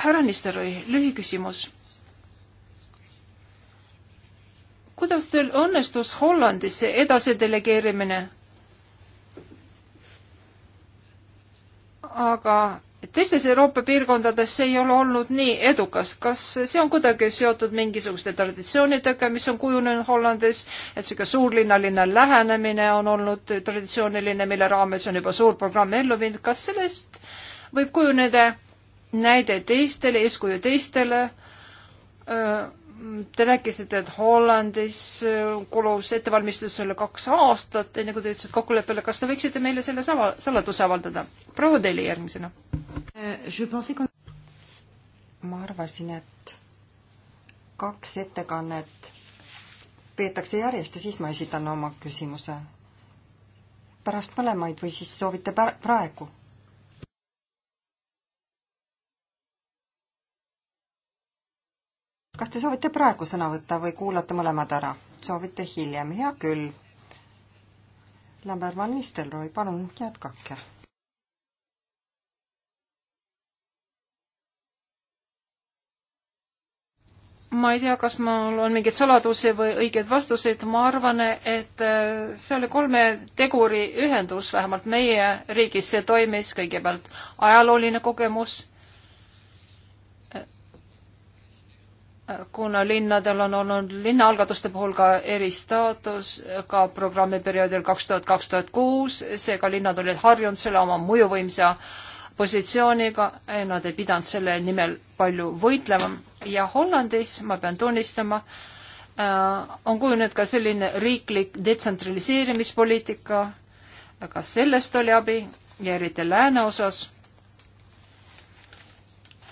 härra Nisteroi, lühiküsimus. kuidas teil õnnestus Hollandis see edasidelegeerimine? aga teistes Euroopa piirkondades see ei ole olnud nii edukas. kas see on kuidagi seotud mingisuguste traditsioonidega, mis on kujunenud Hollandis, et niisugune suurlinnaline lähenemine on olnud traditsiooniline, mille raames on juba suur programm ellu viinud, kas sellest võib kujuneda näide teistele, eeskuju teistele. Äh, te rääkisite, et Hollandis äh, kulus ettevalmistusele kaks aastat, enne kui te ütlesite kokkuleppele. kas te võiksite meile selle sava, saladuse avaldada? proua Teli järgmisena. Äh, ma arvasin, et kaks ettekannet peetakse järjest ja siis ma esitan oma küsimuse. pärast mõlemaid või siis soovite praegu? kas te soovite praegu sõna võtta või kuulate mõlemad ära? soovite hiljem, hea küll. Lambert Van Nistelrooy, palun jätkake. ma ei tea, kas mul on mingeid saladusi või õigeid vastuseid, ma arvan, et äh, see oli kolme teguri ühendus, vähemalt meie riigis see toimis, kõigepealt ajalooline kogemus kuna linnadel on olnud linnaalgatuste puhul ka eristaatus ka programmiperioodil kaks tuhat, kaks tuhat kuus, seega linnad olid harjunud selle oma mõjuvõimsa positsiooniga, nad ei pidanud selle nimel palju võitlema ja Hollandis, ma pean tunnistama, äh, on kujunenud ka selline riiklik detsentraliseerimispoliitika, ka sellest oli abi ja eriti lääne osas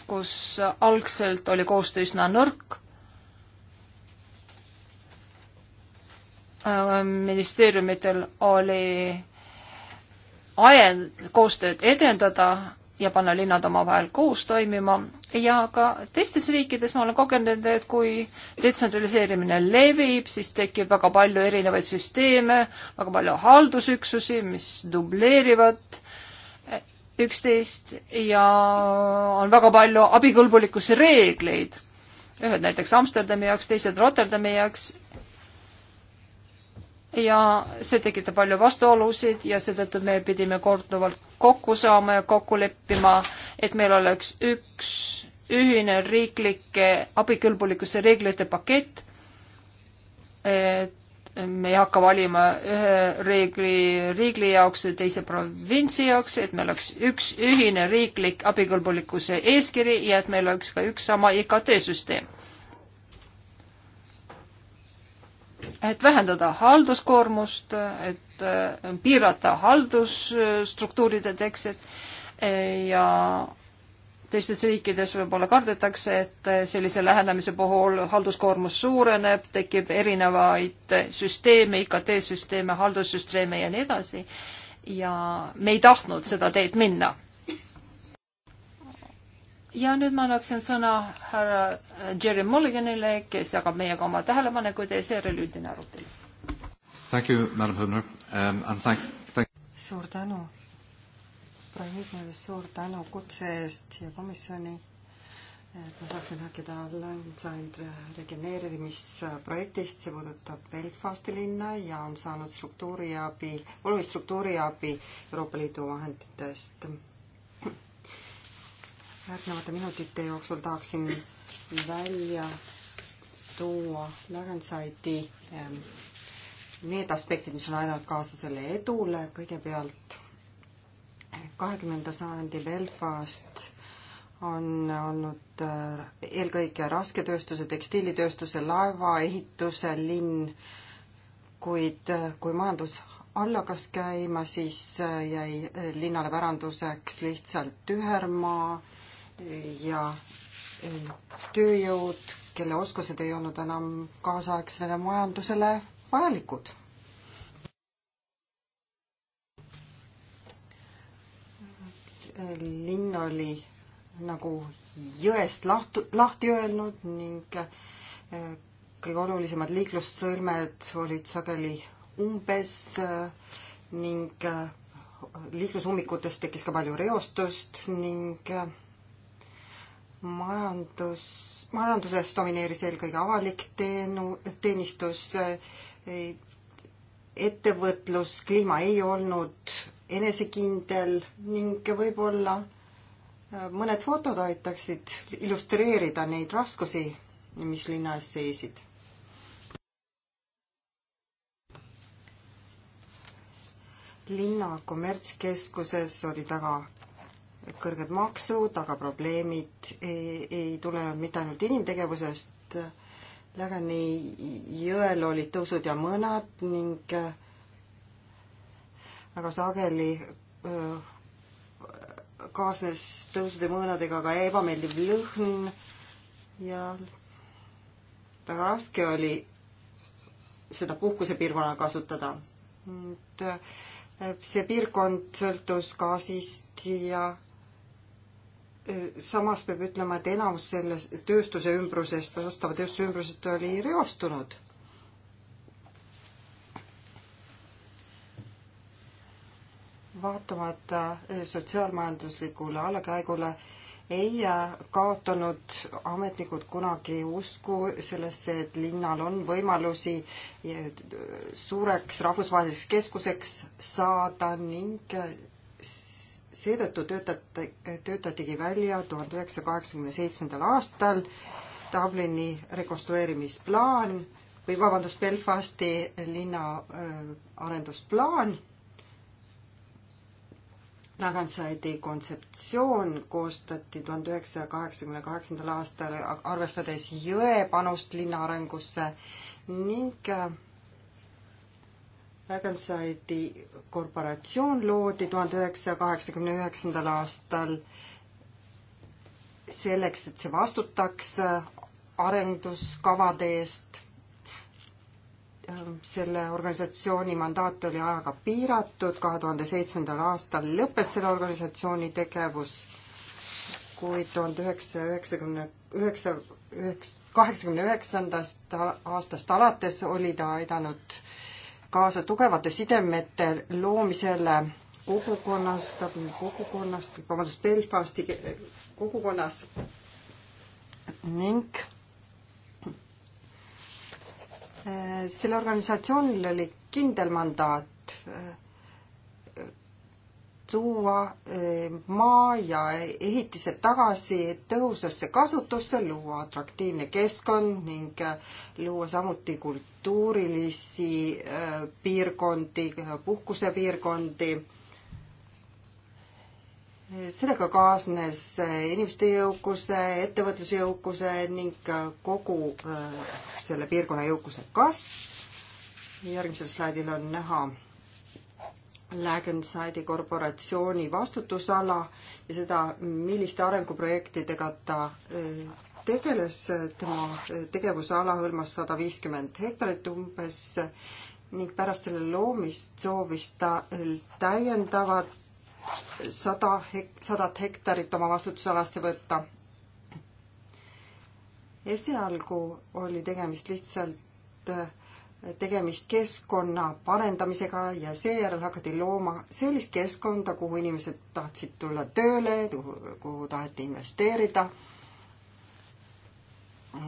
kus algselt oli koostöö üsna nõrk. ministeeriumitel oli ajend koostööd edendada ja panna linnad omavahel koos toimima ja ka teistes riikides ma olen kogenud, et kui detsentraliseerimine levib, siis tekib väga palju erinevaid süsteeme, väga palju haldusüksusi, mis dubleerivad üksteist ja on väga palju abikõlbulikkusreegleid. ühed näiteks Amsterdami jaoks, teised Rotterdami jaoks. ja see tekitab palju vastuolusid ja seetõttu me pidime korduvalt kokku saama ja kokku leppima, et meil oleks üks ühine riiklike abikõlbulikkuse reeglite pakett, et me ei hakka valima ühe reegli riigi jaoks ja teise provintsi jaoks, et meil oleks üks ühine riiklik abikõlbulikkuse eeskiri ja et meil oleks ka üks sama IKT süsteem. et vähendada halduskoormust, et äh, piirata haldusstruktuuride tekset ja teistes riikides võib-olla kardetakse, et sellise lähenemise puhul halduskoormus suureneb, tekib erinevaid süsteeme, IKT-süsteeme, haldussüsteeme ja nii edasi. ja me ei tahtnud seda teed minna. ja nüüd ma annaksin sõna härra Jerry Mulliganile, kes jagab meiega oma tähelepanekuid ja seejärel üldine arutelu. Thank you, madam Hübner um, and thank, thank suur tänu proua Jõgmäele suur tänu kutse eest siia komisjoni, et ma saaksin rääkida Landside regeneerimisprojektist, see puudutab Belfasti linna ja on saanud struktuuriabi, olulist struktuuriabi Euroopa Liidu vahenditest. järgnevate minutite jooksul tahaksin välja tuua Landside'i eh, need aspektid, mis on aidanud kaasa selle edule, kõigepealt kahekümnenda sajandi Belfast on olnud äh, eelkõige rasketööstuse, tekstiilitööstuse, laevaehituse linn, kuid äh, kui majandus alla hakkas käima, siis äh, jäi linnale päranduseks lihtsalt tühermaa ja tööjõud, kelle oskused ei olnud enam kaasaegsele majandusele vajalikud linn oli nagu jõest lahtu, lahti öelnud ning äh, kõige olulisemad liiklussõlmed olid sageli umbes äh, ning äh, liiklusummikutest tekkis ka palju reostust ning majandus, majanduses domineeris eelkõige avalik teenu, teenistus, ettevõtlus, kliima ei olnud enesekindel ning võib-olla äh, mõned fotod aitaksid illustreerida neid raskusi, mis linna ees seisid. linna kommertskeskuses oli taga kõrged maksud, aga probleemid ei, ei tulenenud mitte ainult inimtegevusest, Lägani jõel olid tõusud ja mõnad ning äh, väga sageli kaasnes tõusude mõõnadega ka ebameeldiv lõhn ja väga raske oli seda puhkusepiirkonna kasutada. et see piirkond sõltus gaasist ja samas peab ütlema, et enamus sellest tööstuse ümbrusest, vastava tööstuse ümbrusest oli reostunud. vaatamata äh, sotsiaalmajanduslikule allakäigule ei äh, kaotanud ametnikud kunagi usku sellesse, et linnal on võimalusi äh, suureks rahvusvaheliseks keskuseks saada ning seetõttu töötati, töötatigi välja tuhande üheksasaja kaheksakümne seitsmendal aastal Dublini rekonstrueerimisplaan või vabandust, Belfasti linna arendusplaan Nagansaidi kontseptsioon koostati tuhande üheksasaja kaheksakümne kaheksandal aastal, arvestades jõe panust linna arengusse ning äh, Nagansaidi korporatsioon loodi tuhande üheksasaja kaheksakümne üheksandal aastal selleks, et see vastutaks äh, arenduskavade eest selle organisatsiooni mandaat oli ajaga piiratud, kahe tuhande seitsmendal aastal lõppes selle organisatsiooni tegevus, kuid tuhande üheksasaja üheksakümne üheksa, üheks-, kaheksakümne üheksandast aastast alates oli ta aidanud kaasa tugevate sidemete loomisele kogukonnas, kogukonnast, vabandust, Belfasti kogukonnas ning sellel organisatsioonil oli kindel mandaat äh, tuua äh, maa ja ehitised tagasi tõhusasse kasutusse, luua atraktiivne keskkond ning äh, luua samuti kultuurilisi piirkondi, puhkusepiirkondi sellega kaasnes inimeste jõukuse, ettevõtluse jõukuse ning kogu äh, selle piirkonna jõukuse kasv. järgmisel slaidil on näha Lagenside'i korporatsiooni vastutusala ja seda, milliste arenguprojektidega ta äh, tegeles, tema äh, tegevusala hõlmas sada viiskümmend hektarit umbes ning pärast selle loomist soovis ta täiendavat sada hek-, sadat hektarit oma vastutusalasse võtta. esialgu oli tegemist lihtsalt äh, tegemist keskkonna parendamisega ja seejärel hakati looma sellist keskkonda, kuhu inimesed tahtsid tulla tööle, kuhu taheti investeerida.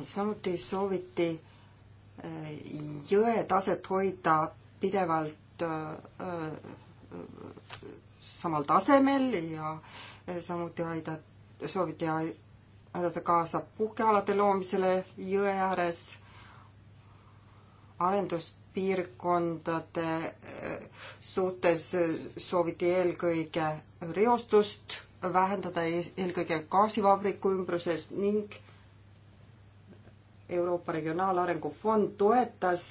samuti sooviti äh, jõe taset hoida pidevalt äh, samal tasemel ja eh, samuti aidata, sooviti aidata kaasa puhkealade loomisele jõe ääres, arenduspiirkondade eh, suhtes eh, sooviti eelkõige reostust vähendada eelkõige gaasivabriku ümbruses ning Euroopa Regionaalarengu Fond toetas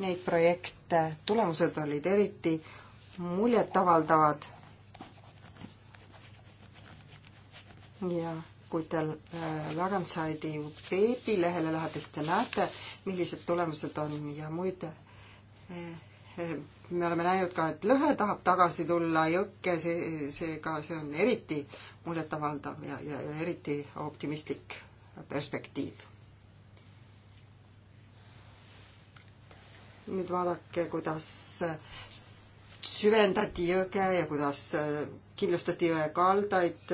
neid projekte, tulemused olid eriti muljetavaldavad ja kui te äh, Lagansaidi veebilehele lähete, siis te näete, millised tulemused on ja muide äh, äh, me oleme näinud ka, et lõhe tahab tagasi tulla jõkke, see, seega see on eriti muljetavaldav ja, ja, ja eriti optimistlik perspektiiv. nüüd vaadake, kuidas süvendati jõge ja kuidas kindlustati jõe kaldaid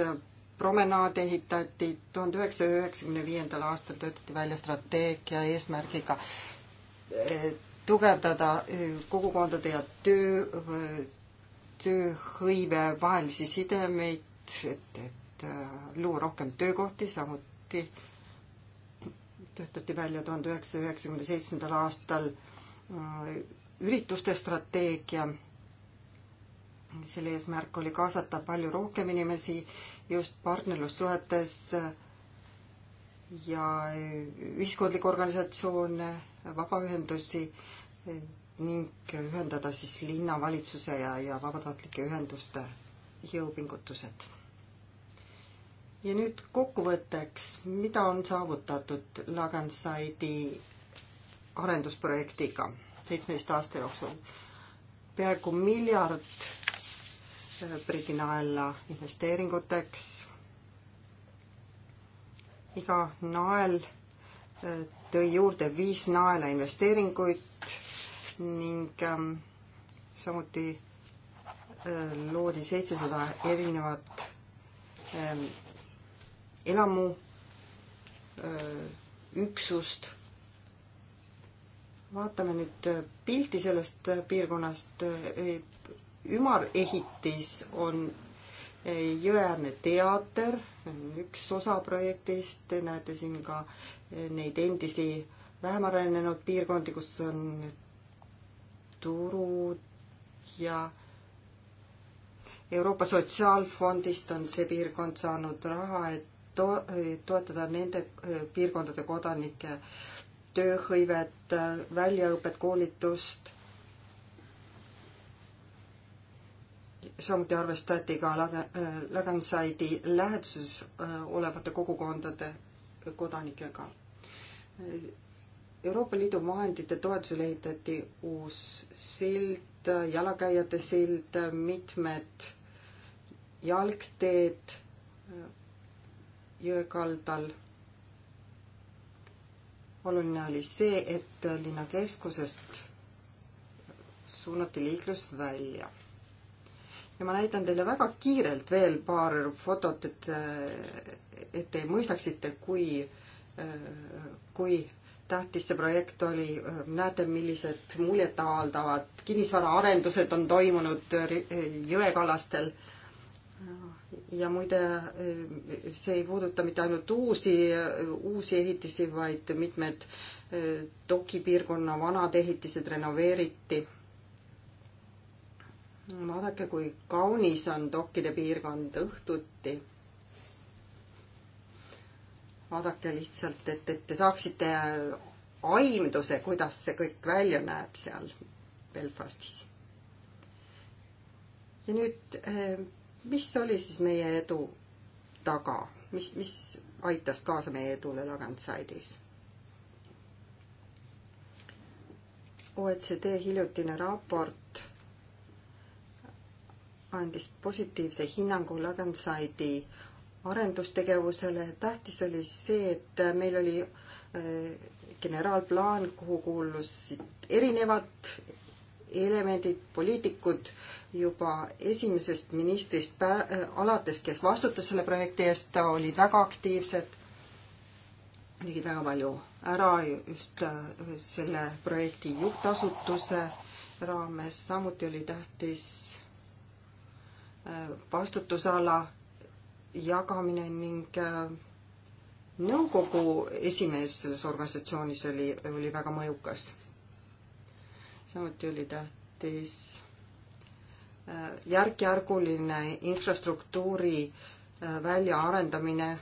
promenaad ehitati, tuhande üheksasaja üheksakümne viiendal aastal töötati välja strateegia eesmärgiga eh, tugevdada eh, kogukondade ja töö, eh, tööhõive vahelisi sidemeid, et, et luua rohkem töökohti, samuti töötati välja tuhande üheksasaja üheksakümne seitsmendal aastal ürituste strateegia selle eesmärk oli kaasata palju rohkem inimesi just partnerlussuhetes ja ühiskondlikke organisatsioone, vabaühendusi ning ühendada siis linnavalitsuse ja, ja vabatahtlike ühenduste jõupingutused. ja nüüd kokkuvõtteks, mida on saavutatud Lagansaidi arendusprojektiga seitsmeteist aasta jooksul? peaaegu miljard Briti naella investeeringuteks. iga nael äh, tõi juurde viis naela investeeringuid ning ähm, samuti äh, loodi seitsesada erinevat ähm, elamu äh, üksust. vaatame nüüd pilti sellest piirkonnast ümarehitis on eh, Jõeäärne teater, üks osa projektist, te näete siin ka eh, neid endisi vähem arenenud piirkondi, kus on turud ja Euroopa Sotsiaalfondist on see piirkond saanud raha, et to-, toetada nende eh, piirkondade kodanike tööhõivet, väljaõpet, koolitust samuti arvestati ka Lagansaidi äh, läheduses äh, olevate kogukondade kodanikega. Euroopa Liidu vahendite toetusel ehitati uus sild, jalakäijate sild, mitmed jalgteed jõe kaldal. oluline oli see, et linnakeskusest suunati liiklus välja ja ma näitan teile väga kiirelt veel paar fotot, et, äh, et te mõistaksite, kui, äh, kui tähtis see projekt oli. näete, millised muljetavaldavad kinnisvaraarendused on toimunud äh, jõekallastel. ja muide, see ei puuduta mitte ainult uusi, uusi ehitisi, vaid mitmed Toki piirkonna vanad ehitised renoveeriti vaadake, kui kaunis on dokkide piirkond õhtuti. vaadake lihtsalt, et, et te saaksite aimduse, kuidas see kõik välja näeb seal Belfastis. ja nüüd, eh, mis oli siis meie edu taga, mis, mis aitas kaasa meie edule Laganside'is? OECD hiljutine raport andis positiivse hinnangu Lagansaidi arendustegevusele. tähtis oli see, et meil oli äh, generaalplaan, kuhu kuulusid erinevad elemendid, poliitikud juba esimesest ministrist äh, alates, kes vastutas selle projekti eest, olid väga aktiivsed, tegid väga palju ära just äh, selle projekti juhtasutuse raames, samuti oli tähtis vastutusala jagamine ning äh, nõukogu esimees selles organisatsioonis oli, oli väga mõjukas. samuti oli tähtis äh, järk-järguline infrastruktuuri äh, väljaarendamine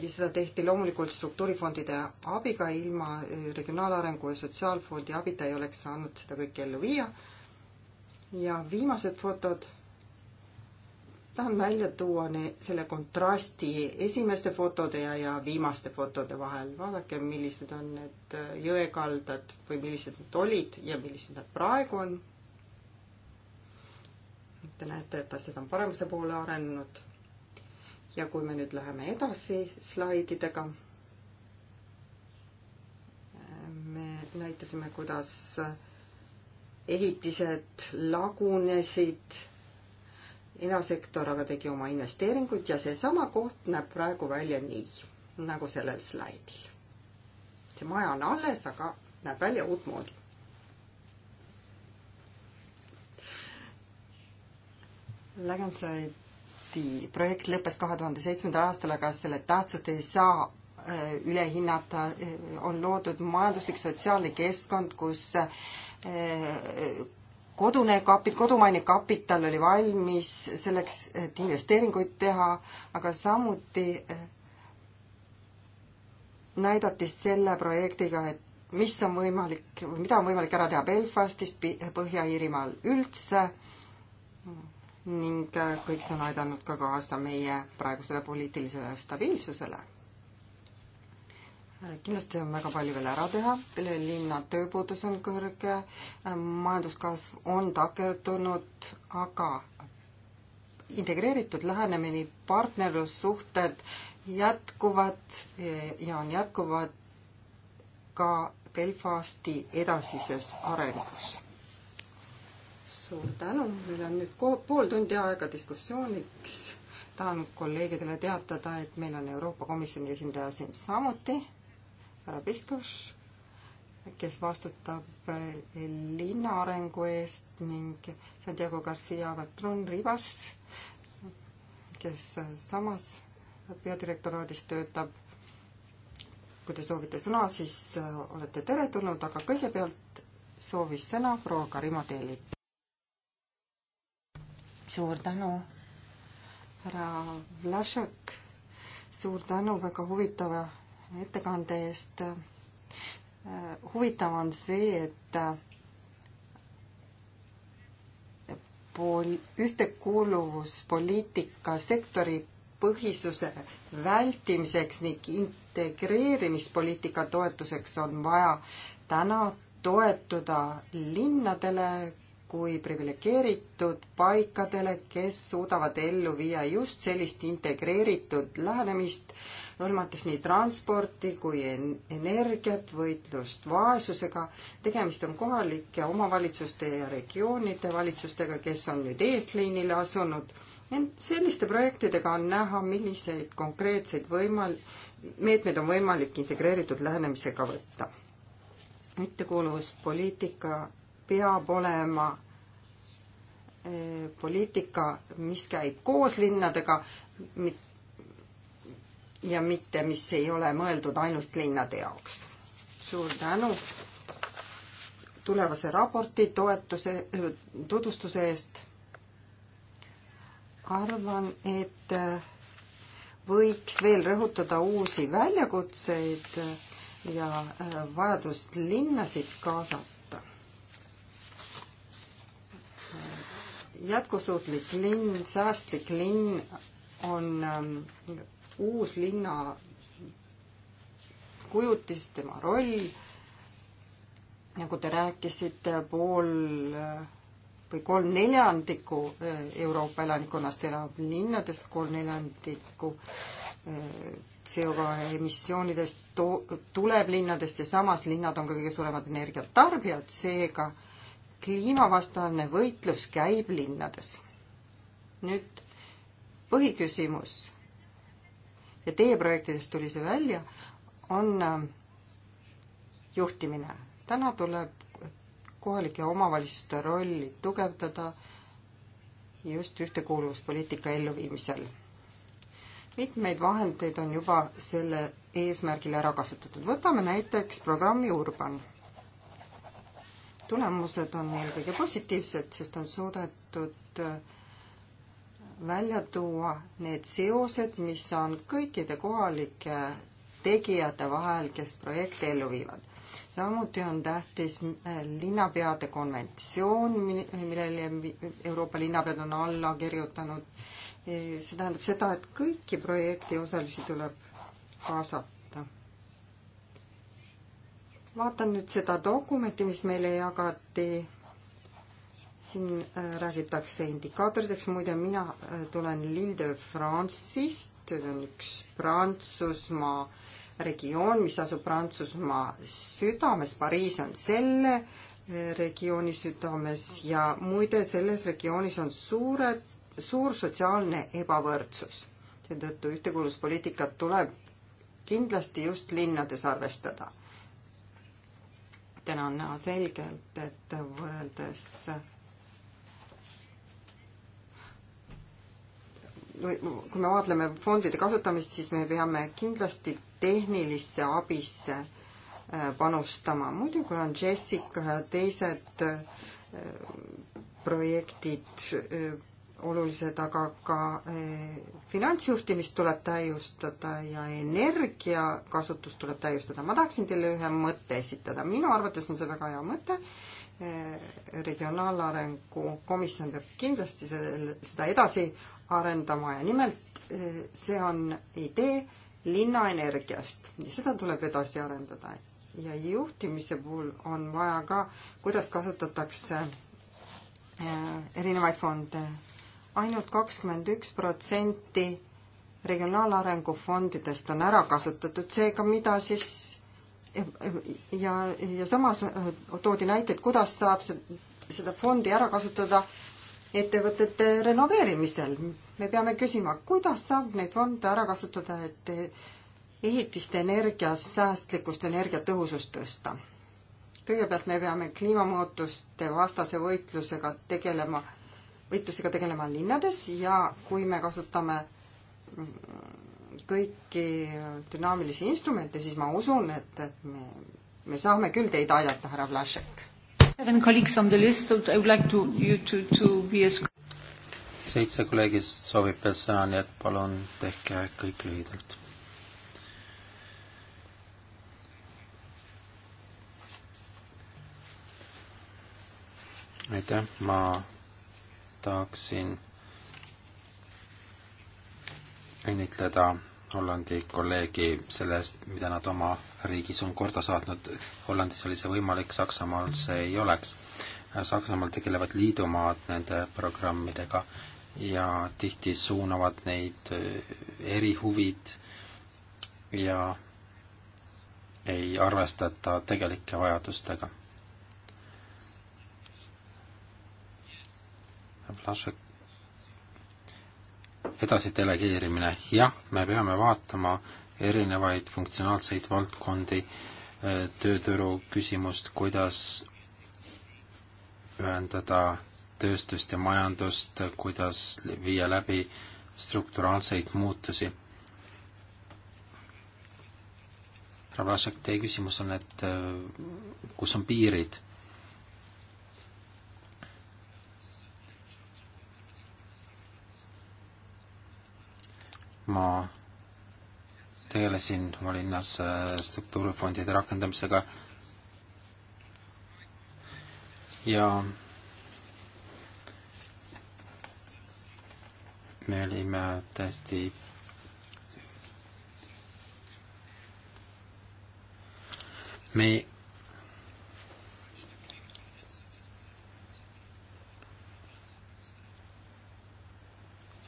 ja seda tehti loomulikult struktuurifondide abiga, ilma Regionaalarengu ja Sotsiaalfondi abita ei oleks saanud seda kõike ellu viia. ja viimased fotod tahan välja tuua ne, selle kontrasti esimeste fotode ja, ja viimaste fotode vahel. vaadake, millised on need äh, jõekaldad või millised need olid ja millised nad praegu on. Te näete, et asjad on paremuse poole arenenud. ja kui me nüüd läheme edasi slaididega, me näitasime, kuidas ehitised lagunesid erasektor aga tegi oma investeeringuid ja seesama koht näeb praegu välja nii, nagu sellel slaidil. see maja on alles, aga näeb välja uutmoodi. Lägensaidi projekt lõppes kahe tuhande seitsmendal aastal, aga selle tähtsust ei saa äh, üle hinnata, äh, on loodud majanduslik sotsiaalne keskkond, kus äh, kodune kapi-, kodumaine kapital oli valmis selleks, et investeeringuid teha, aga samuti eh, näidati selle projektiga, et mis on võimalik, mida on võimalik ära teha Belfastis, Põhja-Iirimaal üldse ning eh, kõik see on aidanud ka kaasa meie praegusele poliitilisele stabiilsusele kindlasti on väga palju veel ära teha, linna tööpuudus on kõrge, majanduskasv on takerdunud, aga integreeritud lähenemine, partnerlussuhted jätkuvad ja on jätkuvad ka Belfasti edasises arengus. suur tänu, meil on nüüd pool tundi aega diskussiooniks. tahan kolleegidele teatada, et meil on Euroopa Komisjoni esindaja siin samuti härra Pihtus, kes vastutab eh, linna arengu eest ning Santiago Garcia Vatron Rivas, kes eh, samas peadirektoraadis töötab. kui te soovite sõna, siis eh, olete teretulnud, aga kõigepealt soovis sõna proua Karimo Teeli. suur tänu, härra Vlašek, suur tänu väga huvitava ettekande eest. Äh, huvitav on see, et äh, pool, ühtekuuluvuspoliitika sektori põhisuse vältimiseks ning integreerimispoliitika toetuseks on vaja täna toetuda linnadele kui priviligeeritud paikadele, kes suudavad ellu viia just sellist integreeritud lähenemist, hõlmates nii transporti kui energiat, võitlust vaesusega. tegemist on kohalike omavalitsuste ja regioonide valitsustega, kes on nüüd eesliinile asunud. ent selliste projektidega on näha, milliseid konkreetseid võimal-, meetmeid on võimalik integreeritud lähenemisega võtta. ühtekuuluvuspoliitika peab olema eh, poliitika, mis käib koos linnadega, mitte ja mitte, mis ei ole mõeldud ainult linnade jaoks. suur tänu tulevase raporti toetuse, tutvustuse eest. arvan, et võiks veel rõhutada uusi väljakutseid ja vajadust linnasid kaasata. jätkusuutlik linn, säästlik linn on ähm, uus linna kujutis, tema roll, nagu te rääkisite, pool või kolm neljandikku eh, Euroopa elanikkonnast elab linnades, kolm neljandikku eh, CO2 emissioonidest to-, tuleb linnadest ja samas linnad on ka kõige suuremad energiatarbijad, seega kliimavastane võitlus käib linnades. nüüd põhiküsimus ja teie projektidest tuli see välja, on äh, juhtimine. täna tuleb kohalike omavalitsuste rolli tugevdada just ühtekuuluvuspoliitika elluviimisel. mitmeid vahendeid on juba selle eesmärgil ära kasutatud. võtame näiteks programmi Urban. tulemused on eelkõige positiivsed, sest on suudetud äh, välja tuua need seosed, mis on kõikide kohalike tegijate vahel, kes projekte ellu viivad. samuti on tähtis eh, linnapeade konventsioon, millele Euroopa linnapead on alla kirjutanud. Eh, see tähendab seda, et kõiki projekti osalisi tuleb kaasata. vaatan nüüd seda dokumenti, mis meile jagati siin äh, räägitakse indikaatoriteks, muide mina äh, tulen Lille de France'ist, see on üks Prantsusmaa regioon, mis asub Prantsusmaa südames, Pariis on selle äh, regiooni südames ja muide, selles regioonis on suured, suur sotsiaalne ebavõrdsus. seetõttu ühtekuuluvuspoliitikat tuleb kindlasti just linnades arvestada. täna on näha selgelt, et võrreldes või kui me vaatleme fondide kasutamist, siis me peame kindlasti tehnilisse abisse äh, panustama. muidu kui on Jessica ja teised äh, projektid äh, olulised, aga ka finantsjuhtimist tuleb täiustada ja energiakasutust tuleb täiustada. ma tahaksin teile ühe mõtte esitada. minu arvates on see väga hea mõte regionaalarengu komisjon peab kindlasti selle, seda edasi arendama ja nimelt eh, see on idee linnaenergiast ja seda tuleb edasi arendada. ja juhtimise puhul on vaja ka, kuidas kasutatakse eh, erinevaid fonde ainult. ainult kakskümmend üks protsenti regionaalarengu fondidest on ära kasutatud, seega mida siis ja, ja samas toodi näiteid, kuidas saab seda fondi ära kasutada ettevõtete renoveerimisel. me peame küsima, kuidas saab neid fonde ära kasutada, et ehitiste energias säästlikkust, energiatõhusust tõsta. kõigepealt me peame kliimamuutuste vastase võitlusega tegelema, võitlusega tegelema linnades ja kui me kasutame kõiki dünaamilisi instrumente, siis ma usun, et, et me, me saame küll teid aidata, härra Vlašek seitse kolleegist soovib veel sõna, nii et palun tehke kõik lühidalt. aitäh, ma tahaksin õnnitleda Hollandi kolleegi selle eest, mida nad oma riigis on korda saatnud. Hollandis oli see võimalik, Saksamaal see ei oleks. Saksamaal tegelevad liidumaad nende programmidega ja tihti suunavad neid äh, erihuvid ja ei arvestata tegelike vajadustega. Vlašek edasi delegeerimine, jah, me peame vaatama erinevaid funktsionaalseid valdkondi, äh, tööturu küsimust, kuidas ühendada tööstust ja majandust, kuidas viia läbi strukturaalseid muutusi. Ravlašek, teie küsimus on, et äh, kus on piirid ma tegelesin oma linnas äh, struktuurifondide rakendamisega ja me olime täiesti me ei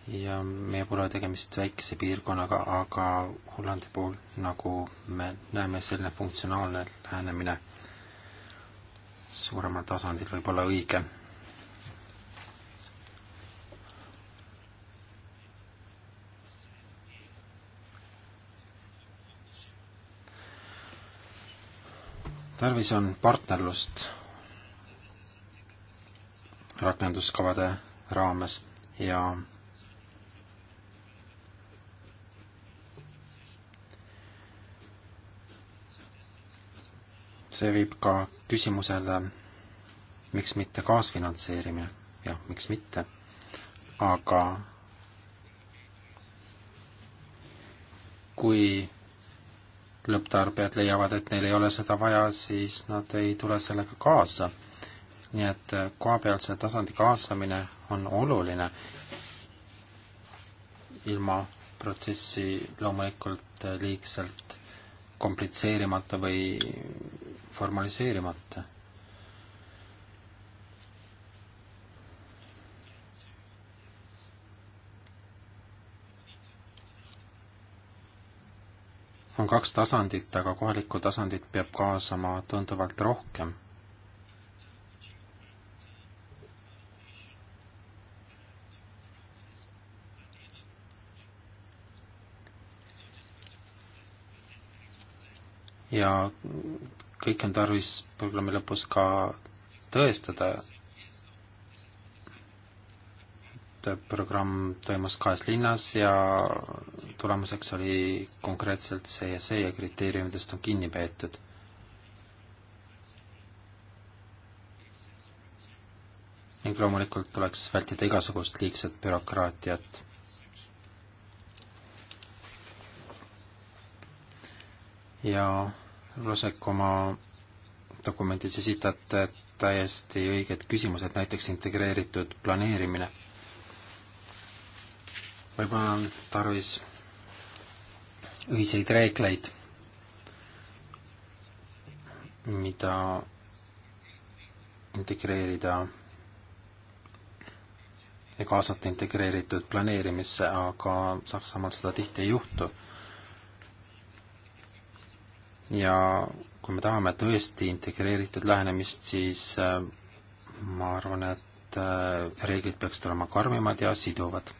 ja meie puhul on tegemist väikese piirkonnaga, aga Hollandi puhul, nagu me näeme, selline funktsionaalne lähenemine suuremal tasandil võib olla õige. tarvis on partnerlust rakenduskavade raames ja see viib ka küsimusele, miks mitte kaasfinantseerimine, jah, miks mitte, aga kui lõpptarbijad leiavad, et neil ei ole seda vaja, siis nad ei tule sellega kaasa. nii et eh, kohapealse tasandi kaasamine on oluline. ilma protsessi loomulikult eh, liigselt komplitseerimata või formaliseerimata. on kaks tasandit, aga kohalikku tasandit peab kaasama tunduvalt rohkem ja kõike on tarvis programmi lõpus ka tõestada, et programm toimus kahes linnas ja tulemuseks oli konkreetselt see ja see ja kriteeriumidest on kinni peetud. ning loomulikult tuleks vältida igasugust liigset bürokraatiat ja Vlasek oma dokumendis esitate täiesti õiged küsimused, näiteks integreeritud planeerimine. võib-olla on tarvis ühiseid reegleid, mida integreerida ja kaasata integreeritud planeerimisse, aga Saksamaal seda tihti ei juhtu ja kui me tahame tõesti integreeritud lähenemist, siis äh, ma arvan, et äh, reeglid peaksid olema karmimad ja siduvad.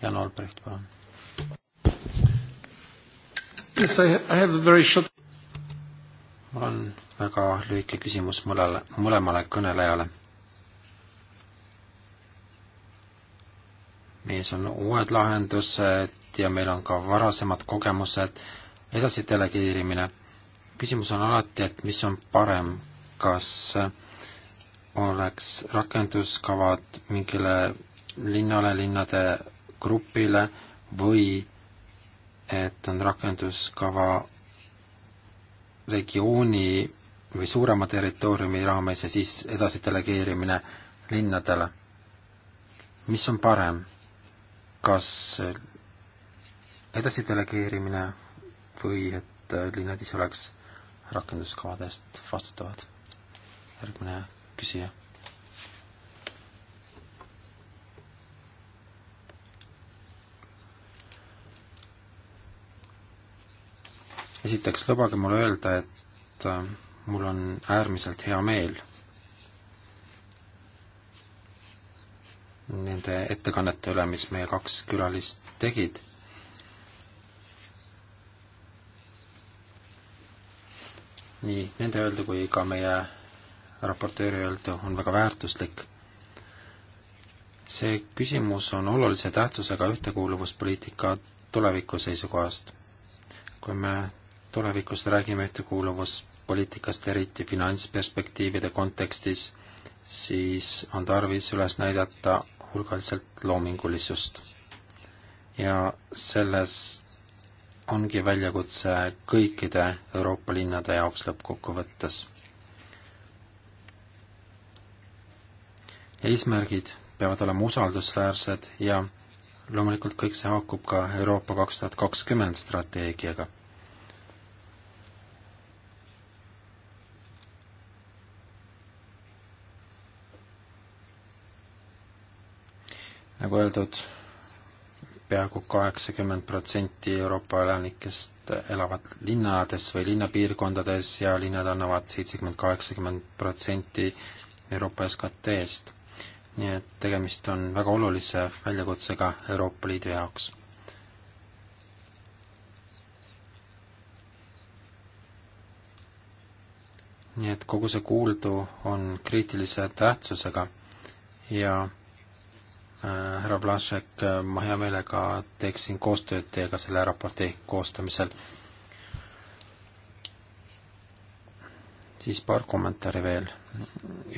Jan Olbrecht, palun. Yes, I have a very short mul on väga lühike küsimus mõlele, mõlemale kõnelejale mees on uued lahendused ja meil on ka varasemad kogemused, edasi delegeerimine. küsimus on alati, et mis on parem, kas oleks rakenduskavad mingile linnale, linnade grupile või et on rakenduskava regiooni või suurema territooriumi raames ja siis edasi delegeerimine linnadele. mis on parem? kas edasi delegeerimine või et linnad ise oleks rakenduskavade eest vastutavad? järgmine küsija. esiteks lubage mul öelda, et mul on äärmiselt hea meel nende ettekannete üle, mis meie kaks külalist tegid. nii nende öeldu kui ka meie raportööri öeldu on väga väärtuslik. see küsimus on olulise tähtsusega ühtekuuluvuspoliitika tuleviku seisukohast. kui me tulevikus räägime ühtekuuluvuspoliitikast, eriti finantsperspektiivide kontekstis, siis on tarvis üles näidata hulgaliselt loomingulisust. ja selles ongi väljakutse kõikide Euroopa linnade jaoks lõppkokkuvõttes. eesmärgid peavad olema usaldusväärsed ja loomulikult kõik see haakub ka Euroopa kaks tuhat kakskümmend strateegiaga nagu öeldud, peaaegu kaheksakümmend protsenti Euroopa elanikest elavad linnades või linnapiirkondades ja linnad annavad seitsekümmend, kaheksakümmend protsenti Euroopa SKT-st. nii et tegemist on väga olulise väljakutsega Euroopa Liidu jaoks. nii et kogu see kuuldu on kriitilise tähtsusega ja Äh, härra Blašek, äh, ma hea meelega teeksin koostööd teiega selle raporti koostamisel. siis paar kommentaari veel.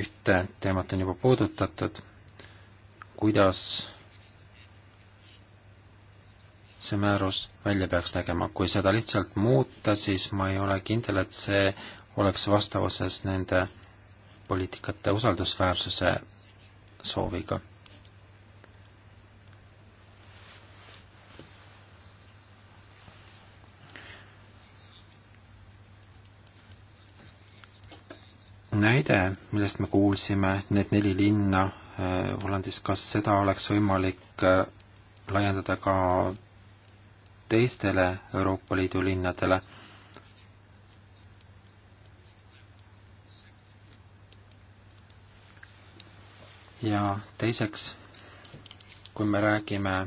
ühte teemat on juba puudutatud, kuidas see määrus välja peaks nägema, kui seda lihtsalt muuta, siis ma ei ole kindel, et see oleks vastavuses nende poliitikate usaldusväärsuse sooviga. näide, millest me kuulsime, need neli linna äh, Hollandis, kas seda oleks võimalik äh, laiendada ka teistele Euroopa Liidu linnadele? ja teiseks, kui me räägime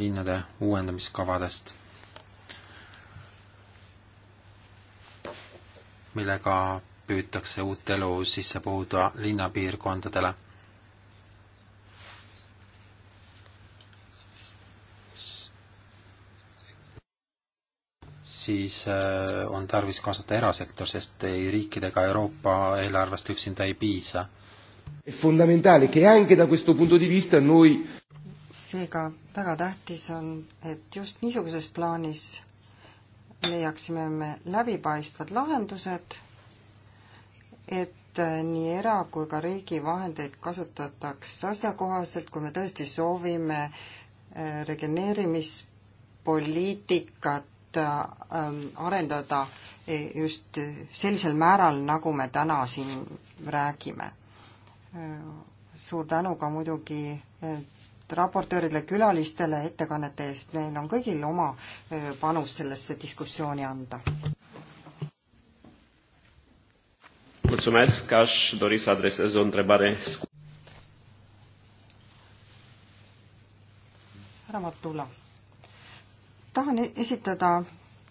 linnade uuendamiskavadest millega püütakse uut elu sisse puhuda linnapiirkondadele. siis äh, on tarvis kaasata erasektor, sest ei riikidega Euroopa eelarvest üksinda ei piisa è fondamentale che anche da questo punto di vista noi seega väga tähtis on, et just niisuguses plaanis leiaksime me läbipaistvad lahendused, et nii era- kui ka riigi vahendeid kasutataks asjakohaselt, kui me tõesti soovime äh, regeneerimispoliitikat ähm, arendada eh, just sellisel määral, nagu me täna siin räägime. Äh, suur tänu ka muidugi äh, raportööridele, külalistele ettekannete eest, meil on kõigil oma panus sellesse diskussiooni anda. mulțumesc, aș dori să adresez o întrebare scurtă. härra Matula, tahan e-, esitada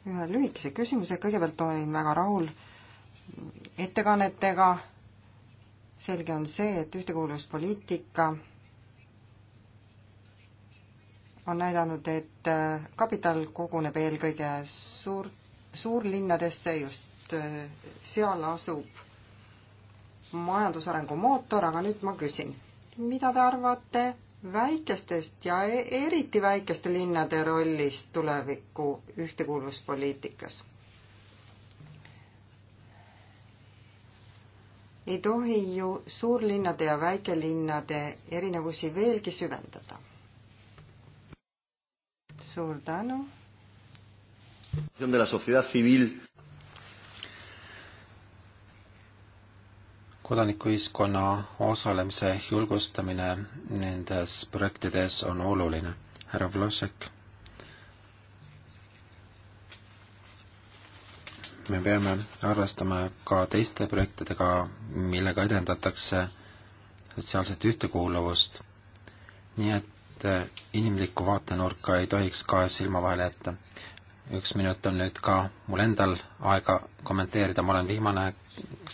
ühe lühikese küsimuse, kõigepealt olin väga rahul ettekannetega, selge on see, et ühtekuuluvuspoliitika on näidanud, et äh, kapital koguneb eelkõige suur, suurlinnadesse, just äh, seal asub majandusarengu mootor, aga nüüd ma küsin, mida te arvate väikestest ja e-, eriti väikeste linnade rollist tuleviku ühtekuuluvuspoliitikas? ei tohi ju suurlinnade ja väikelinnade erinevusi veelgi süvendada suur tänu. kodanikuühiskonna osalemise julgustamine nendes projektides on oluline. härra Vlošek. me peame arvestama ka teiste projektidega, millega edendatakse sotsiaalset ühtekuuluvust. nii et et äh, inimlikku vaatenurka ei tohiks kahe silma vahele jätta. üks minut on nüüd ka mul endal aega kommenteerida, ma olen viimane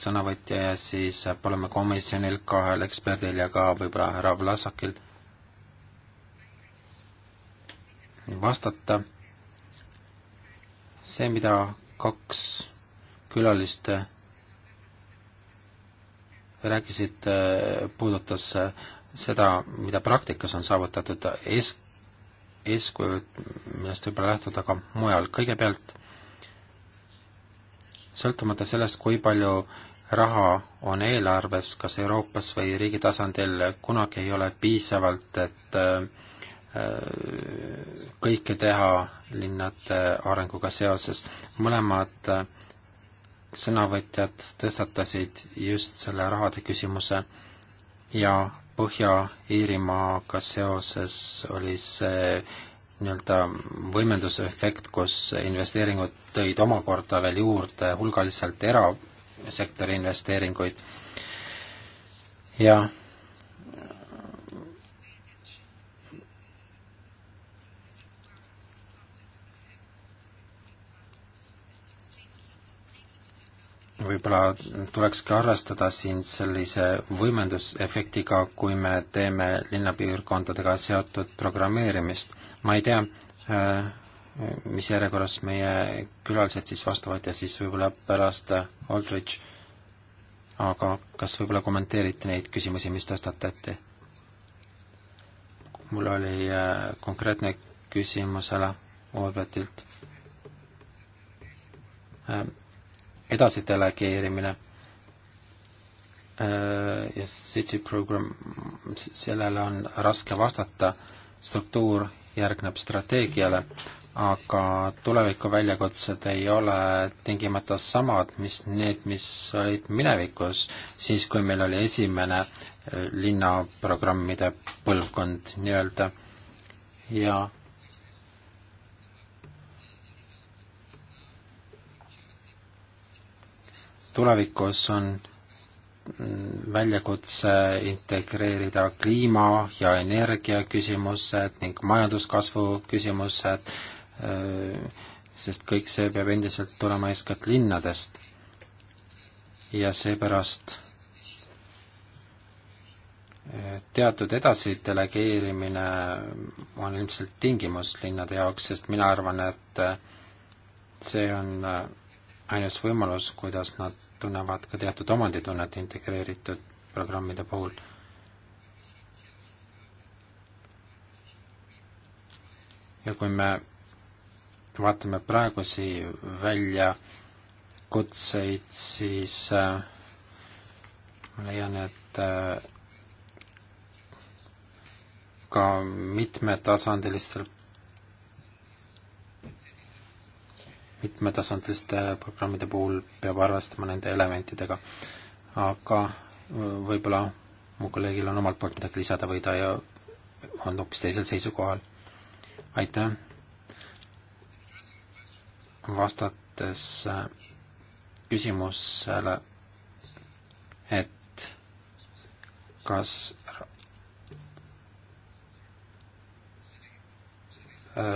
sõnavõtja ja siis äh, palume komisjonil, kahel eksperdil ja ka võib-olla härra Vlasakil vastata. see, mida kaks külalist äh, rääkisid, puudutas seda, mida praktikas on saavutatud, ees, eeskujud, millest võib-olla lähtuda ka mujal, kõigepealt sõltumata sellest, kui palju raha on eelarves, kas Euroopas või riigi tasandil, kunagi ei ole piisavalt, et äh, kõike teha linnade arenguga seoses. mõlemad äh, sõnavõtjad tõstatasid just selle rahade küsimuse ja Põhja-Iirimaaga seoses oli see nii-öelda võimendusefekt, kus investeeringud tõid omakorda veel juurde hulgaliselt erasektori investeeringuid ja võib-olla tuleks ka arvestada siin sellise võimendusefektiga, kui me teeme linnapiirkondadega seotud programmeerimist. ma ei tea, äh, mis järjekorras meie külalised siis vastavad ja siis võib-olla pärast äh, Aldrich, aga kas võib-olla kommenteerite neid küsimusi, mis tõstatati? mul oli äh, konkreetne küsimus härra Olbertilt edasi delegeerimine äh, ja City Program, sellele on raske vastata, struktuur järgneb strateegiale, aga tuleviku väljakutsed ei ole tingimata samad, mis need, mis olid minevikus, siis kui meil oli esimene äh, linnaprogrammide põlvkond nii-öelda ja tulevikus on väljakutse integreerida kliima- ja energiaküsimused ning majanduskasvu küsimused, sest kõik see peab endiselt tulema eeskätt linnadest. ja seepärast eh, teatud edasi delegeerimine on ilmselt tingimus linnade jaoks, sest mina arvan, et eh, see on eh, ainus võimalus, kuidas nad tunnevad ka teatud omanditunnet integreeritud programmide puhul. ja kui me vaatame praegusi väljakutseid, siis äh, ma leian, et äh, ka mitmetasandilistel mitmetasandiliste programmide puhul peab arvestama nende elementidega. aga võib-olla mu kolleegil on omalt poolt midagi lisada või ta on hoopis teisel seisukohal. aitäh! vastates äh, küsimusele, et kas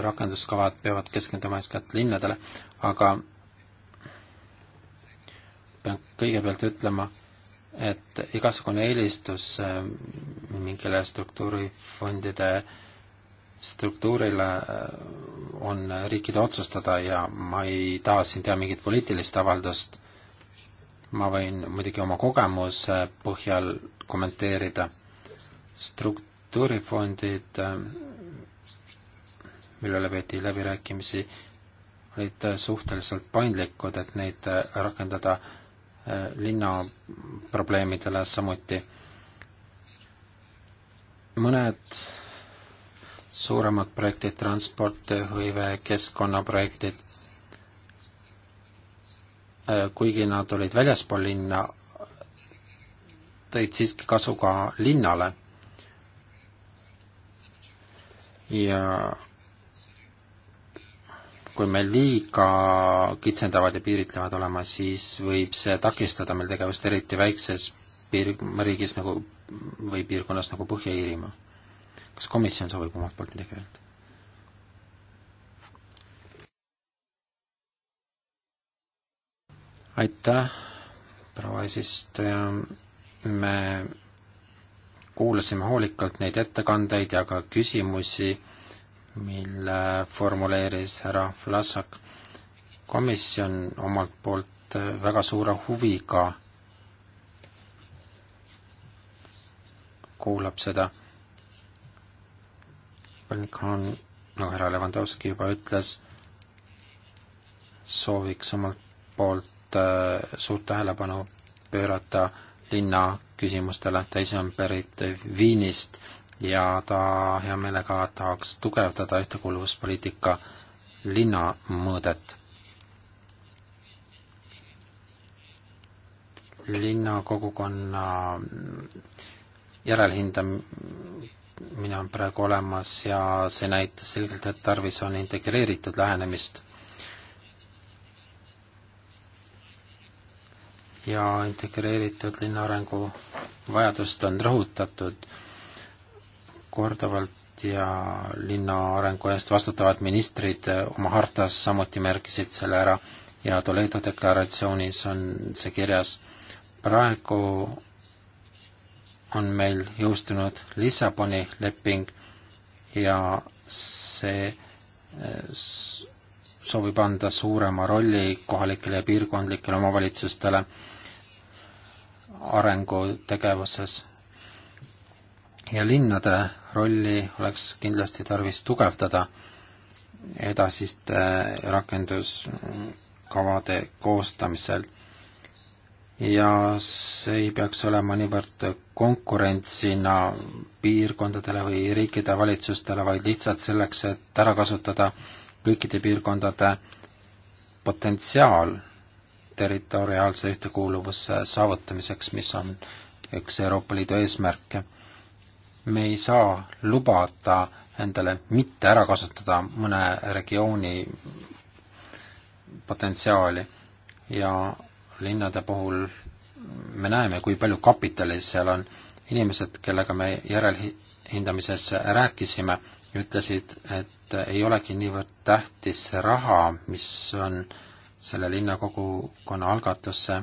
rakenduskavad peavad keskenduma eeskätt linnadele, aga pean kõigepealt ütlema, et igasugune eelistus äh, mingile struktuurifondide struktuurile äh, on riikide otsustada ja ma ei taha siin teha mingit poliitilist avaldust. ma võin muidugi oma kogemuse põhjal kommenteerida. struktuurifondid, äh, mille üle peeti läbirääkimisi olid äh, suhteliselt paindlikud, et neid äh, rakendada äh, linna probleemidele samuti. mõned suuremad projektid, transport, tööhõive, keskkonnaprojektid, kuigi nad olid väljaspool linna, tõid siiski kasu ka linnale ja kui me liiga kitsendavad ja piiritlevad olema, siis võib see takistada meil tegevust eriti väikses piir-, riigis nagu või piirkonnas nagu Põhja-Iirimaa. kas komisjon soovib omalt poolt midagi öelda? aitäh, proua eesistuja, me kuulasime hoolikalt neid ettekandeid ja ka küsimusi mille formuleeris härra Vlasak. komisjon omalt poolt väga suure huviga kuulab seda. Balkan, nagu härra Levanovski juba ütles, sooviks omalt poolt äh, suurt tähelepanu pöörata linna küsimustele, ta ise on pärit Viinist äh, ja ta hea meelega tahaks tugevdada ühtekuuluvuspoliitika linna mõõdet. linnakogukonna järelhindamine on praegu olemas ja see näitas selgelt, et tarvis on integreeritud lähenemist. ja integreeritud linnaarengu vajadust on rõhutatud korduvalt ja linna arengu eest vastutavad ministrid oma hartas samuti märkisid selle ära ja Toledo deklaratsioonis on see kirjas. praegu on meil jõustunud Lissaboni leping ja see eh, soovib anda suurema rolli kohalikele ja piirkondlikele omavalitsustele arengutegevuses ja linnade rolli oleks kindlasti tarvis tugevdada edasiste rakenduskavade koostamisel. ja see ei peaks olema niivõrd konkurentsina piirkondadele või riikide valitsustele, vaid lihtsalt selleks, et ära kasutada kõikide piirkondade potentsiaal territoriaalse ühtekuuluvuse saavutamiseks, mis on üks Euroopa Liidu eesmärke me ei saa lubada endale mitte ära kasutada mõne regiooni potentsiaali ja linnade puhul me näeme, kui palju kapitali seal on. inimesed, kellega me järelhindamises rääkisime, ütlesid, et ei olegi niivõrd tähtis see raha, mis on selle linna kogukonna algatusse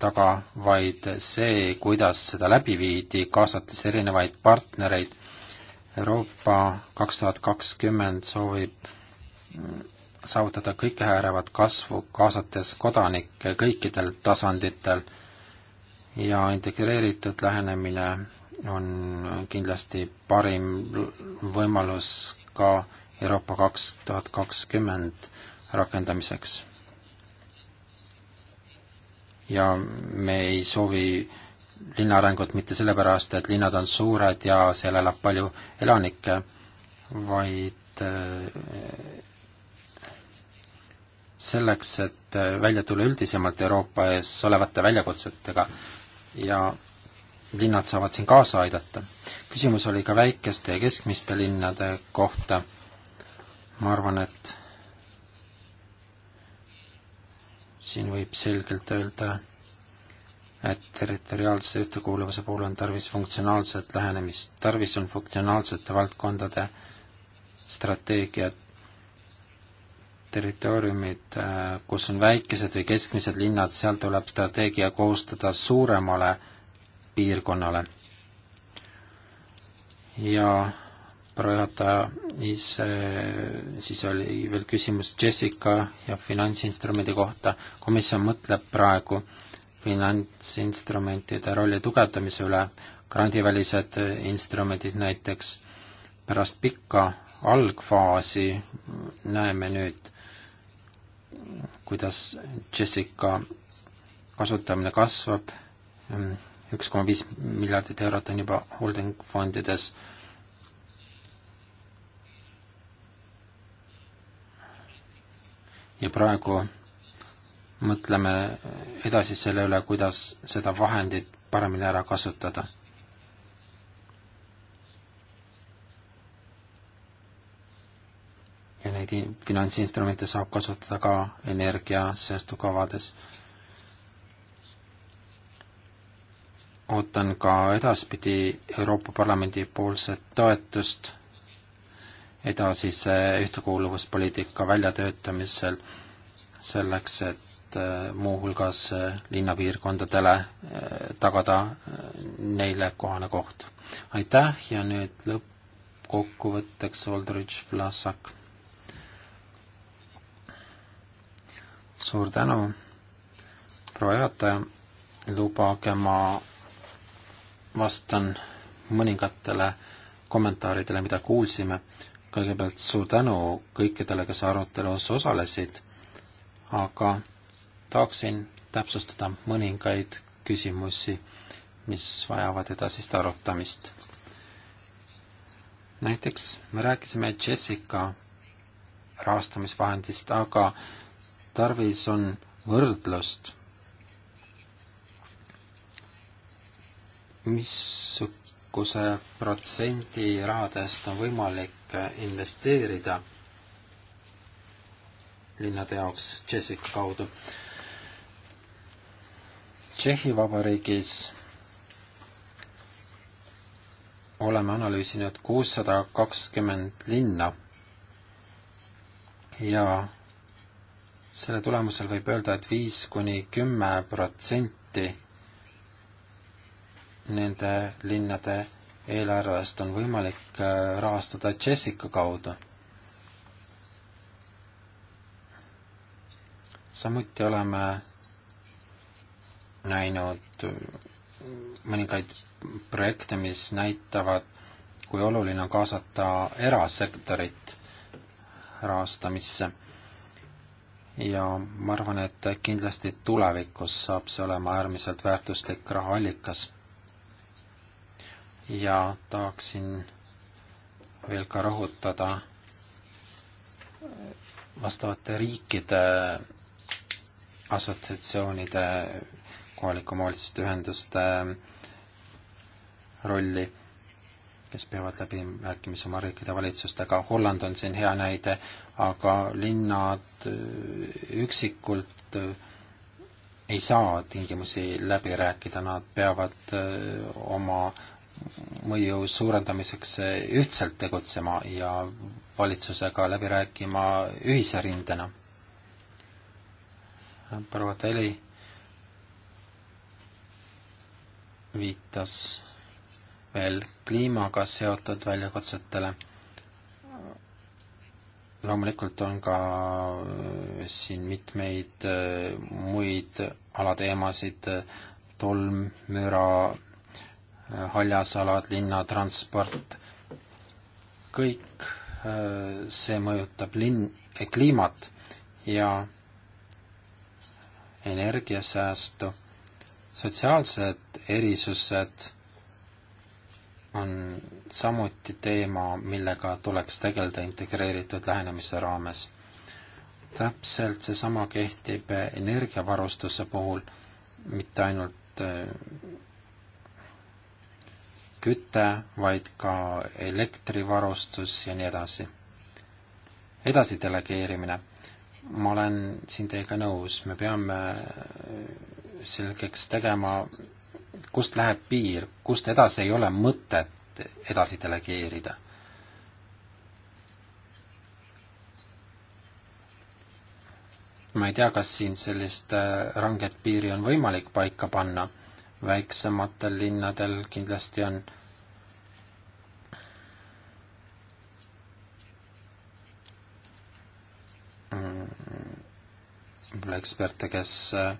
taga, vaid see, kuidas seda läbi viidi, kaasates erinevaid partnereid. Euroopa kaks tuhat kakskümmend soovib mm, saavutada kõikehäärevat kasvu, kaasates kodanikke kõikidel tasanditel ja integreeritud lähenemine on kindlasti parim võimalus ka Euroopa kaks tuhat kakskümmend rakendamiseks ja me ei soovi linna arengut mitte sellepärast, et linnad on suured ja seal elab palju elanikke, vaid äh, selleks, et äh, välja tulla üldisemalt Euroopa ees olevate väljakutsetega ja linnad saavad siin kaasa aidata. küsimus oli ka väikeste ja keskmiste linnade kohta, ma arvan, et siin võib selgelt öelda, et territoriaalse ühtekuuluvuse puhul on tarvis funktsionaalset lähenemist, tarvis on funktsionaalsete valdkondade strateegiat, territooriumid, äh, kus on väikesed või keskmised linnad, seal tuleb strateegia koostada suuremale piirkonnale. ja proua juhataja, ise, eh, siis oli veel küsimus Jessica ja finantsinstrumendi kohta. komisjon mõtleb praegu finantsinstrumentide rolli tugevdamise üle, grandivälised eh, instrumendid näiteks, pärast pikka algfaasi näeme nüüd, kuidas Jessica kasutamine kasvab, mm, üks koma viis miljardit eurot on juba holding fondides ja praegu mõtleme edasi selle üle, kuidas seda vahendit paremini ära kasutada. ja neid finantsinstrumente saab kasutada ka energiasäästukavades. ootan ka edaspidi Euroopa Parlamendi poolset toetust edasise ühtekuuluvuspoliitika väljatöötamisel selleks, et äh, muuhulgas äh, linnapiirkondadele äh, tagada neile kohane koht. aitäh ja nüüd lõppkokkuvõtteks Oldridge Vlasak. suur tänu, proua juhataja, lubage ma vastan mõningatele kommentaaridele, mida kuulsime kõigepealt suur tänu kõikidele, kes arutelus osalesid, aga tahaksin täpsustada mõningaid küsimusi, mis vajavad edasist arutamist. näiteks me rääkisime Jessica rahastamisvahendist, aga tarvis on võrdlust. missuguse protsenti rahadest on võimalik investeerida linnade jaoks Tšessika kaudu. Tšehhi Vabariigis oleme analüüsinud kuussada kakskümmend linna ja selle tulemusel võib öelda, et viis kuni kümme protsenti nende linnade eelarvest on võimalik äh, rahastada Jessica kaudu. samuti oleme näinud äh, mõningaid projekte, mis näitavad, kui oluline on kaasata erasektorit rahastamisse. ja ma arvan, et kindlasti tulevikus saab see olema äärmiselt väärtuslik rahaallikas ja tahaksin veel ka rõhutada vastavate riikide assotsiatsioonide, kohalike omavalitsuste ühenduste rolli, kes peavad läbirääkimisi oma riikide valitsustega. Holland on siin hea näide, aga linnad äh, üksikult äh, ei saa tingimusi läbi rääkida, nad peavad äh, oma mõju suurendamiseks ühtselt tegutsema ja valitsusega läbi rääkima ühise rindena. proua Teli viitas veel kliimaga seotud väljakutsetele. loomulikult on ka siin mitmeid muid alateemasid, tolm, müra, haljasalad, linnatransport, kõik äh, see mõjutab linn, kliimat ja energiasäästu. sotsiaalsed erisused on samuti teema, millega tuleks tegeleda integreeritud lähenemise raames. täpselt seesama kehtib energiavarustuse puhul, mitte ainult äh, küte, vaid ka elektrivarustus ja nii edasi. edasi delegeerimine. ma olen siin teiega nõus, me peame selgeks tegema, kust läheb piir, kust edasi ei ole mõtet edasi delegeerida ma ei tea, kas siin sellist ranget piiri on võimalik paika panna väiksematel linnadel kindlasti on. võib-olla eksperte, kes eh,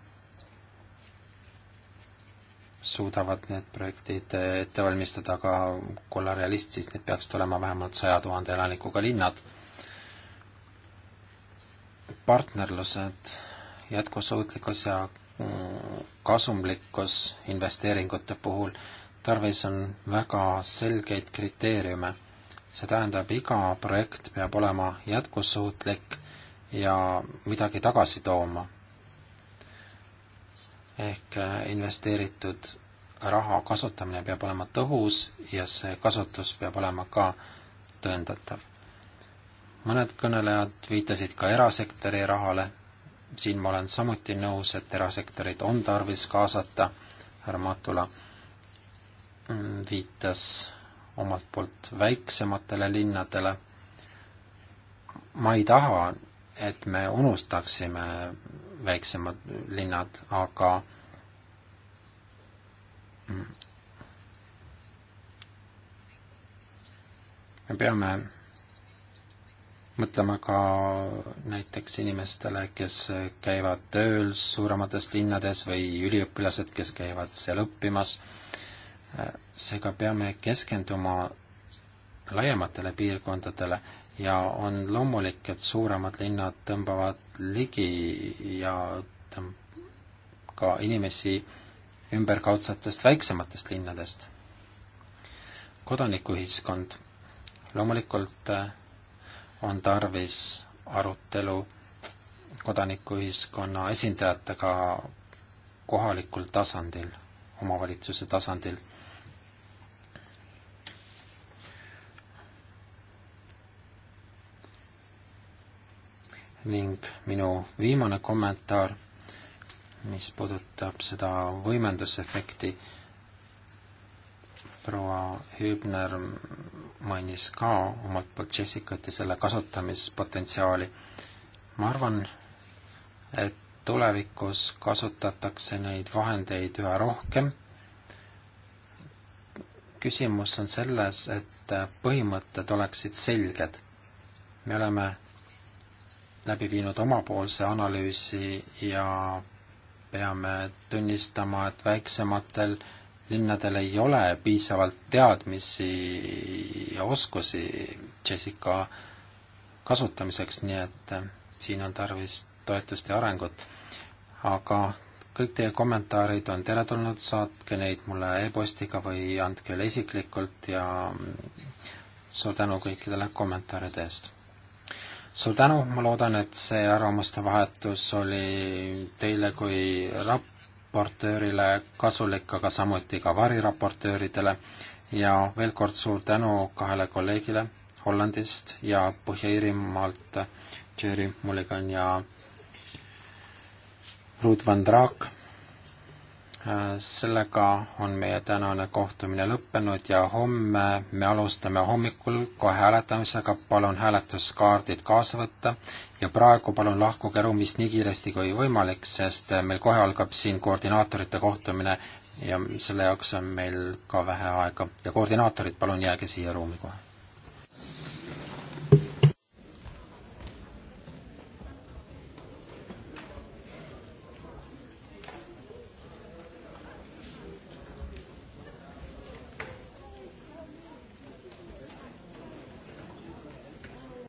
suudavad need projektid eh, ette valmistada, aga kui olla realist, siis need peaksid olema vähemalt saja tuhande elanikuga linnad. partnerlused jätkusuutlikkus ja kasumlikkus investeeringute puhul, tarvis on väga selgeid kriteeriume. see tähendab, iga projekt peab olema jätkusuutlik ja midagi tagasi tooma. ehk äh, investeeritud raha kasutamine peab olema tõhus ja see kasutus peab olema ka tõendatav. mõned kõnelejad viitasid ka erasektori rahale siin ma olen samuti nõus, et erasektorit on tarvis kaasata, härra Matula viitas omalt poolt väiksematele linnadele. ma ei taha, et me unustaksime väiksemad linnad, aga me peame mõtlema ka näiteks inimestele, kes käivad tööl suuremates linnades või üliõpilased, kes käivad seal õppimas. seega peame keskenduma laiematele piirkondadele ja on loomulik, et suuremad linnad tõmbavad ligi ja tõmb-, ka inimesi ümberkaudsetest väiksematest linnadest. kodanikuühiskond, loomulikult on tarvis arutelu kodanikuühiskonna esindajatega kohalikul tasandil, omavalitsuse tasandil. ning minu viimane kommentaar, mis puudutab seda võimendusefekti, proua Hübner mainis ka omalt poolt Jessicat ja selle kasutamispotentsiaali. ma arvan, et tulevikus kasutatakse neid vahendeid üha rohkem. küsimus on selles, et põhimõtted oleksid selged. me oleme läbi viinud omapoolse analüüsi ja peame tunnistama, et väiksematel linnadel ei ole piisavalt teadmisi ja oskusi Jessica kasutamiseks, nii et äh, siin on tarvis toetust ja arengut. aga kõik teie kommentaarid on teretulnud, saatke neid mulle e-postiga või andke üle isiklikult ja mm, suur tänu kõikidele kommentaaride eest. suur tänu, ma loodan, et see arvamuste vahetus oli teile kui rap-, raportöörile kasulik, aga samuti ka variraportööridele ja veel kord suur tänu kahele kolleegile Hollandist ja Põhja-Iirimaalt, Jerry Mulligan ja Ruud van Draak Äh, sellega on meie tänane kohtumine lõppenud ja homme me alustame hommikul kohe hääletamisega, palun hääletuskaardid kaasa võtta ja praegu palun lahkuge ruumist nii kiiresti kui võimalik, sest meil kohe algab siin koordinaatorite kohtumine ja selle jaoks on meil ka vähe aega ja koordinaatorid, palun jääge siia ruumi kohe.